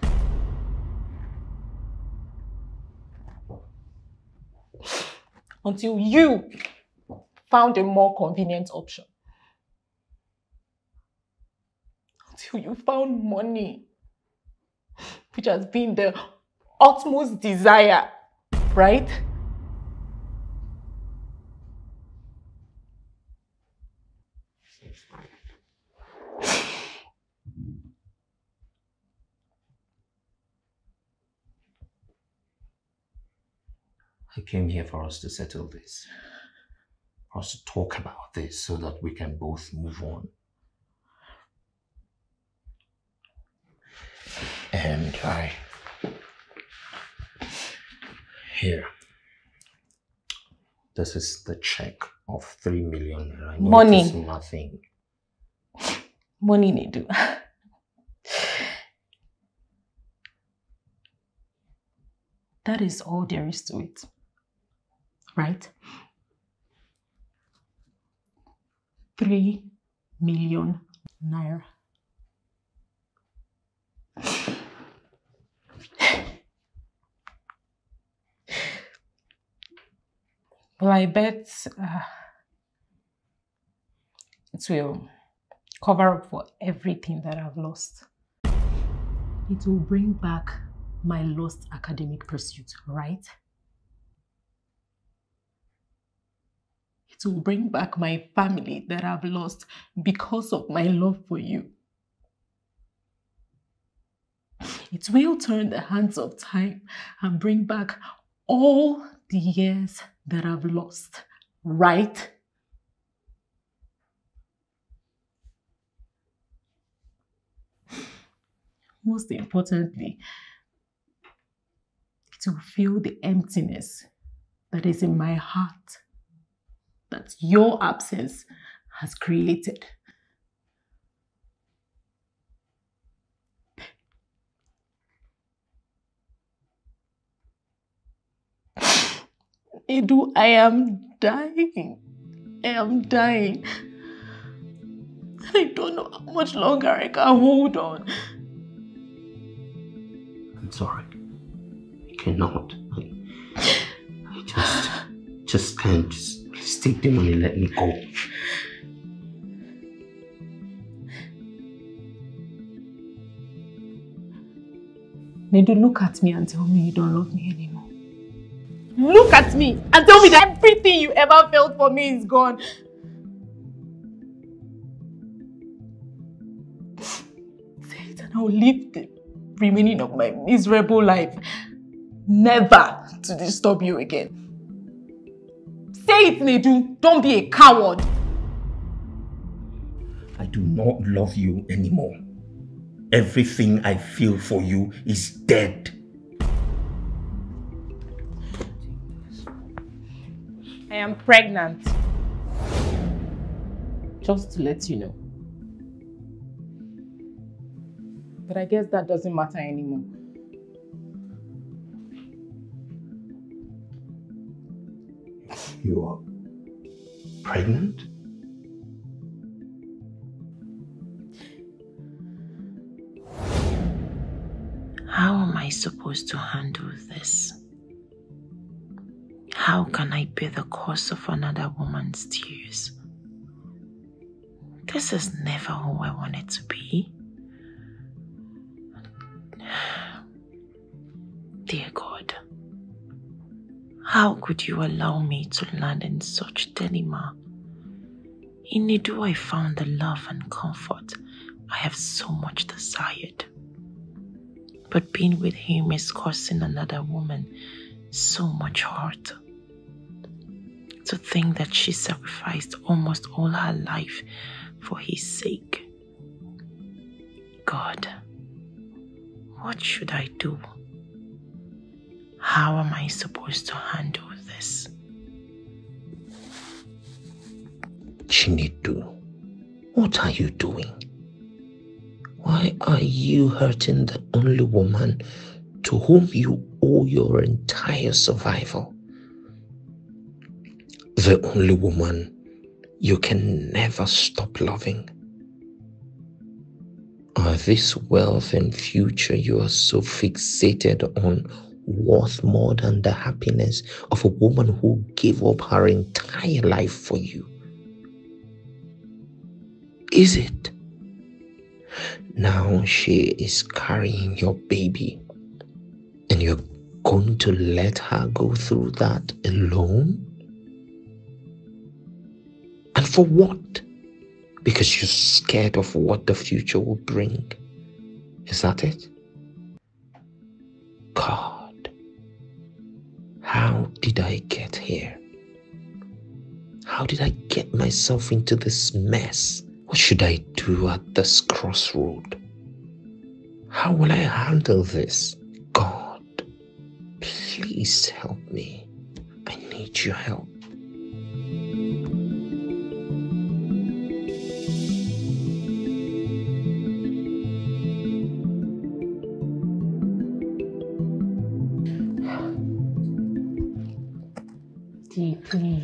Until you found a more convenient option. Until you found money, which has been the utmost desire, right? came here for us to settle this, for us to talk about this so that we can both move on. And I, here, this is the check of 3 million. I Money. nothing. Money they That is all there is to it right? Three million naira. well, I bet uh, it will cover up for everything that I've lost. It will bring back my lost academic pursuit, right? to bring back my family that I've lost because of my love for you. It will turn the hands of time and bring back all the years that I've lost, right? Most importantly, it will fill the emptiness that is in my heart that your absence has created. I do. I am dying. I am dying. I don't know how much longer I can hold on. I'm sorry. I cannot. I, I just, just can't. Just take the money and let me go. Nedu, look at me and tell me you don't love me anymore. Look at me and tell me that everything you ever felt for me is gone. Say it and I'll live the remaining of my miserable life. Never to disturb you again say it don't be a coward. I do not love you anymore. Everything I feel for you is dead. I am pregnant. Just to let you know. But I guess that doesn't matter anymore. you're pregnant? How am I supposed to handle this? How can I bear the cost of another woman's tears? This is never who I wanted to be. Dear God. How could you allow me to land in such dilemma? In Nidu, I found the love and comfort I have so much desired. But being with him is causing another woman so much hurt. To think that she sacrificed almost all her life for his sake. God, what should I do? How am I supposed to handle this? Chinidu, what are you doing? Why are you hurting the only woman to whom you owe your entire survival? The only woman you can never stop loving. Are this wealth and future you are so fixated on worth more than the happiness of a woman who gave up her entire life for you? Is it? Now she is carrying your baby, and you're going to let her go through that alone? And for what? Because you're scared of what the future will bring. Is that it? God. How did I get here? How did I get myself into this mess? What should I do at this crossroad? How will I handle this? God, please help me. I need your help.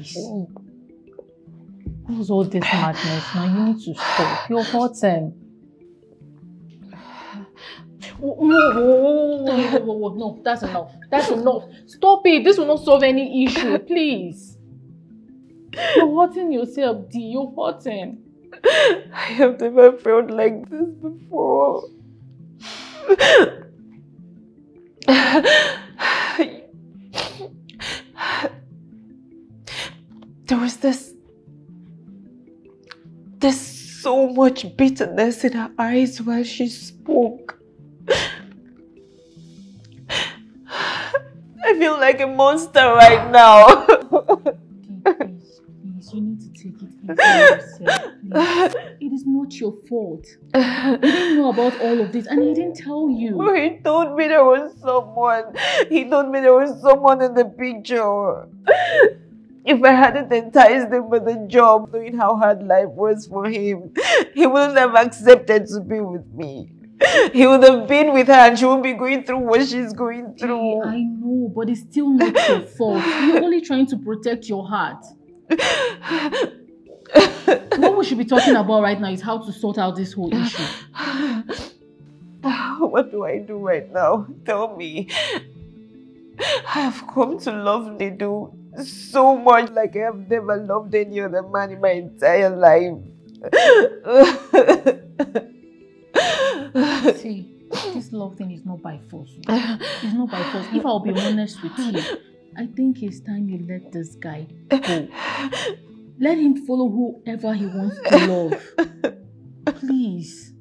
Who's What was all this madness? Now you need to stop. You're hurting. no, that's enough. That's enough. Stop it. This will not solve any issue. Please. You're hurting yourself, D. You're hurting. I have never felt like this before. there was this there's so much bitterness in her eyes while she spoke. I feel like a monster right now. you need to take it It is not your fault. You didn't know about all of this and he didn't tell you. He told me there was someone. He told me there was someone in the picture. If I hadn't enticed him with a job, knowing how hard life was for him, he wouldn't have accepted to be with me. He would have been with her and she won't be going through what she's going eh, through. Hey, I know, but it's still not your fault. You're only trying to protect your heart. what we should be talking about right now is how to sort out this whole issue. What do I do right now? Tell me. I have come to love Nidu so much like I've never loved any other man in my entire life. See, this love thing is not by force. It's not by force. If I'll be honest with you, I think it's time you let this guy go. Let him follow whoever he wants to love. Please.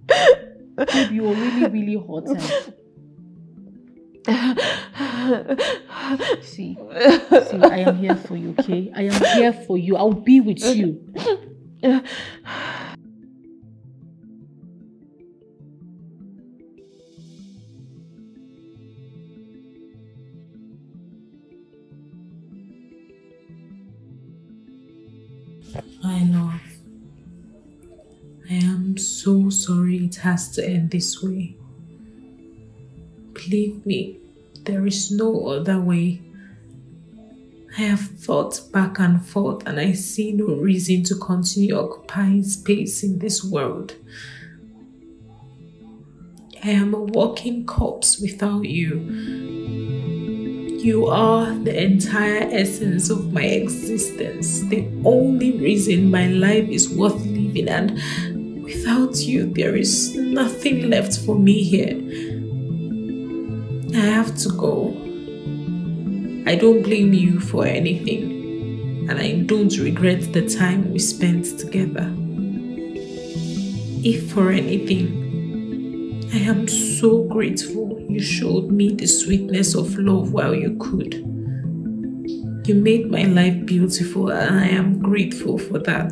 Babe, you're really, really hot see, see, I am here for you, okay? I am here for you. I'll be with you. I love. I am so sorry it has to end this way leave me. There is no other way. I have thought back and forth, and I see no reason to continue occupying space in this world. I am a walking corpse without you. You are the entire essence of my existence, the only reason my life is worth living, and without you, there is nothing left for me here. I have to go. I don't blame you for anything, and I don't regret the time we spent together. If for anything, I am so grateful you showed me the sweetness of love while you could. You made my life beautiful, and I am grateful for that.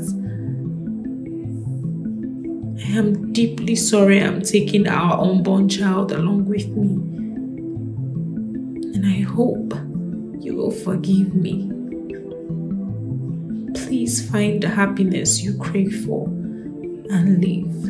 I am deeply sorry I'm taking our unborn child along with me hope you will forgive me. Please find the happiness you crave for and live.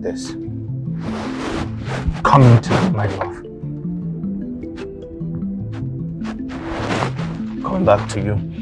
with this. Come into my love. Coming back to you.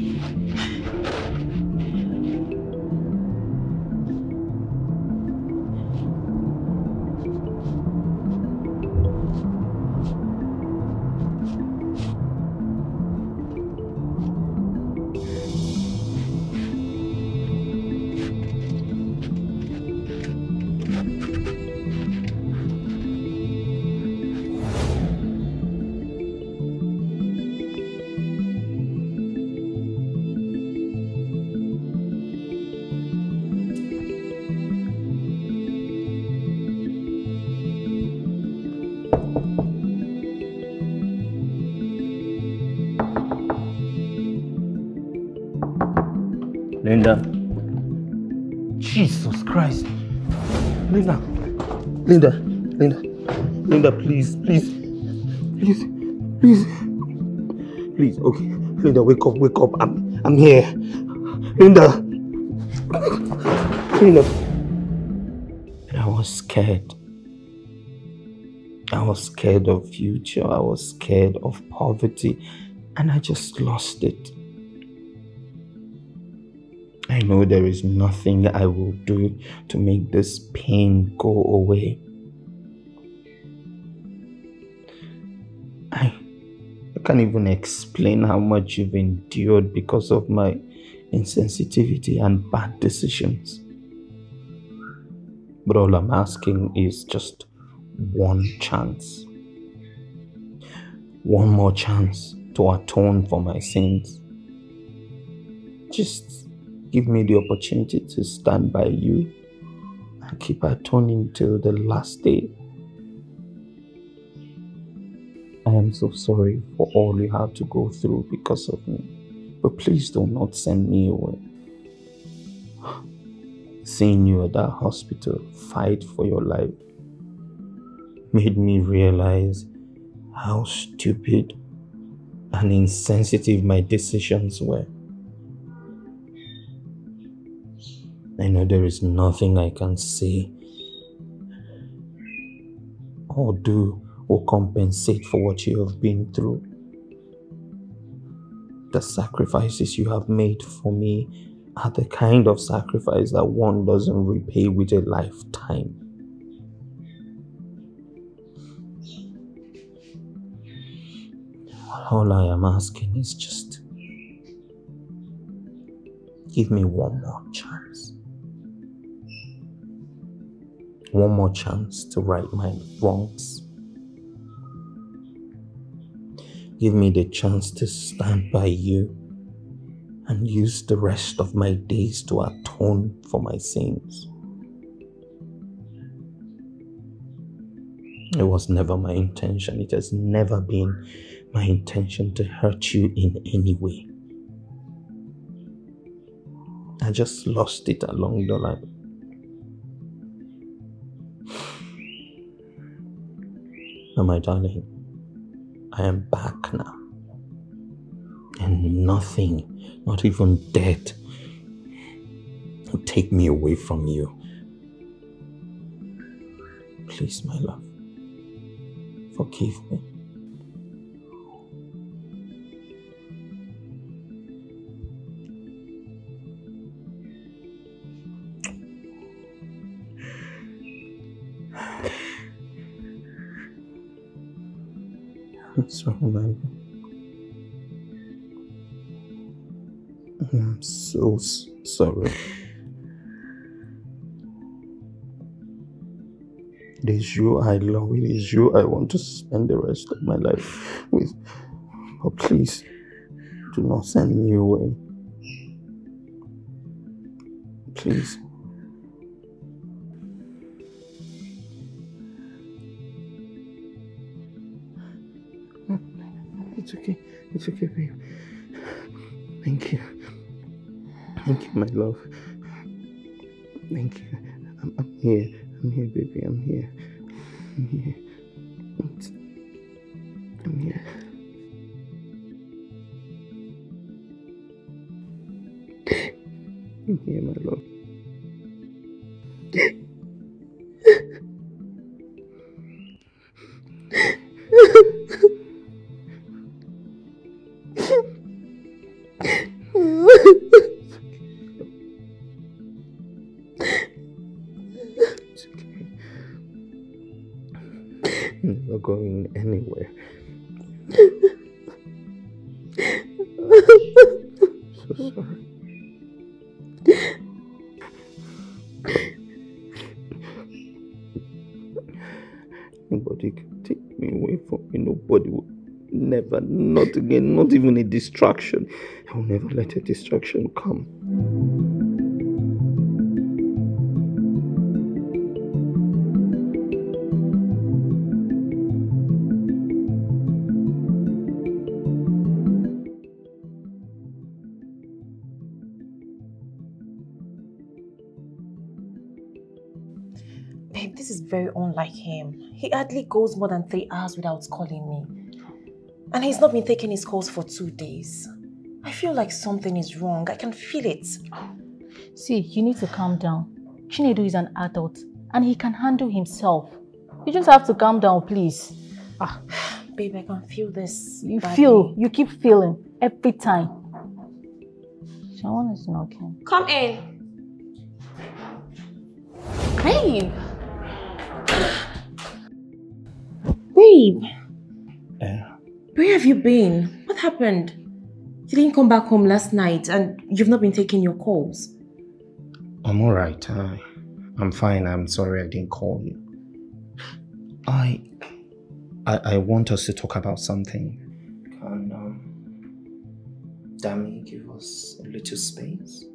Linda, Linda, Linda, please, please, please, please, please. Okay, Linda, wake up, wake up. I'm, I'm here. Linda, Linda. I was scared. I was scared of future. I was scared of poverty, and I just lost it. I know there is nothing I will do to make this pain go away. I, I can't even explain how much you've endured because of my insensitivity and bad decisions. But all I'm asking is just one chance. One more chance to atone for my sins. Just Give me the opportunity to stand by you and keep atoning till the last day. I am so sorry for all you had to go through because of me, but please do not send me away. Seeing you at that hospital fight for your life made me realize how stupid and insensitive my decisions were. I know there is nothing I can say or do or compensate for what you have been through. The sacrifices you have made for me are the kind of sacrifice that one doesn't repay with a lifetime. All I am asking is just give me one more chance. one more chance to right my wrongs. Give me the chance to stand by you and use the rest of my days to atone for my sins. It was never my intention. It has never been my intention to hurt you in any way. I just lost it along the line. my darling, I am back now. And nothing, not even death, will take me away from you. Please, my love, forgive me. so I'm so sorry. It is you I love. It is you I want to spend the rest of my life with. But please, do not send me away. Please. It's okay. It's okay, babe. Thank you. Thank you, my love. Thank you. I'm, I'm here. I'm here, baby. I'm here. I'm here. I'm here. I'm here, my love. not even a distraction. I'll never let a distraction come. Babe, this is very unlike him. He hardly goes more than three hours without calling me. And he's not been taking his calls for two days. I feel like something is wrong. I can feel it. See, you need to calm down. Chinedu is an adult and he can handle himself. You just have to calm down, please. Ah. Babe, I can feel this. You badly. feel. You keep feeling every time. Someone is knocking. Come in. Babe. Babe. Uh. Where have you been? What happened? You didn't come back home last night and you've not been taking your calls. I'm alright. I'm fine. I'm sorry I didn't call you. I, I, I want us to talk about something. Can um, Dami give us a little space?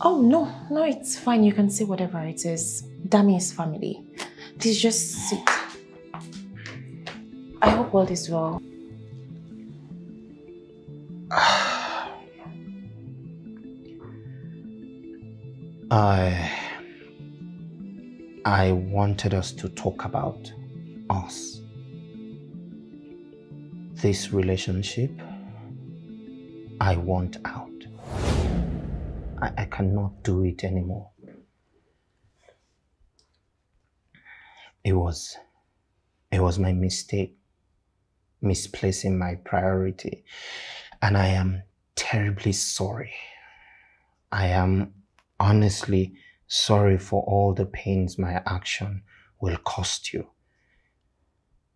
Oh no, no, it's fine. You can say whatever it is. Dami is family. Please just sit. I hope all is well. I I wanted us to talk about us. This relationship, I want out. I, I cannot do it anymore. It was it was my mistake misplacing my priority and I am terribly sorry. I am honestly sorry for all the pains my action will cost you.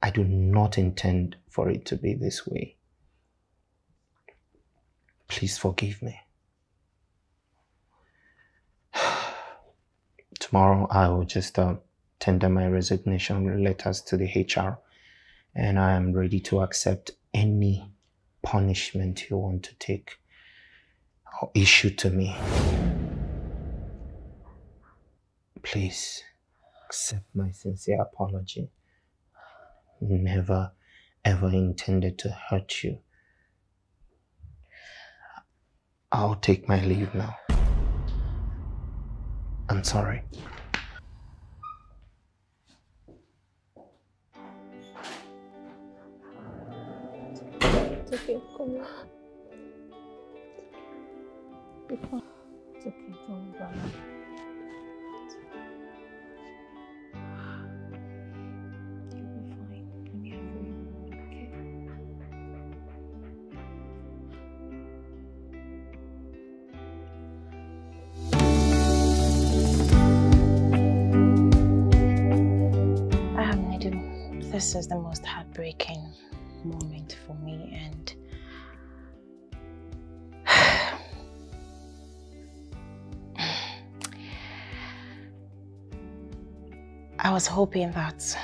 I do not intend for it to be this way. Please forgive me. Tomorrow I will just uh, tender my resignation letters to the HR and I am ready to accept any punishment you want to take or issue to me. Please accept my sincere apology. Never ever intended to hurt you. I'll take my leave now. I'm sorry. 别哭了，别哭，就可以做五百了。was hoping that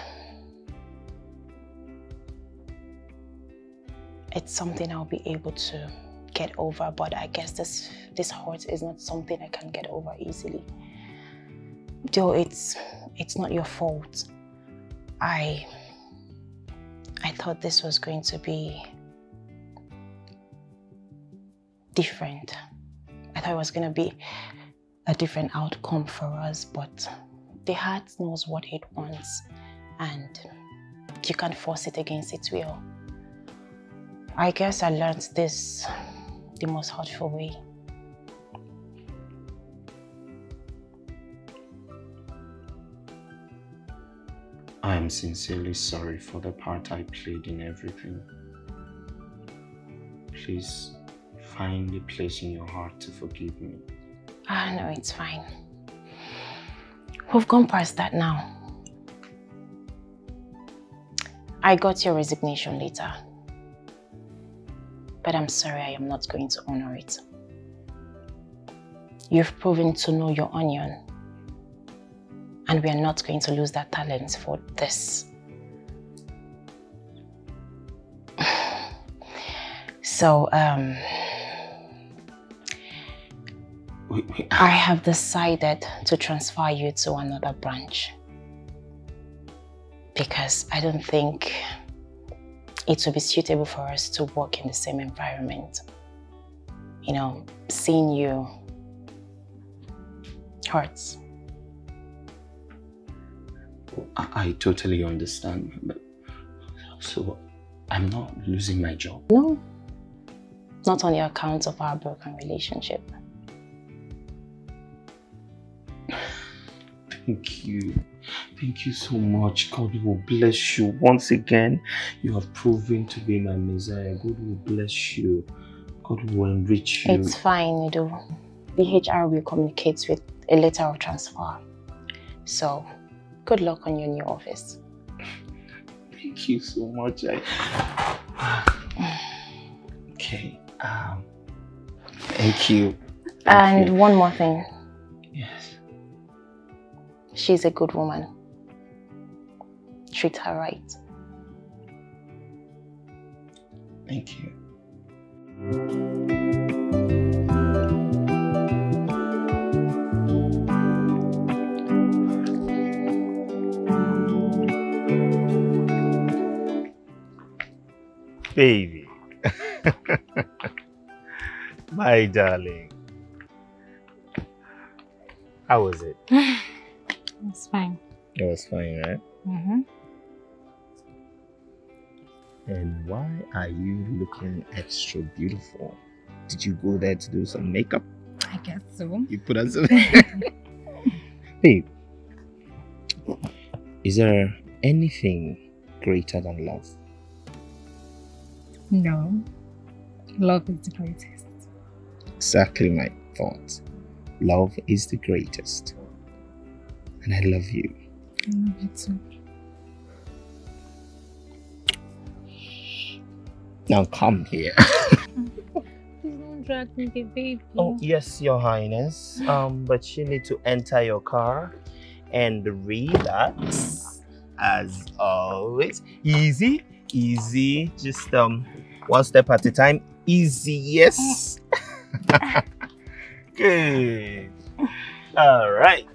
it's something I'll be able to get over, but I guess this this hurt is not something I can get over easily. Though it's it's not your fault. I I thought this was going to be different. I thought it was going to be a different outcome for us, but the heart knows what it wants and you can't force it against its will. I guess I learned this the most hurtful way. I am sincerely sorry for the part I played in everything. Please find a place in your heart to forgive me. Ah, oh, no, it's fine. We've gone past that now. I got your resignation letter. But I'm sorry I am not going to honor it. You've proven to know your onion. And we are not going to lose that talent for this. so, um we, I have decided to transfer you to another branch because I don't think it will be suitable for us to work in the same environment. You know, seeing you hurts. I, I totally understand, but so I'm not losing my job. No, not on the account of our broken relationship. Thank you. Thank you so much. God will bless you. Once again, you have proven to be my Messiah. God will bless you. God will enrich you. It's fine, Nido. BHR will communicate with a letter of transfer. So, good luck on your new office. Thank you so much. I... okay. Um, thank you. Thank and you. one more thing. She's a good woman. Treat her right. Thank you. Baby. My darling. How was it? It's fine. Oh, it was fine, right? Mm-hmm. And why are you looking extra beautiful? Did you go there to do some makeup? I guess so. You put on some. Hey, is there anything greater than love? No. Love is the greatest. Exactly my thought. Love is the greatest. And I love you. I love you too. Now come here. don't drag me, baby. Oh yes, Your Highness. Um, but you need to enter your car and relax as always. Easy, easy. Just um, one step at a time. Easy, yes. Good. All right.